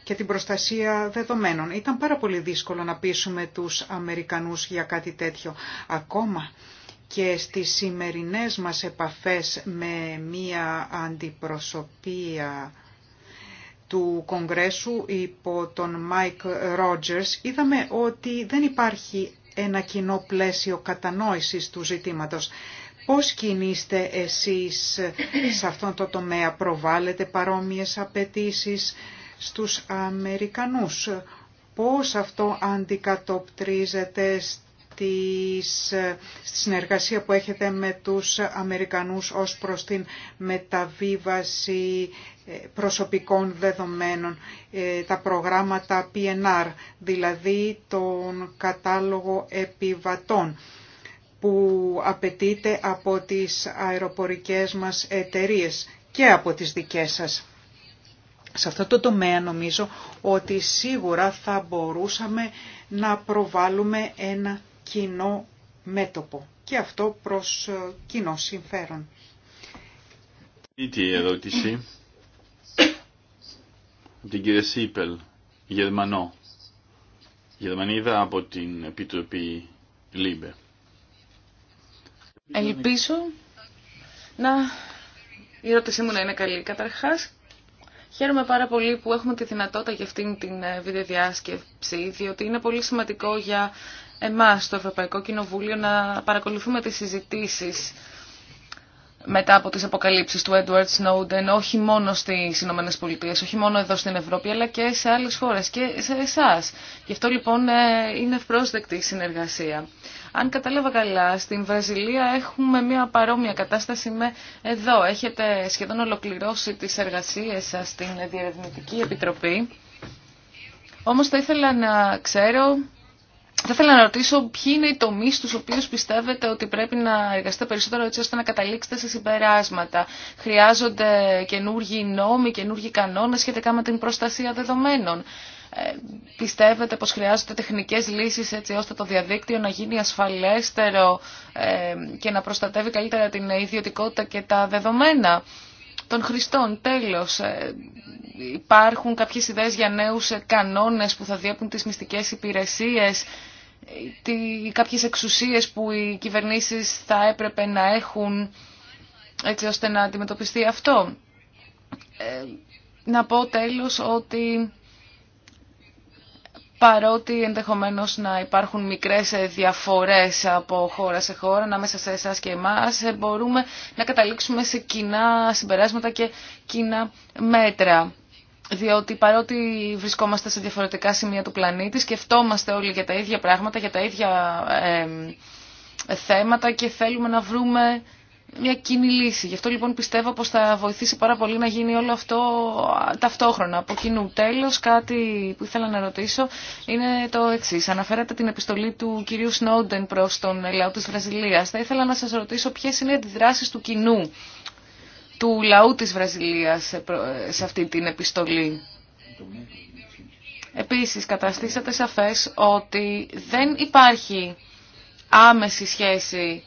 και την προστασία δεδομένων. Ήταν πάρα πολύ δύσκολο να πείσουμε τους Αμερικανούς για κάτι τέτοιο. Ακόμα και στις σημερινές μας επαφές με μία αντιπροσωπεία του Κογκρέσου υπό τον Μάικ Ρότζερς είδαμε ότι δεν υπάρχει ένα κοινό πλαίσιο κατανόησης του ζητήματος. Πώς κινείστε εσείς σε αυτόν το τομέα, προβάλλετε παρόμοιες απαιτήσει στους Αμερικανούς. Πώς αυτό αντικατοπτρίζεται στη συνεργασία που έχετε με τους Αμερικανούς ως προς την μεταβίβαση ε, προσωπικών δεδομένων, ε, τα προγράμματα PNR, δηλαδή τον κατάλογο επιβατών που απαιτείται από τις αεροπορικές μας εταιρείες και από τις δικές σας. Σε αυτό το τομέα νομίζω ότι σίγουρα θα μπορούσαμε να προβάλλουμε ένα κοινό μέτωπο και αυτό προς ε, κοινό συμφέρον. Τρίτη ερώτηση από την κυρία Σίπελ, Γερμανό, Γερμανίδα από την Επιτροπή Λίμπε. Ελπίζω να... Η ερώτησή μου να είναι καλή. Καταρχάς, Χαίρομαι πάρα πολύ που έχουμε τη δυνατότητα για αυτήν την ε, βιντεοδιάσκεψη, διότι είναι πολύ σημαντικό για εμάς το Ευρωπαϊκό Κοινοβούλιο να παρακολουθούμε τις συζητήσεις μετά από τις αποκαλύψεις του Edward Snowden, όχι μόνο στις Ηνωμένες Πολιτείες, όχι μόνο εδώ στην Ευρώπη, αλλά και σε άλλες χώρες και σε εσάς. Γι' αυτό λοιπόν ε, είναι ευπρόσδεκτη η συνεργασία. Αν κατάλαβα καλά, στην Βραζιλία έχουμε μια παρόμοια κατάσταση με εδώ. Έχετε σχεδόν ολοκληρώσει τις εργασίες σας στην Διερευνητική Επιτροπή. Όμως θα ήθελα να ξέρω θα ήθελα να ρωτήσω ποιοι είναι οι τομεί στους οποίους πιστεύετε ότι πρέπει να εργαστείτε περισσότερο έτσι ώστε να καταλήξετε σε συμπεράσματα. Χρειάζονται καινούργιοι νόμοι, καινούργιοι κανόνες σχετικά με την προστασία δεδομένων. Ε, πιστεύετε πως χρειάζονται τεχνικές λύσεις έτσι ώστε το διαδίκτυο να γίνει ασφαλέστερο ε, και να προστατεύει καλύτερα την ιδιωτικότητα και τα δεδομένα των χρηστών. Τέλος, ε, υπάρχουν κάποιες ιδέες για νέους κανόνες που θα διέπουν τις μυστικές υπηρεσίες τι, κάποιες εξουσίες που οι κυβερνήσεις θα έπρεπε να έχουν έτσι ώστε να αντιμετωπιστεί αυτό. Ε, να πω τέλος ότι παρότι ενδεχομένως να υπάρχουν μικρές διαφορές από χώρα σε χώρα, να ανάμεσα σε εσάς και εμάς, ε, μπορούμε να καταλήξουμε σε κοινά συμπεράσματα και κοινά μέτρα διότι παρότι βρισκόμαστε σε διαφορετικά σημεία του πλανήτη, σκεφτόμαστε όλοι για τα ίδια πράγματα, για τα ίδια θέματα και θέλουμε να βρούμε μια κοινή λύση. Γι' αυτό λοιπόν πιστεύω πως θα βοηθήσει πάρα πολύ να γίνει όλο αυτό ταυτόχρονα από κοινού. Τέλος, κάτι που ήθελα να ρωτήσω είναι το εξή. Αναφέρατε την επιστολή του κυρίου Σνόντεν προς τον λαό της Βραζιλίας. Θα ήθελα να σας ρωτήσω ποιες είναι οι αντιδράσεις του κοινού του λαού της Βραζιλίας σε αυτή την επιστολή. Επίσης, καταστήσατε σαφές ότι δεν υπάρχει άμεση σχέση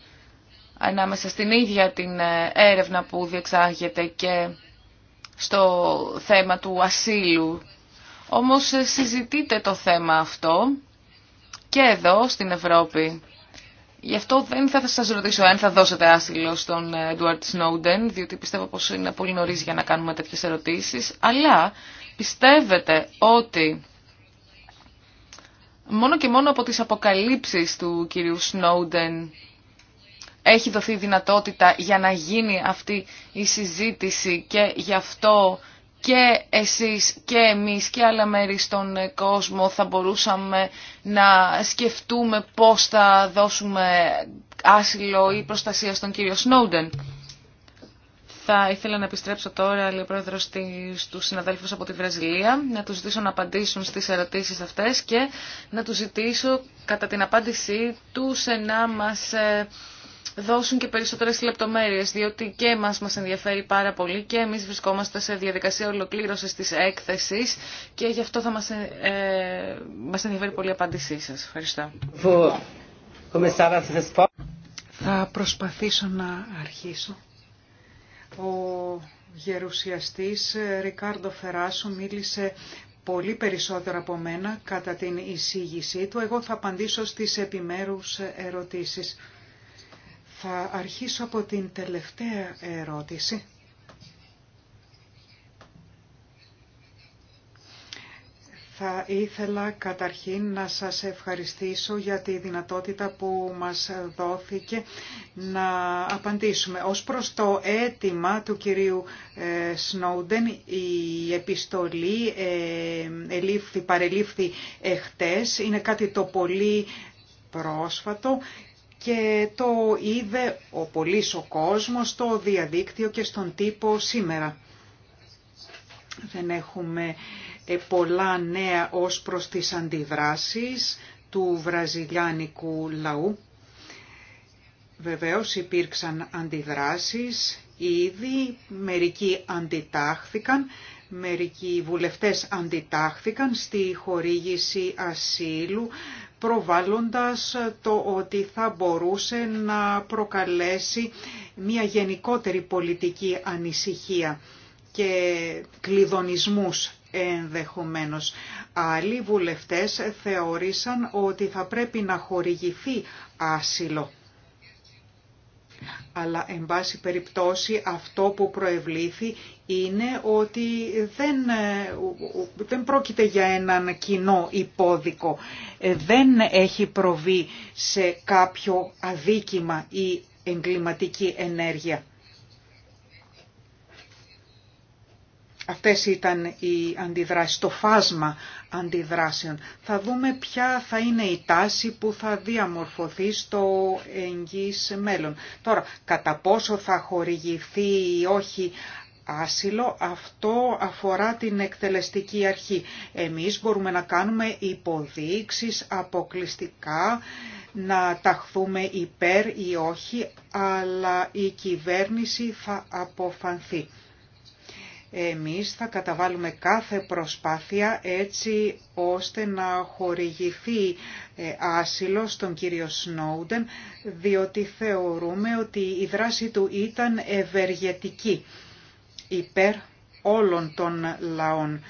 ανάμεσα στην ίδια την ε, έρευνα που διεξάγεται και στο θέμα του ασύλου. Όμως ε, συζητείτε το θέμα αυτό και εδώ στην Ευρώπη. Γι' αυτό δεν θα σας ρωτήσω αν θα δώσετε άσυλο στον Edward Snowden, διότι πιστεύω πως είναι πολύ νωρίς για να κάνουμε τέτοιες ερωτήσεις, αλλά πιστεύετε ότι μόνο και μόνο από τις αποκαλύψεις του κυρίου Snowden έχει δοθεί δυνατότητα για να γίνει αυτή η συζήτηση και γι' αυτό και εσείς και εμείς και άλλα μέρη στον κόσμο θα μπορούσαμε να σκεφτούμε πώς θα δώσουμε άσυλο ή προστασία στον κύριο Σνόντεν. Θα ήθελα να επιστρέψω τώρα, λέει ο πρόεδρο, στου συναδέλφου από τη Βραζιλία, να του ζητήσω να απαντήσουν στι ερωτήσει αυτέ και να του ζητήσω κατά την απάντησή του να μα ε, δώσουν και περισσότερες λεπτομέρειες, διότι και μας μας ενδιαφέρει πάρα πολύ και εμείς βρισκόμαστε σε διαδικασία ολοκλήρωσης της έκθεσης και γι' αυτό θα μας, ε, ε, ενδιαφέρει πολύ η απάντησή σας. Ευχαριστώ. Θα προσπαθήσω να αρχίσω. Ο γερουσιαστής Ρικάρντο Φεράσου μίλησε πολύ περισσότερο από μένα κατά την εισήγησή του. Εγώ θα απαντήσω στις επιμέρους ερωτήσεις. Θα αρχίσω από την τελευταία ερώτηση. Θα ήθελα καταρχήν να σας ευχαριστήσω για τη δυνατότητα που μας δόθηκε να απαντήσουμε. Ως προς το αίτημα του κυρίου ε, Σνόντεν, η επιστολή ε, ελήφθη, παρελήφθη εχθές. Είναι κάτι το πολύ πρόσφατο και το είδε ο πολύς ο κόσμος στο διαδίκτυο και στον τύπο σήμερα. Δεν έχουμε ε, πολλά νέα ως προς τις αντιδράσεις του βραζιλιάνικου λαού. Βεβαίως υπήρξαν αντιδράσεις ήδη, μερικοί αντιτάχθηκαν, μερικοί βουλευτές αντιτάχθηκαν στη χορήγηση ασύλου προβάλλοντας το ότι θα μπορούσε να προκαλέσει μια γενικότερη πολιτική ανησυχία και κλειδονισμούς ενδεχομένως. Άλλοι βουλευτές θεωρήσαν ότι θα πρέπει να χορηγηθεί άσυλο αλλά, εν πάση περιπτώσει, αυτό που προευλήθη είναι ότι δεν, ε, δεν πρόκειται για έναν κοινό υπόδικο. Ε, δεν έχει προβεί σε κάποιο αδίκημα ή εγκληματική ενέργεια. Αυτές ήταν οι αντιδράσεις, το φάσμα αντιδράσεων. Θα δούμε ποια θα είναι η τάση που θα διαμορφωθεί στο εγγύς μέλλον. Τώρα, κατά πόσο θα χορηγηθεί ή όχι άσυλο, αυτό αφορά την εκτελεστική αρχή. Εμείς μπορούμε να κάνουμε υποδείξεις αποκλειστικά, να ταχθούμε υπέρ ή όχι, αλλά η κυβέρνηση θα αποφανθεί. Εμείς θα καταβάλουμε κάθε προσπάθεια έτσι ώστε να χορηγηθεί ε, άσυλο στον κύριο Σνόουντεν, διότι θεωρούμε ότι η δράση του ήταν ευεργετική υπέρ όλων των λαών.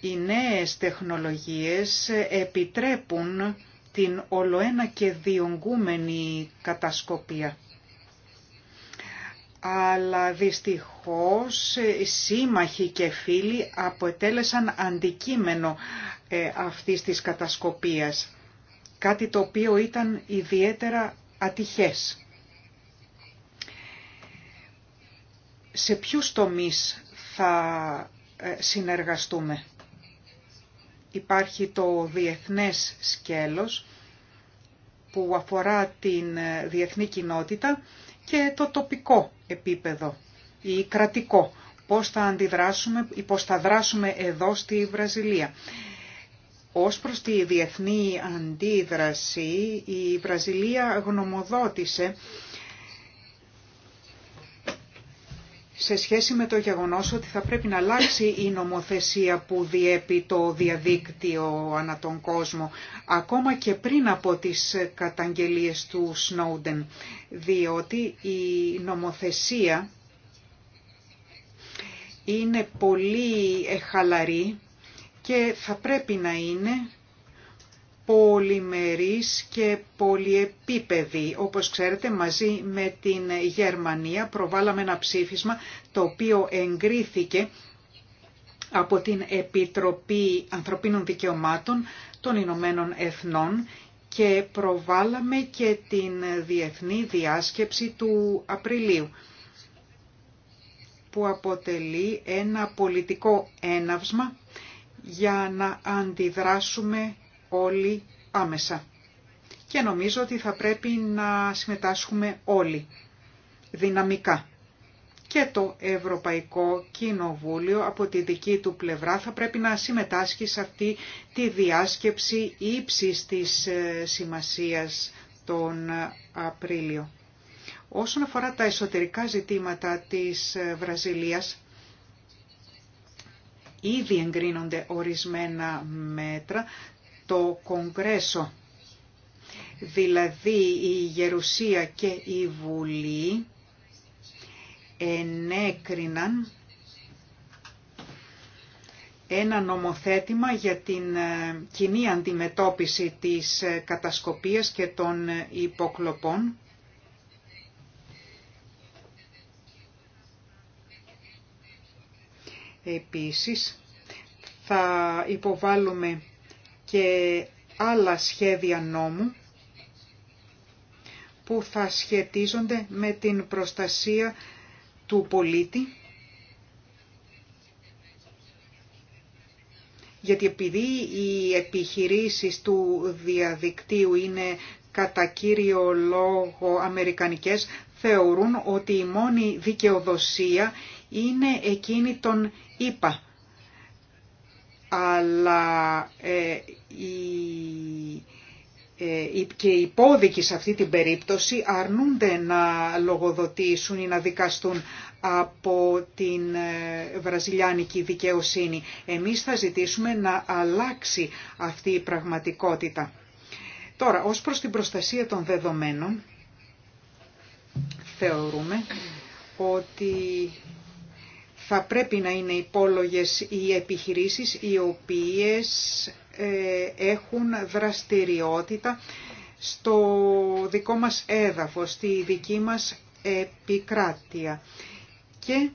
Οι νέες τεχνολογίες επιτρέπουν την ολοένα και διονγκούμενη κατασκοπία αλλά δυστυχώς σύμμαχοι και φίλοι αποτέλεσαν αντικείμενο ε, αυτής της κατασκοπίας. Κάτι το οποίο ήταν ιδιαίτερα ατυχές. Σε ποιους τομείς θα ε, συνεργαστούμε. Υπάρχει το διεθνές σκέλος που αφορά την ε, διεθνή κοινότητα και το τοπικό επίπεδο ή κρατικό. Πώς θα αντιδράσουμε ή πώς θα δράσουμε εδώ στη Βραζιλία. Ως προς τη διεθνή αντίδραση, η Βραζιλία γνωμοδότησε σε σχέση με το γεγονός ότι θα πρέπει να αλλάξει η νομοθεσία που διέπει το διαδίκτυο ανά τον κόσμο, ακόμα και πριν από τις καταγγελίες του Σνόντεν, διότι η νομοθεσία είναι πολύ χαλαρή και θα πρέπει να είναι πολυμερής και πολυεπίπεδη. Όπως ξέρετε, μαζί με την Γερμανία προβάλαμε ένα ψήφισμα το οποίο εγκρίθηκε από την Επιτροπή Ανθρωπίνων Δικαιωμάτων των Ηνωμένων Εθνών και προβάλαμε και την Διεθνή Διάσκεψη του Απριλίου που αποτελεί ένα πολιτικό έναυσμα για να αντιδράσουμε όλοι άμεσα. Και νομίζω ότι θα πρέπει να συμμετάσχουμε όλοι δυναμικά. Και το Ευρωπαϊκό Κοινοβούλιο από τη δική του πλευρά θα πρέπει να συμμετάσχει σε αυτή τη διάσκεψη ύψη της ε, σημασίας τον ε, Απρίλιο. Όσον αφορά τα εσωτερικά ζητήματα της ε, Βραζιλίας, ήδη εγκρίνονται ορισμένα μέτρα το Κογκρέσο. Δηλαδή η Γερουσία και η Βουλή ενέκριναν ένα νομοθέτημα για την ε, κοινή αντιμετώπιση της ε, κατασκοπίας και των ε, υποκλοπών. Επίσης, θα υποβάλουμε και άλλα σχέδια νόμου που θα σχετίζονται με την προστασία του πολίτη γιατί επειδή οι επιχειρήσεις του διαδικτύου είναι κατά κύριο λόγο αμερικανικές, θεωρούν ότι η μόνη δικαιοδοσία είναι εκείνη των ΙΠΑ αλλά ε, ε και οι υπόδικοι σε αυτή την περίπτωση αρνούνται να λογοδοτήσουν ή να δικαστούν από την ε, βραζιλιάνικη δικαιοσύνη. Εμείς θα ζητήσουμε να αλλάξει αυτή η πραγματικότητα. Τώρα, ως προς την προστασία των δεδομένων, θεωρούμε ότι θα πρέπει να είναι υπόλογες οι επιχειρήσεις οι οποίες ε, έχουν δραστηριότητα στο δικό μας έδαφος, στη δική μας επικράτεια. Και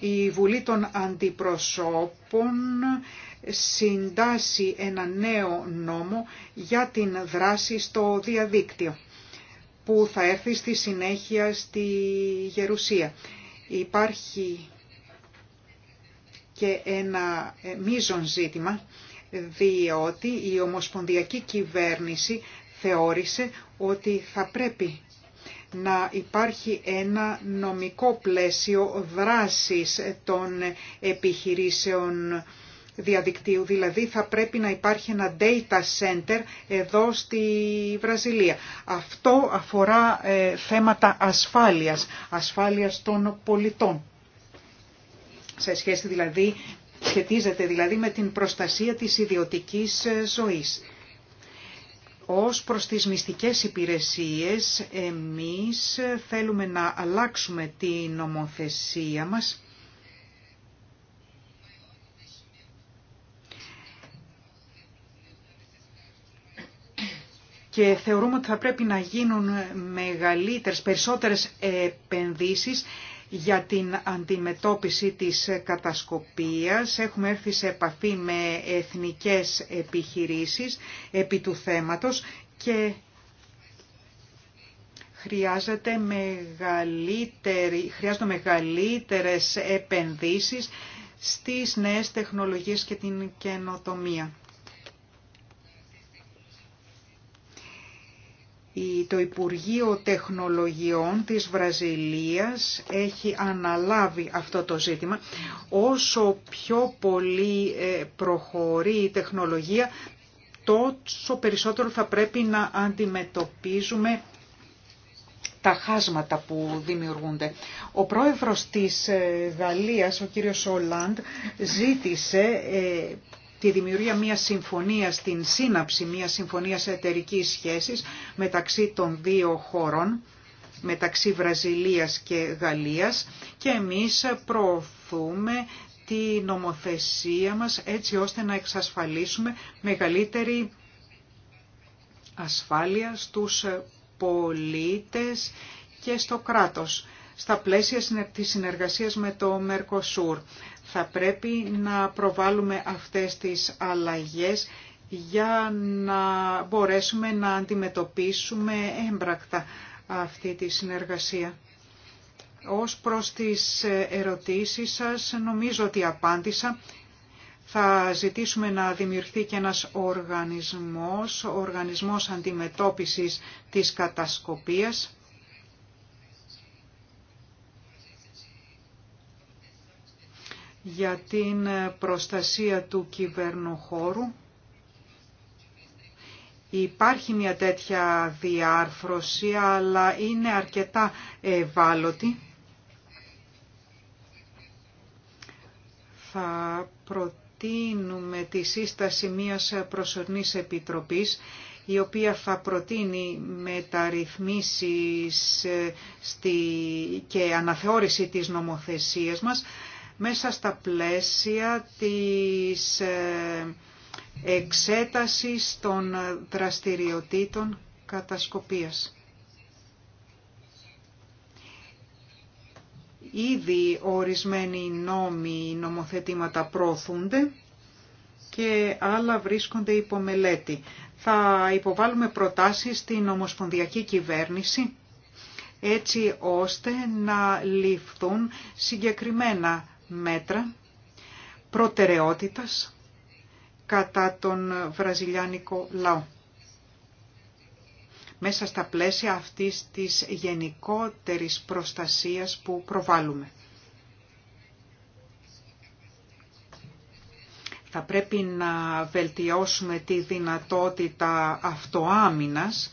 η Βουλή των Αντιπροσώπων συντάσσει ένα νέο νόμο για την δράση στο διαδίκτυο που θα έρθει στη συνέχεια στη Γερουσία. Υπάρχει και ένα ε, μείζον ζήτημα, διότι η Ομοσπονδιακή Κυβέρνηση θεώρησε ότι θα πρέπει να υπάρχει ένα νομικό πλαίσιο δράσης των επιχειρήσεων διαδικτύου. Δηλαδή θα πρέπει να υπάρχει ένα data center εδώ στη Βραζιλία. Αυτό αφορά ε, θέματα ασφάλειας, ασφάλειας των πολιτών σε σχέση δηλαδή, σχετίζεται δηλαδή με την προστασία της ιδιωτικής ε, ζωής. Ως προς τις μυστικές υπηρεσίες, εμείς ε, θέλουμε να αλλάξουμε την νομοθεσία μας και θεωρούμε ότι θα πρέπει να γίνουν μεγαλύτερες, περισσότερες επενδύσεις για την αντιμετώπιση της κατασκοπίας. Έχουμε έρθει σε επαφή με εθνικές επιχειρήσεις επί του θέματος και χρειάζεται μεγαλύτερη, χρειάζονται μεγαλύτερες επενδύσεις στις νέες τεχνολογίες και την καινοτομία. το Υπουργείο Τεχνολογιών της Βραζιλίας έχει αναλάβει αυτό το ζήτημα. Όσο πιο πολύ ε, προχωρεί η τεχνολογία, τόσο περισσότερο θα πρέπει να αντιμετωπίζουμε τα χάσματα που δημιουργούνται. Ο πρόεδρος της ε, Γαλλίας, ο κύριος Ολάντ, ζήτησε ε, τη δημιουργία μιας συμφωνία την σύναψη μιας συμφωνίας εταιρική σχέση μεταξύ των δύο χωρών, μεταξύ Βραζιλίας και Γαλλίας και εμείς προωθούμε τη νομοθεσία μας έτσι ώστε να εξασφαλίσουμε μεγαλύτερη ασφάλεια στους πολίτες και στο κράτος στα πλαίσια της συνεργασίας με το Μερκοσούρ. Θα πρέπει να προβάλλουμε αυτές τις αλλαγές για να μπορέσουμε να αντιμετωπίσουμε έμπρακτα αυτή τη συνεργασία. Ως προς τις ερωτήσεις σας, νομίζω ότι απάντησα. Θα ζητήσουμε να δημιουργηθεί και ένας οργανισμός, ο οργανισμός αντιμετώπισης της κατασκοπίας για την ε, προστασία του κυβερνοχώρου. Υπάρχει μια τέτοια διάρθρωση, αλλά είναι αρκετά ευάλωτη. Θα προτείνουμε τη σύσταση μιας προσωρινής επιτροπής, η οποία θα προτείνει μεταρρυθμίσεις ε, στη... και αναθεώρηση της νομοθεσίας μας, μέσα στα πλαίσια της ε, εξέτασης των δραστηριοτήτων κατασκοπίας. Ήδη ορισμένοι νόμοι, νομοθετήματα προωθούνται και άλλα βρίσκονται υπό μελέτη. Θα υποβάλουμε προτάσεις στην Ομοσπονδιακή Κυβέρνηση έτσι ώστε να ληφθούν συγκεκριμένα μέτρα προτεραιότητας κατά τον βραζιλιάνικο λαό. Μέσα στα πλαίσια αυτής της γενικότερης προστασίας που προβάλλουμε. Θα πρέπει να βελτιώσουμε τη δυνατότητα αυτοάμυνας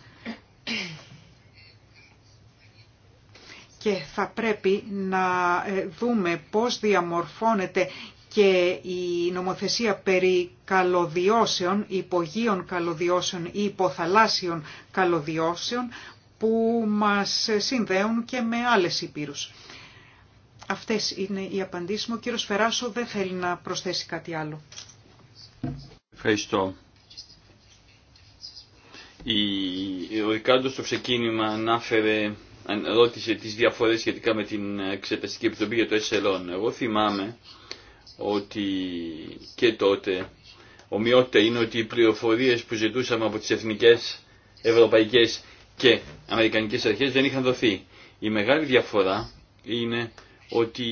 και θα πρέπει να ε, δούμε πώς διαμορφώνεται και η νομοθεσία περί καλωδιώσεων, υπογείων καλωδιώσεων ή υποθαλάσσιων καλωδιώσεων που μας συνδέουν και με άλλες υπήρους. Αυτές είναι οι απαντήσεις μου. Ο κύριος Φεράσο δεν θέλει να προσθέσει κάτι άλλο. Ευχαριστώ. Ο Ικάντος στο ξεκίνημα ανάφερε ρώτησε τις διαφορές σχετικά με την ε, Εξεταστική Επιτροπή για το ΕΣΕΛΟΝ. Εγώ θυμάμαι ότι και τότε ομοιότητα είναι ότι οι πληροφορίες που ζητούσαμε από τις εθνικές, ευρωπαϊκές και αμερικανικές αρχές δεν είχαν δοθεί. Η μεγάλη διαφορά είναι ότι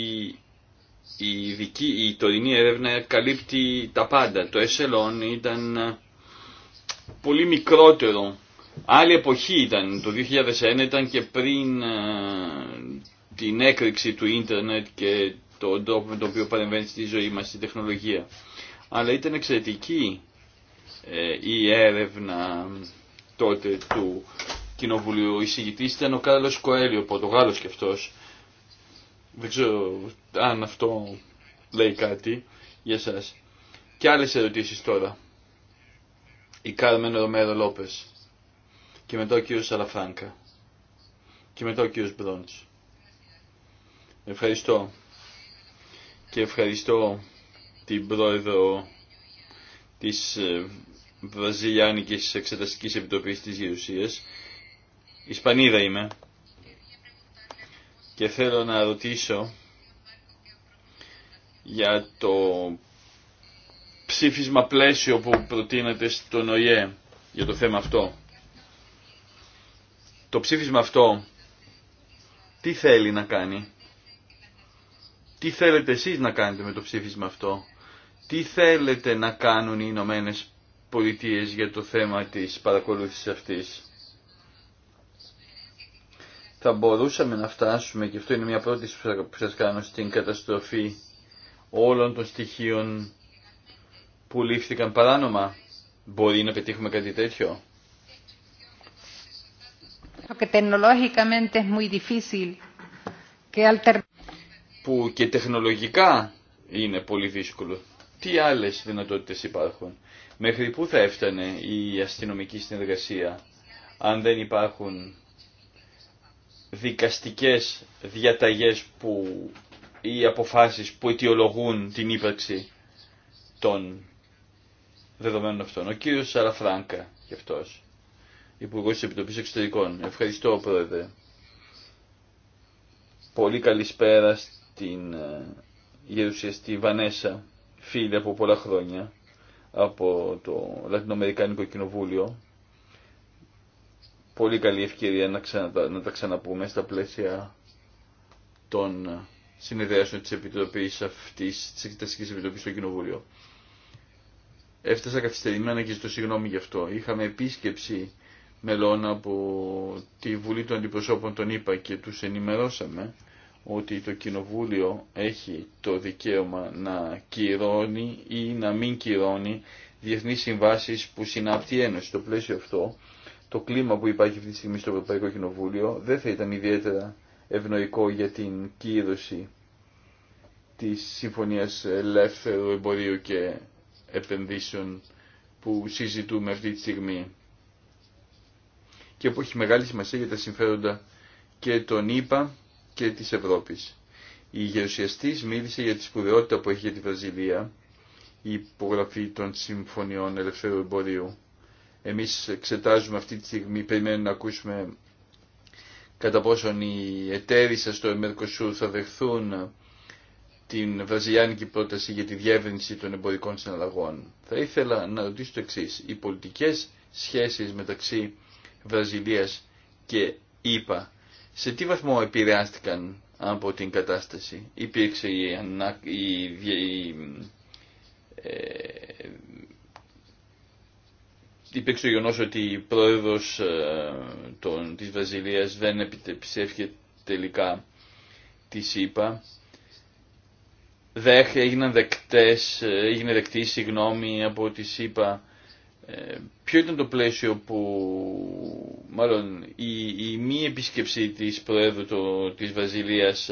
η, δική η τωρινή έρευνα καλύπτει τα πάντα. Το ΕΣΕΛΟΝ ήταν πολύ μικρότερο Άλλη εποχή ήταν, το 2001 ήταν και πριν ε, την έκρηξη του ίντερνετ και τον τρόπο με τον οποίο παρεμβαίνει στη ζωή μας, στη τεχνολογία. Αλλά ήταν εξαιρετική ε, η έρευνα τότε του Κοινοβουλίου. Ο εισηγητής ήταν ο Κάρλος Κοέλιο, Πορτογάλος και αυτός. Δεν ξέρω αν αυτό λέει κάτι για σας. Και άλλες ερωτήσεις τώρα. Η Κάρμεν Ρομέρο Λόπες και μετά ο κύριο Σαλαφράνκα και μετά ο κύριο Μπρόντς. Ευχαριστώ και ευχαριστώ την πρόεδρο της ε, Βραζιλιάνική Εξεταστικής Επιτροπής της Γερουσίας. Ισπανίδα είμαι και θέλω να ρωτήσω για το ψήφισμα πλαίσιο που προτείνεται στον ΟΗΕ για το θέμα αυτό. Το ψήφισμα αυτό τι θέλει να κάνει. Τι θέλετε εσείς να κάνετε με το ψήφισμα αυτό. Τι θέλετε να κάνουν οι Ηνωμένε Πολιτείες για το θέμα της παρακολούθησης αυτής. Θα μπορούσαμε να φτάσουμε, και αυτό είναι μια πρόταση που σας κάνω, στην καταστροφή όλων των στοιχείων που λήφθηκαν παράνομα. Μπορεί να πετύχουμε κάτι τέτοιο που και τεχνολογικά είναι πολύ δύσκολο. Τι άλλες δυνατότητες υπάρχουν. Μέχρι πού θα έφτανε η αστυνομική συνεργασία αν δεν υπάρχουν δικαστικές διαταγές που, ή αποφάσεις που αιτιολογούν την ύπαρξη των δεδομένων αυτών. Ο κύριος Σαραφράγκα και αυτός. Υπουργό τη Επιτροπή Εξωτερικών. Ευχαριστώ, Πρόεδρε. Πολύ καλησπέρα στην ε, γερουσιαστή Βανέσα, φίλη από πολλά χρόνια, από το Λατινοαμερικάνικο Κοινοβούλιο. Πολύ καλή ευκαιρία να, ξανα, να τα ξαναπούμε στα πλαίσια των ε, συνεδριάσεων της Επιτροπής αυτής, της Εκτασικής Επιτροπής στο Κοινοβούλιο. Έφτασα καθυστερημένα και ζητώ συγγνώμη γι' αυτό. Είχαμε επίσκεψη μελών από τη Βουλή των Αντιπροσώπων τον είπα και τους ενημερώσαμε ότι το Κοινοβούλιο έχει το δικαίωμα να κυρώνει ή να μην κυρώνει διεθνείς συμβάσεις που συνάπτει η Ένωση. Στο πλαίσιο αυτό, το κλίμα που υπάρχει αυτή τη στιγμή στο Ευρωπαϊκό Κοινοβούλιο δεν θα ήταν ιδιαίτερα ευνοϊκό για την κύρωση της Συμφωνίας Ελεύθερου Εμπορίου και Επενδύσεων που συζητούμε αυτή τη στιγμή και που έχει μεγάλη σημασία για τα συμφέροντα και των ΗΠΑ και της Ευρώπης. Η γεωσιαστής μίλησε για τη σπουδαιότητα που έχει για τη Βραζιλία η υπογραφή των συμφωνιών ελευθερού εμπορίου. Εμείς εξετάζουμε αυτή τη στιγμή, περιμένουμε να ακούσουμε κατά πόσον οι εταίροι σας στο Μερκοσούρ θα δεχθούν την βραζιλιάνικη πρόταση για τη διεύρυνση των εμπορικών συναλλαγών. Θα ήθελα να ρωτήσω το εξή. Οι πολιτικές σχέσεις μεταξύ Βραζιλίας και ΙΠΑ, σε τι βαθμό επηρεάστηκαν από την κατάσταση. Υπήρξε η, ανα... η... η... Ε, γεγονό ότι η πρόεδρος ε, των, της δεν επιτεψεύχε τελικά τη ΣΥΠΑ. έγιναν δεκτές, ε, έγινε δεκτή συγγνώμη από τη ΣΥΠΑ ε, ποιο ήταν το πλαίσιο που, μάλλον η, η μη επίσκεψη της Προέδρου το, της Βαζιλίας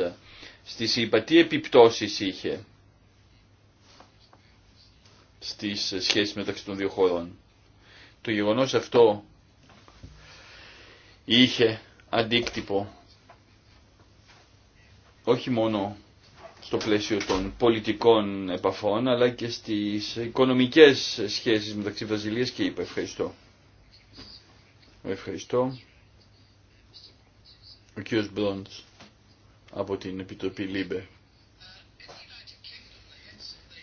στη ΣΥΠΑ, τι επιπτώσεις είχε στις σχέσεις μεταξύ των δύο χωρών. Το γεγονός αυτό είχε αντίκτυπο όχι μόνο στο πλαίσιο των πολιτικών επαφών αλλά και στις οικονομικές σχέσεις μεταξύ Βραζιλίας και είπε Ευχαριστώ. Ευχαριστώ. Ο κύριος Μπλόντς από την Επιτροπή Λίμπε.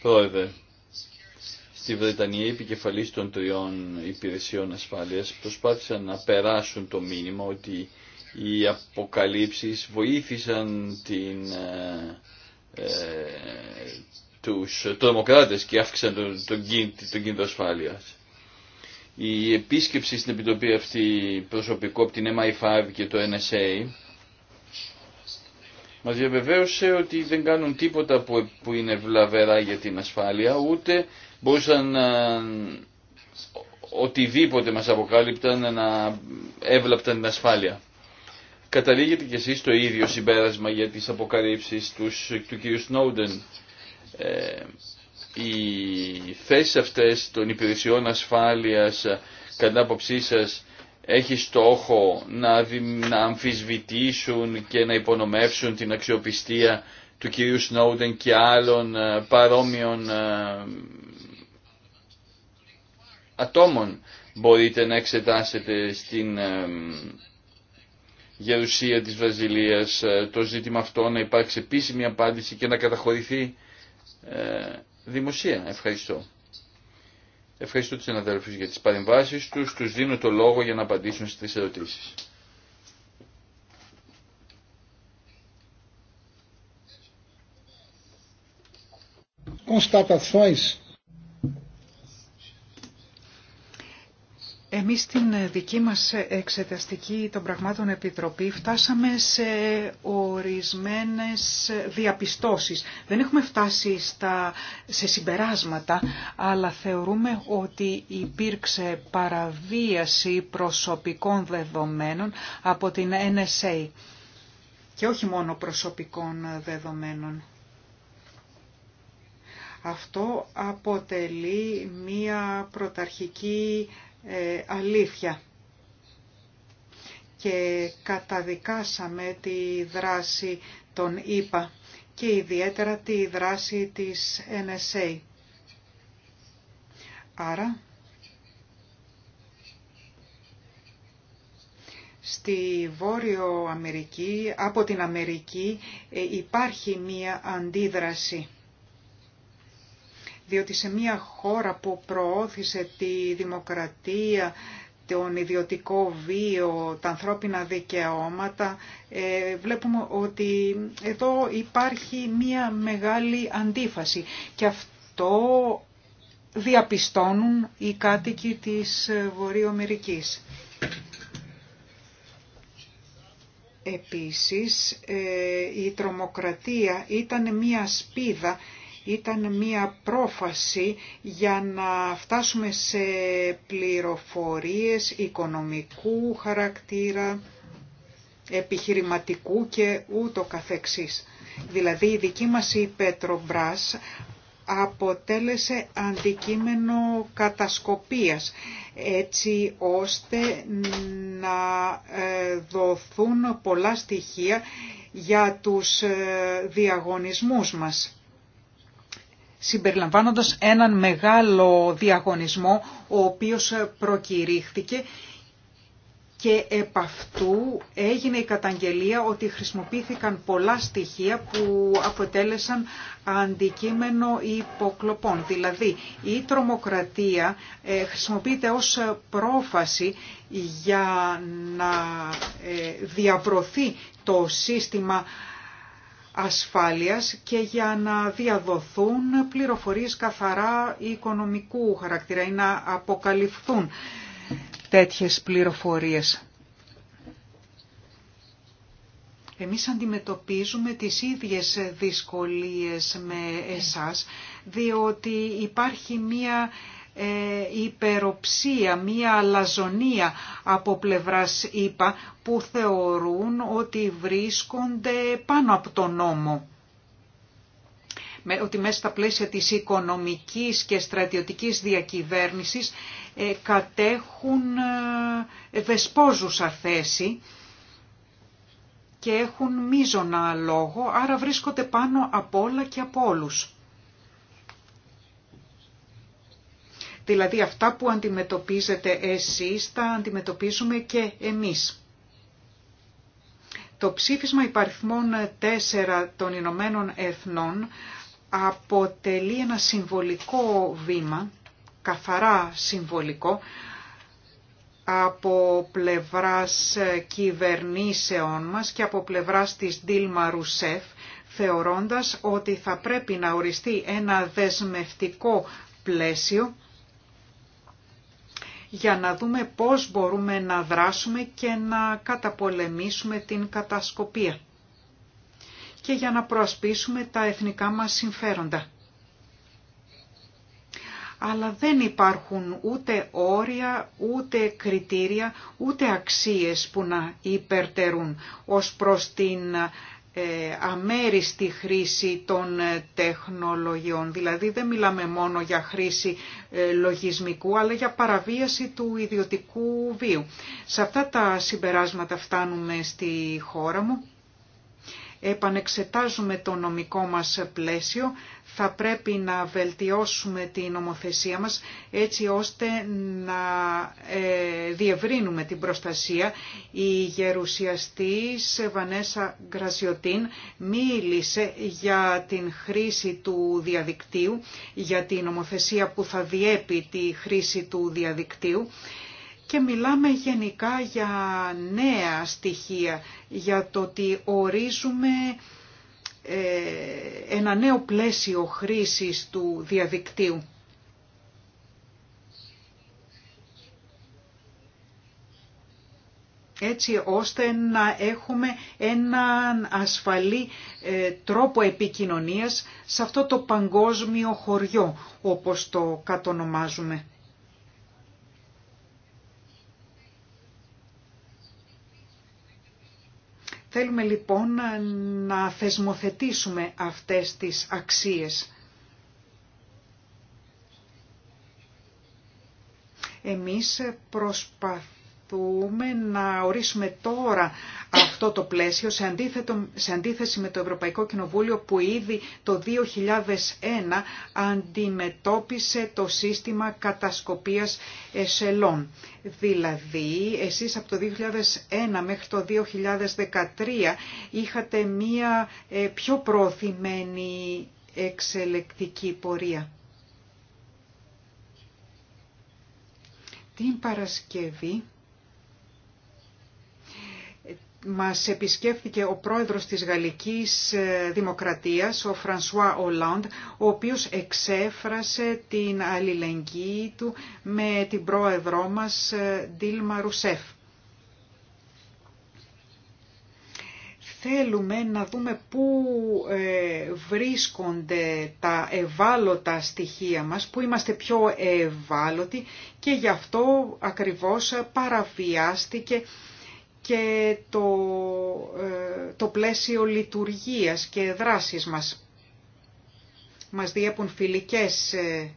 Πρόεδρε, στη Βρετανία οι επικεφαλείς των τριών υπηρεσιών ασφάλειας προσπάθησαν να περάσουν το μήνυμα ότι οι αποκαλύψεις βοήθησαν την ε, ε, τους τρομοκράτες και αύξησαν τον, τον, τον κίνδυνο ασφάλειας. Η επίσκεψη στην επιτροπή αυτή προσωπικό από την MI5 και το NSA μας διαβεβαίωσε ότι δεν κάνουν τίποτα που, που είναι βλαβερά για την ασφάλεια ούτε μπορούσαν να, οτιδήποτε μας αποκάλυπταν να έβλαπταν την ασφάλεια καταλήγετε κι εσείς το ίδιο συμπέρασμα για τις αποκαλύψεις τους, του κ. Σνόντεν. οι θέσεις αυτές των υπηρεσιών ασφάλειας κατά άποψή σας έχει στόχο να, να αμφισβητήσουν και να υπονομεύσουν την αξιοπιστία του κυρίου Σνόντεν και άλλων ε, παρόμοιων ε, ατόμων μπορείτε να εξετάσετε στην ε, για ουσία της Βραζιλίας, ε, το ζήτημα αυτό να υπάρξει επίσημη απάντηση και να καταχωρηθεί ε, δημοσία. Ευχαριστώ. Ευχαριστώ τους συναδέλφους για τις παρεμβάσεις τους. Τους δίνω το λόγο για να απαντήσουν στις ερωτήσεις. Constatações Εμείς στην δική μας εξεταστική των πραγμάτων επιτροπή φτάσαμε σε ορισμένες διαπιστώσεις. Δεν έχουμε φτάσει στα, σε συμπεράσματα, αλλά θεωρούμε ότι υπήρξε παραβίαση προσωπικών δεδομένων από την NSA και όχι μόνο προσωπικών δεδομένων. Αυτό αποτελεί μία πρωταρχική ε, αλήθεια και καταδικάσαμε τη δράση των ΙΠΑ και ιδιαίτερα τη δράση της NSA. Άρα, στη Βόρειο Αμερική, από την Αμερική ε, υπάρχει μία αντίδραση διότι σε μια χώρα που προώθησε τη δημοκρατία, τον ιδιωτικό βίο, τα ανθρώπινα δικαιώματα, ε, βλέπουμε ότι εδώ υπάρχει μια μεγάλη αντίφαση και αυτό διαπιστώνουν οι κάτοικοι της ε, Βορειοαμερικής. Επίσης, ε, η τρομοκρατία ήταν μια σπίδα ήταν μία πρόφαση για να φτάσουμε σε πληροφορίες οικονομικού χαρακτήρα, επιχειρηματικού και ούτω καθεξής. Δηλαδή η δική μας η Petrobras αποτέλεσε αντικείμενο κατασκοπίας έτσι ώστε να ε, δοθούν πολλά στοιχεία για τους ε, διαγωνισμούς μας συμπεριλαμβάνοντας έναν μεγάλο διαγωνισμό ο οποίος προκηρύχθηκε και επ' αυτού έγινε η καταγγελία ότι χρησιμοποιήθηκαν πολλά στοιχεία που αποτέλεσαν αντικείμενο υποκλοπών. Δηλαδή η τρομοκρατία ε, χρησιμοποιείται ως πρόφαση για να ε, διαβρωθεί το σύστημα ασφάλειας και για να διαδοθούν πληροφορίες καθαρά οικονομικού χαρακτήρα ή να αποκαλυφθούν τέτοιες πληροφορίες. Εμείς αντιμετωπίζουμε τις ίδιες δυσκολίες με εσάς, διότι υπάρχει μία ε, υπεροψία, μία αλαζονία από πλευράς ΥΠΑ που θεωρούν ότι βρίσκονται πάνω από τον νόμο ότι μέσα στα πλαίσια της οικονομικής και στρατιωτικής διακυβέρνησης ε, κατέχουν ε, δεσπόζουσα θέση και έχουν μίζωνα λόγο, άρα βρίσκονται πάνω από όλα και από όλους. Δηλαδή αυτά που αντιμετωπίζετε εσείς τα αντιμετωπίζουμε και εμείς. Το ψήφισμα υπαριθμών 4 των Ηνωμένων Εθνών αποτελεί ένα συμβολικό βήμα, καθαρά συμβολικό, από πλευράς κυβερνήσεών μας και από πλευράς της Ντίλμα Ρουσέφ, θεωρώντας ότι θα πρέπει να οριστεί ένα δεσμευτικό πλαίσιο για να δούμε πώς μπορούμε να δράσουμε και να καταπολεμήσουμε την κατασκοπία και για να προασπίσουμε τα εθνικά μας συμφέροντα. Αλλά δεν υπάρχουν ούτε όρια, ούτε κριτήρια, ούτε αξίες που να υπερτερούν ως προς την ε, αμέριστη χρήση των ε, τεχνολογιών. Δηλαδή δεν μιλάμε μόνο για χρήση ε, λογισμικού, αλλά για παραβίαση του ιδιωτικού βίου. Σε αυτά τα συμπεράσματα φτάνουμε στη χώρα μου. Επανεξετάζουμε το νομικό μας πλαίσιο θα πρέπει να βελτιώσουμε την νομοθεσία μας έτσι ώστε να ε, διευρύνουμε την προστασία. Η γερουσιαστής Βανέσα Γκρασιωτίν μίλησε για την χρήση του διαδικτύου, για την ομοθέσια που θα διέπει τη χρήση του διαδικτύου και μιλάμε γενικά για νέα στοιχεία, για το ότι ορίζουμε ε, ένα νέο πλαίσιο χρήσης του διαδικτύου. έτσι ώστε να έχουμε έναν ασφαλή ε, τρόπο επικοινωνίας σε αυτό το παγκόσμιο χωριό, όπως το κατονομάζουμε. Θέλουμε λοιπόν να θεσμοθετήσουμε αυτές τις αξίες. Εμείς προσπαθούμε να ορίσουμε τώρα αυτό το πλαίσιο σε, αντίθετο, σε αντίθεση με το Ευρωπαϊκό Κοινοβούλιο που ήδη το 2001 αντιμετώπισε το σύστημα κατασκοπίας εσελών. Δηλαδή, εσείς από το 2001 μέχρι το 2013 είχατε μία ε, πιο προωθημένη εξελεκτική πορεία. Την Παρασκευή μας επισκέφθηκε ο πρόεδρος της Γαλλικής ε, Δημοκρατίας, ο Φρανσουά Ολάντ, ο οποίος εξέφρασε την αλληλεγγύη του με την πρόεδρό μας ε, Ντίλμα Ρουσέφ. Θέλουμε να δούμε πού ε, βρίσκονται τα ευάλωτα στοιχεία μας, πού είμαστε πιο ευάλωτοι και γι' αυτό ακριβώς παραβιάστηκε και το, ε, το πλαίσιο λειτουργίας και δράσης μας. Μας διέπουν φιλικές ε,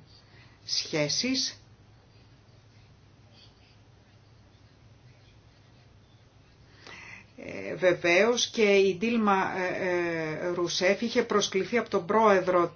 σχέσεις. Ε, βεβαίως και η Ντίλμα Ρουσέφ είχε προσκληθεί από τον πρόεδρο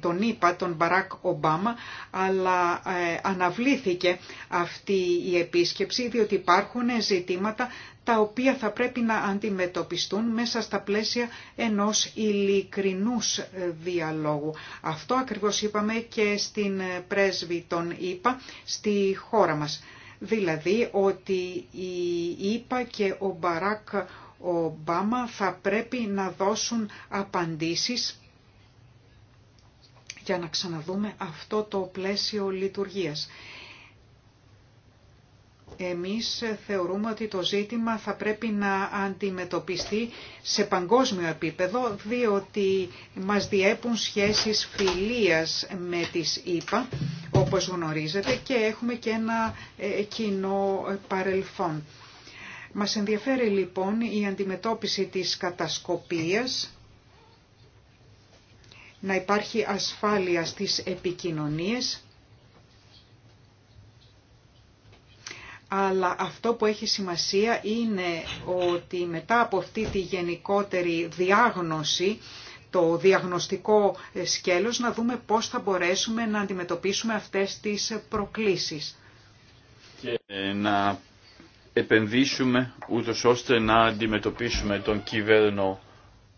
τον ΗΠΑ, τον Μπαράκ Ομπάμα, αλλά αναβλήθηκε αυτή η επίσκεψη διότι υπάρχουν ζητήματα τα οποία θα πρέπει να αντιμετωπιστούν μέσα στα πλαίσια ενός ειλικρινούς διαλόγου. Αυτό ακριβώς είπαμε και στην πρέσβη των ΙΠΑ στη χώρα μας. Δηλαδή ότι η ΙΠΑ και ο Μπαράκ Ομπάμα θα πρέπει να δώσουν απαντήσεις για να ξαναδούμε αυτό το πλαίσιο λειτουργίας. Εμείς θεωρούμε ότι το ζήτημα θα πρέπει να αντιμετωπιστεί σε παγκόσμιο επίπεδο, διότι μας διέπουν σχέσεις φιλίας με τις ΗΠΑ, όπως γνωρίζετε, και έχουμε και ένα ε, κοινό παρελθόν. Μας ενδιαφέρει λοιπόν η αντιμετώπιση της κατασκοπίας, να υπάρχει ασφάλεια στις επικοινωνίες αλλά αυτό που έχει σημασία είναι ότι μετά από αυτή τη γενικότερη διάγνωση, το διαγνωστικό ε, σκέλος, να δούμε πώς θα μπορέσουμε να αντιμετωπίσουμε αυτές τις προκλήσεις. Και ε, να επενδύσουμε ούτως ώστε να αντιμετωπίσουμε τον κυβέρνο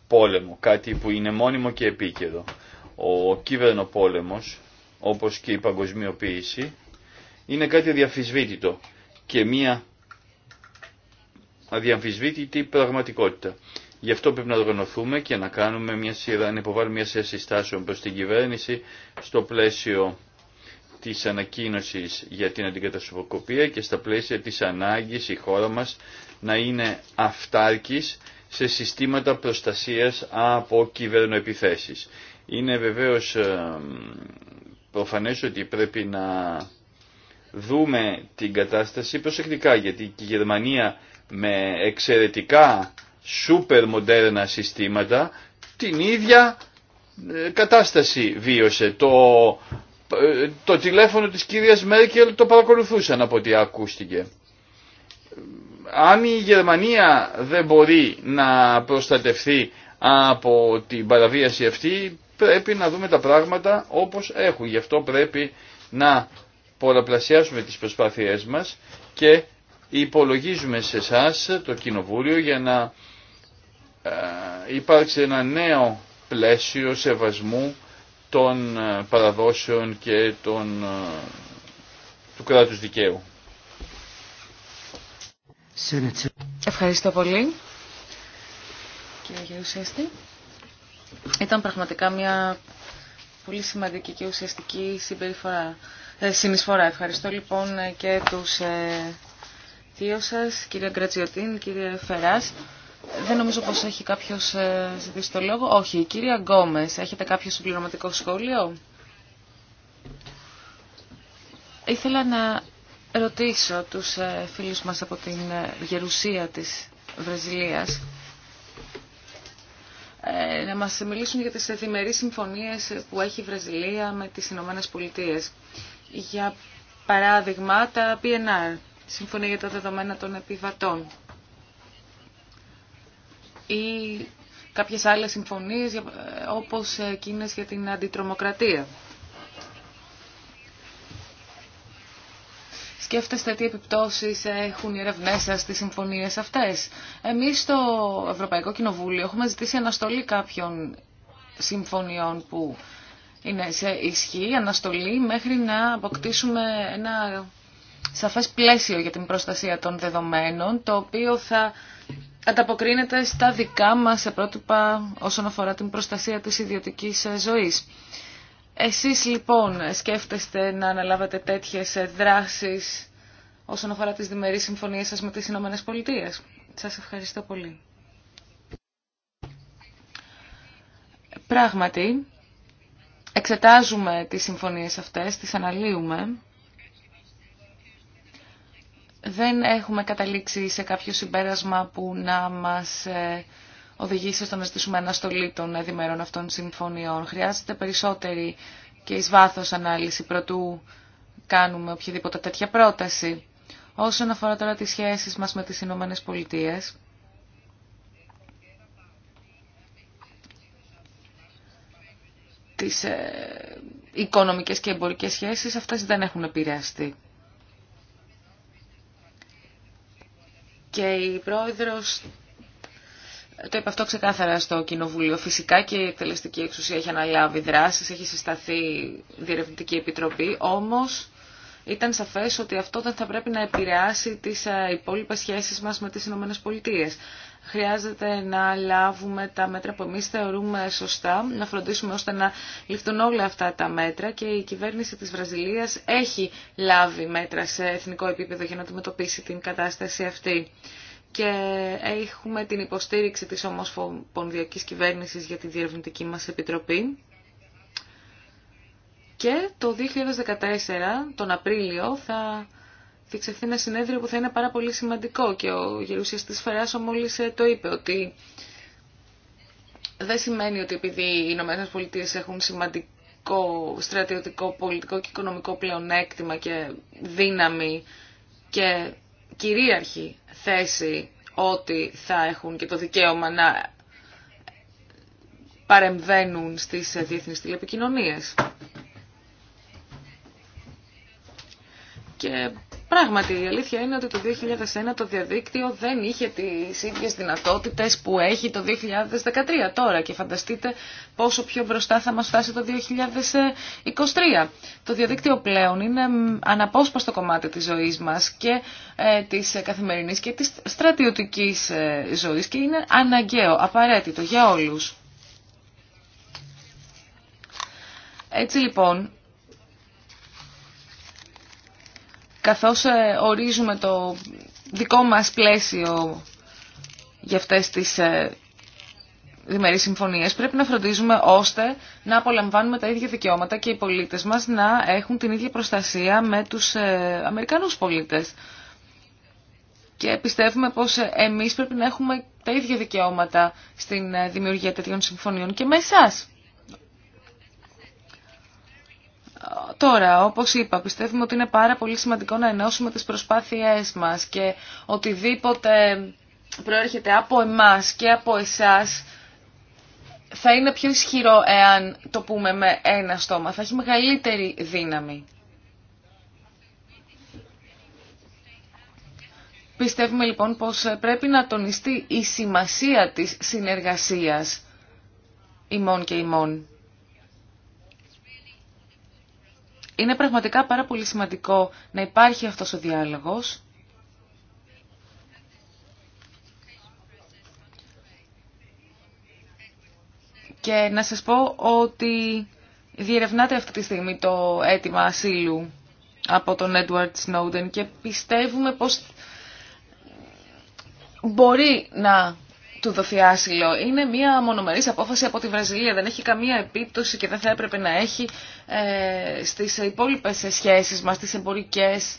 πόλεμο, κάτι που είναι μόνιμο και επίκαιρο. Ο κύβερνο πόλεμος, όπως και η παγκοσμιοποίηση, είναι κάτι διαφυσβήτητο και μία αδιαμφισβήτητη πραγματικότητα. Γι' αυτό πρέπει να οργανωθούμε και να κάνουμε μια σειρά, να υποβάλουμε μια σειρά συστάσεων προς την κυβέρνηση στο πλαίσιο της ανακοίνωσης για την αντικαταστροφοκοπία και στα πλαίσια της ανάγκης η χώρα μας να είναι αυτάρκης σε συστήματα προστασίας από κυβερνοεπιθέσεις. Είναι βεβαίως ε, προφανές ότι πρέπει να δούμε την κατάσταση προσεκτικά γιατί η Γερμανία με εξαιρετικά σούπερ μοντέρνα συστήματα την ίδια ε, κατάσταση βίωσε. Το, ε, το τηλέφωνο της κυρίας Μέρκελ το παρακολουθούσαν από ό,τι ακούστηκε. Αν η Γερμανία δεν μπορεί να προστατευθεί από την παραβίαση αυτή πρέπει να δούμε τα πράγματα όπως έχουν. Γι' αυτό πρέπει να πολλαπλασιάσουμε τις προσπάθειές μας και υπολογίζουμε σε εσά το Κοινοβούλιο για να ε, υπάρξει ένα νέο πλαίσιο σεβασμού των ε, παραδόσεων και των, ε, του κράτους δικαίου. Ευχαριστώ πολύ. Κύριε Γεουσέστη, ήταν πραγματικά μια πολύ σημαντική και ουσιαστική συμπεριφορά. Ε, συνεισφορά. Ευχαριστώ λοιπόν ε, και τους δύο ε, σας, κυρία Γκρατσιωτίν, κύριε Φεράς. Δεν νομίζω πως έχει κάποιος ζητήσει το λόγο. Όχι, κυρία Γκόμες, έχετε κάποιο συμπληρωματικό σχόλιο. Ήθελα να ρωτήσω τους φίλους μας από την γερουσία της Βραζιλίας να μας μιλήσουν για τις εθημερείς συμφωνίες που έχει η Βραζιλία με τις Ηνωμένε Πολιτείες. Για παράδειγμα, τα PNR, Συμφωνία για τα Δεδομένα των Επιβατών ή κάποιες άλλες συμφωνίες ε, όπως εκείνες για την αντιτρομοκρατία. Σκέφτεστε τι επιπτώσεις έχουν οι ερευνές σας στις συμφωνίες αυτές. Εμείς στο Ευρωπαϊκό Κοινοβούλιο έχουμε ζητήσει αναστολή κάποιων συμφωνιών που είναι σε ισχύ, αναστολή, μέχρι να αποκτήσουμε ένα σαφές πλαίσιο για την προστασία των δεδομένων, το οποίο θα ανταποκρίνεται στα δικά μας πρότυπα όσον αφορά την προστασία της ιδιωτικής ζωής. Εσείς λοιπόν σκέφτεστε να αναλάβετε τέτοιες δράσεις όσον αφορά τις διμερείς συμφωνίες σας με τις Ηνωμένες Πολιτείες. Σας ευχαριστώ πολύ. Πράγματι, εξετάζουμε τις συμφωνίες αυτές, τις αναλύουμε. Δεν έχουμε καταλήξει σε κάποιο συμπέρασμα που να μας ε, οδηγήσει στο να ζητήσουμε αναστολή των εδημερών αυτών συμφωνιών. Χρειάζεται περισσότερη και εις βάθος ανάλυση προτού κάνουμε οποιαδήποτε τέτοια πρόταση. Όσον αφορά τώρα τις σχέσεις μας με τις Ηνωμένες Πολιτείες, τις ε, οικονομικές και εμπορικές σχέσεις, αυτές δεν έχουν επηρεαστεί. Και η πρόεδρος το είπε αυτό ξεκάθαρα στο Κοινοβούλιο. Φυσικά και η εκτελεστική εξουσία έχει αναλάβει δράσεις, έχει συσταθεί διερευνητική επιτροπή, όμως ήταν σαφές ότι αυτό δεν θα πρέπει να επηρεάσει τις ε, υπόλοιπες σχέσεις μας με τις Ηνωμένες Πολιτείες χρειάζεται να λάβουμε τα μέτρα που εμείς θεωρούμε σωστά, να φροντίσουμε ώστε να ληφθούν όλα αυτά τα μέτρα και η κυβέρνηση της Βραζιλίας έχει λάβει μέτρα σε εθνικό επίπεδο για να αντιμετωπίσει την κατάσταση αυτή. Και έχουμε την υποστήριξη της Ομοσπονδιακής Κυβέρνησης για τη Διερευνητική μας Επιτροπή. Και το 2014, τον Απρίλιο, θα ξεχθεί ένα συνέδριο που θα είναι πάρα πολύ σημαντικό και ο γερουσιαστής Φεράσο μόλις ε, το είπε ότι δεν σημαίνει ότι επειδή οι Ηνωμένες Πολιτείες έχουν σημαντικό στρατιωτικό, πολιτικό και οικονομικό πλεονέκτημα και δύναμη και κυρίαρχη θέση ότι θα έχουν και το δικαίωμα να παρεμβαίνουν στις ε, διεθνείς τηλεπικοινωνίες. Και Πράγματι, η αλήθεια είναι ότι το 2001 το διαδίκτυο δεν είχε τις ίδιε δυνατότητε που έχει το 2013 τώρα και φανταστείτε πόσο πιο μπροστά θα μας φτάσει το 2023. Το διαδίκτυο πλέον είναι αναπόσπαστο κομμάτι της ζωής μας και ε, της καθημερινής και της στρατιωτικής ε, ζωής και είναι αναγκαίο, απαραίτητο για όλου. Έτσι λοιπόν, καθώς ε, ορίζουμε το δικό μας πλαίσιο για αυτές τις ε, διμερείς συμφωνίες, πρέπει να φροντίζουμε ώστε να απολαμβάνουμε τα ίδια δικαιώματα και οι πολίτες μας να έχουν την ίδια προστασία με τους ε, Αμερικανούς πολίτες. Και πιστεύουμε πως εμείς πρέπει να έχουμε τα ίδια δικαιώματα στην δημιουργία τέτοιων συμφωνίων και με εσάς. Τώρα, όπως είπα, πιστεύουμε ότι είναι πάρα πολύ σημαντικό να ενώσουμε τις προσπάθειές μας και οτιδήποτε προέρχεται από εμάς και από εσάς θα είναι πιο ισχυρό εάν το πούμε με ένα στόμα. Θα έχει μεγαλύτερη δύναμη. Πιστεύουμε λοιπόν πως πρέπει να τονιστεί η σημασία της συνεργασίας ημών και ημών. είναι πραγματικά πάρα πολύ σημαντικό να υπάρχει αυτός ο διάλογος. Και να σας πω ότι διερευνάται αυτή τη στιγμή το αίτημα ασύλου από τον Edward Snowden και πιστεύουμε πως μπορεί να του δοθεί Είναι μια μονομερής απόφαση από τη Βραζιλία. Δεν έχει καμία επίπτωση και δεν θα έπρεπε να έχει ε, στις σχέσει σχέσεις μας, εμπορικέ εμπορικές,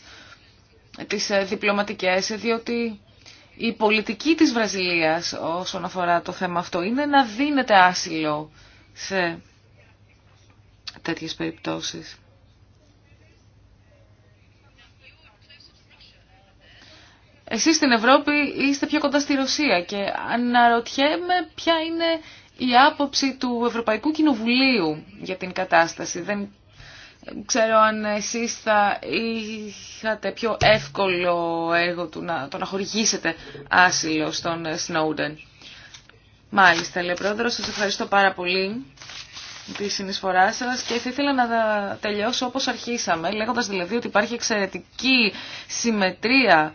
τις ε, διπλωματικές, διότι η πολιτική της Βραζιλίας όσον αφορά το θέμα αυτό είναι να δίνεται άσυλο σε τέτοιες περιπτώσεις. Εσεί στην Ευρώπη είστε πιο κοντά στη Ρωσία και αναρωτιέμαι ποια είναι η άποψη του Ευρωπαϊκού Κοινοβουλίου για την κατάσταση. Δεν ξέρω αν εσεί θα είχατε πιο εύκολο έργο του να, το να χορηγήσετε άσυλο στον Σνόουντεν. Μάλιστα, λέει πρόεδρο, σας ευχαριστώ πάρα πολύ τη συνεισφορά σα και θα ήθελα να τελειώσω όπω αρχίσαμε, λέγοντα δηλαδή ότι υπάρχει εξαιρετική συμμετρία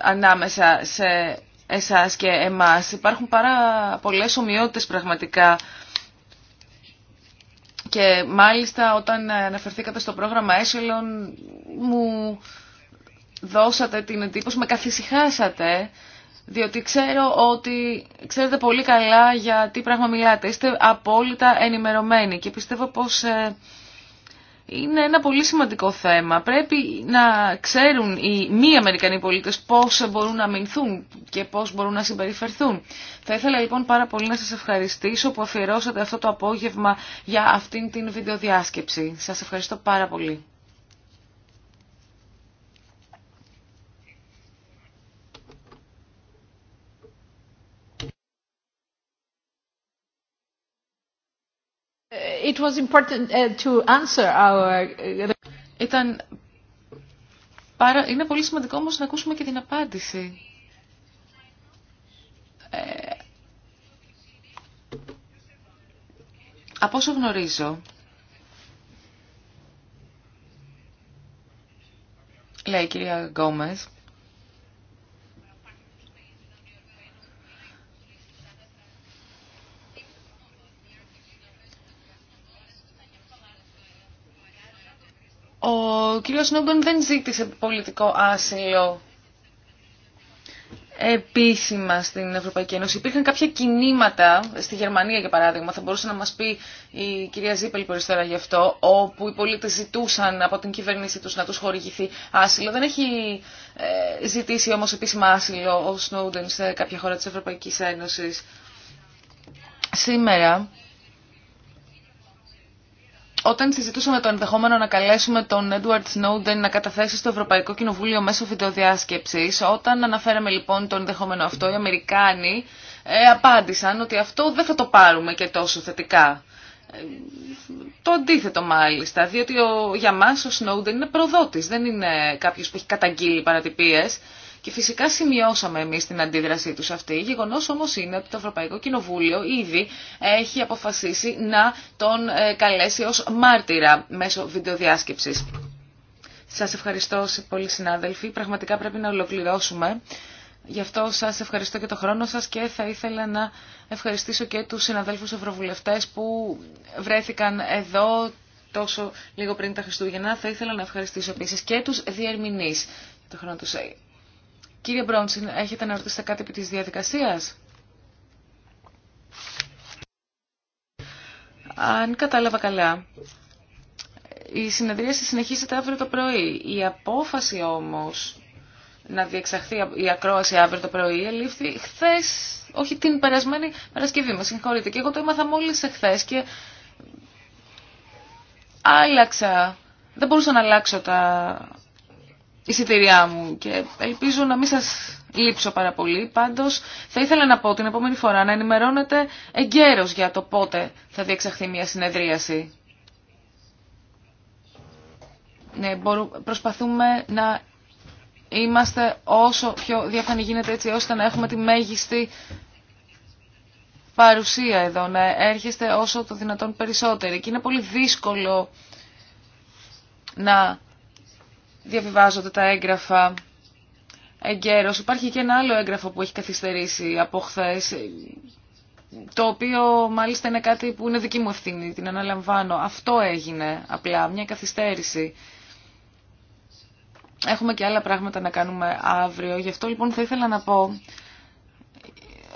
ανάμεσα σε εσάς και εμάς. Υπάρχουν πάρα πολλές ομοιότητες πραγματικά. Και μάλιστα όταν αναφερθήκατε στο πρόγραμμα Echelon μου δώσατε την εντύπωση, με καθησυχάσατε, διότι ξέρω ότι ξέρετε πολύ καλά για τι πράγμα μιλάτε. Είστε απόλυτα ενημερωμένοι και πιστεύω πως ε, είναι ένα πολύ σημαντικό θέμα. Πρέπει να ξέρουν οι μη Αμερικανοί πολίτες πώς μπορούν να μηνθούν και πώς μπορούν να συμπεριφερθούν. Θα ήθελα λοιπόν πάρα πολύ να σας ευχαριστήσω που αφιερώσατε αυτό το απόγευμα για αυτήν την βιντεοδιάσκεψη. Σας ευχαριστώ πάρα πολύ. Uh, uh, Ήταν... Είναι πολύ σημαντικό όμως να ακούσουμε και την απάντηση. Ε, από όσο γνωρίζω, λέει η κυρία Γκόμες, Ο κ. Νόμπεν δεν ζήτησε πολιτικό άσυλο επίσημα στην Ευρωπαϊκή Ένωση. Υπήρχαν κάποια κινήματα, στη Γερμανία για παράδειγμα, θα μπορούσε να μας πει η κυρία Ζήπελ περισσότερα γι' αυτό, όπου οι πολίτες ζητούσαν από την κυβέρνησή τους να τους χορηγηθεί άσυλο. Δεν έχει ε, ζητήσει όμως επίσημα άσυλο ο Σνόντεν σε κάποια χώρα της Ευρωπαϊκής Ένωσης. Σήμερα όταν συζητούσαμε το ενδεχόμενο να καλέσουμε τον Edward Snowden να καταθέσει στο Ευρωπαϊκό Κοινοβούλιο μέσω βιντεοδιάσκεψης, όταν αναφέραμε λοιπόν το ενδεχόμενο αυτό, οι Αμερικάνοι ε, απάντησαν ότι αυτό δεν θα το πάρουμε και τόσο θετικά. Ε, το αντίθετο μάλιστα, διότι ο, για μας ο Snowden είναι προδότης, δεν είναι κάποιος που έχει καταγγείλει παρατυπίες. Και φυσικά σημειώσαμε εμεί την αντίδρασή του αυτή. Η όμω είναι ότι το Ευρωπαϊκό Κοινοβούλιο ήδη έχει αποφασίσει να τον ε, καλέσει ω μάρτυρα μέσω βιντεοδιάσκεψης. Σα ευχαριστώ πολύ συνάδελφοι. Πραγματικά πρέπει να ολοκληρώσουμε. Γι' αυτό σα ευχαριστώ και το χρόνο σα και θα ήθελα να ευχαριστήσω και του συναδέλφου ευρωβουλευτές που βρέθηκαν εδώ τόσο λίγο πριν τα Χριστούγεννα. Θα ήθελα να ευχαριστήσω επίση και του διερμηνεί. το χρόνο τους Κύριε Μπρόντσιν, έχετε να ρωτήσετε κάτι επί της διαδικασίας. Αν κατάλαβα καλά, η συνεδρίαση συνεχίζεται αύριο το πρωί. Η απόφαση όμως να διεξαχθεί η ακρόαση αύριο το πρωί ελήφθη χθε, όχι την περασμένη Παρασκευή, με συγχωρείτε. Και εγώ το έμαθα μόλις χθε. και άλλαξα. Δεν μπορούσα να αλλάξω τα εισιτηριά μου και ελπίζω να μην σας λείψω πάρα πολύ. Πάντως θα ήθελα να πω την επόμενη φορά να ενημερώνετε εγκαίρως για το πότε θα διεξαχθεί μια συνεδρίαση. Ναι, προσπαθούμε να είμαστε όσο πιο διαφανή γίνεται έτσι ώστε να έχουμε τη μέγιστη παρουσία εδώ, να έρχεστε όσο το δυνατόν περισσότεροι. Και είναι πολύ δύσκολο να διαβιβάζονται τα έγγραφα εγκαίρως. Υπάρχει και ένα άλλο έγγραφο που έχει καθυστερήσει από χθε, το οποίο μάλιστα είναι κάτι που είναι δική μου ευθύνη, την αναλαμβάνω. Αυτό έγινε απλά, μια καθυστέρηση. Έχουμε και άλλα πράγματα να κάνουμε αύριο, γι' αυτό λοιπόν θα ήθελα να πω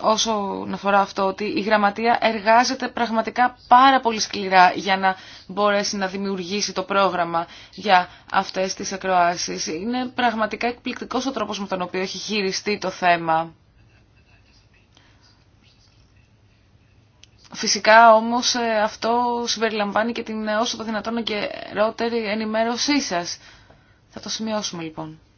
όσον αφορά αυτό ότι η γραμματεία εργάζεται πραγματικά πάρα πολύ σκληρά για να μπορέσει να δημιουργήσει το πρόγραμμα για αυτές τις ακροάσεις. Είναι πραγματικά εκπληκτικός ο τρόπος με τον οποίο έχει χειριστεί το θέμα. Φυσικά όμως ε, αυτό συμπεριλαμβάνει και την όσο το δυνατόν και ρότερη ενημέρωσή σας. Θα το σημειώσουμε λοιπόν.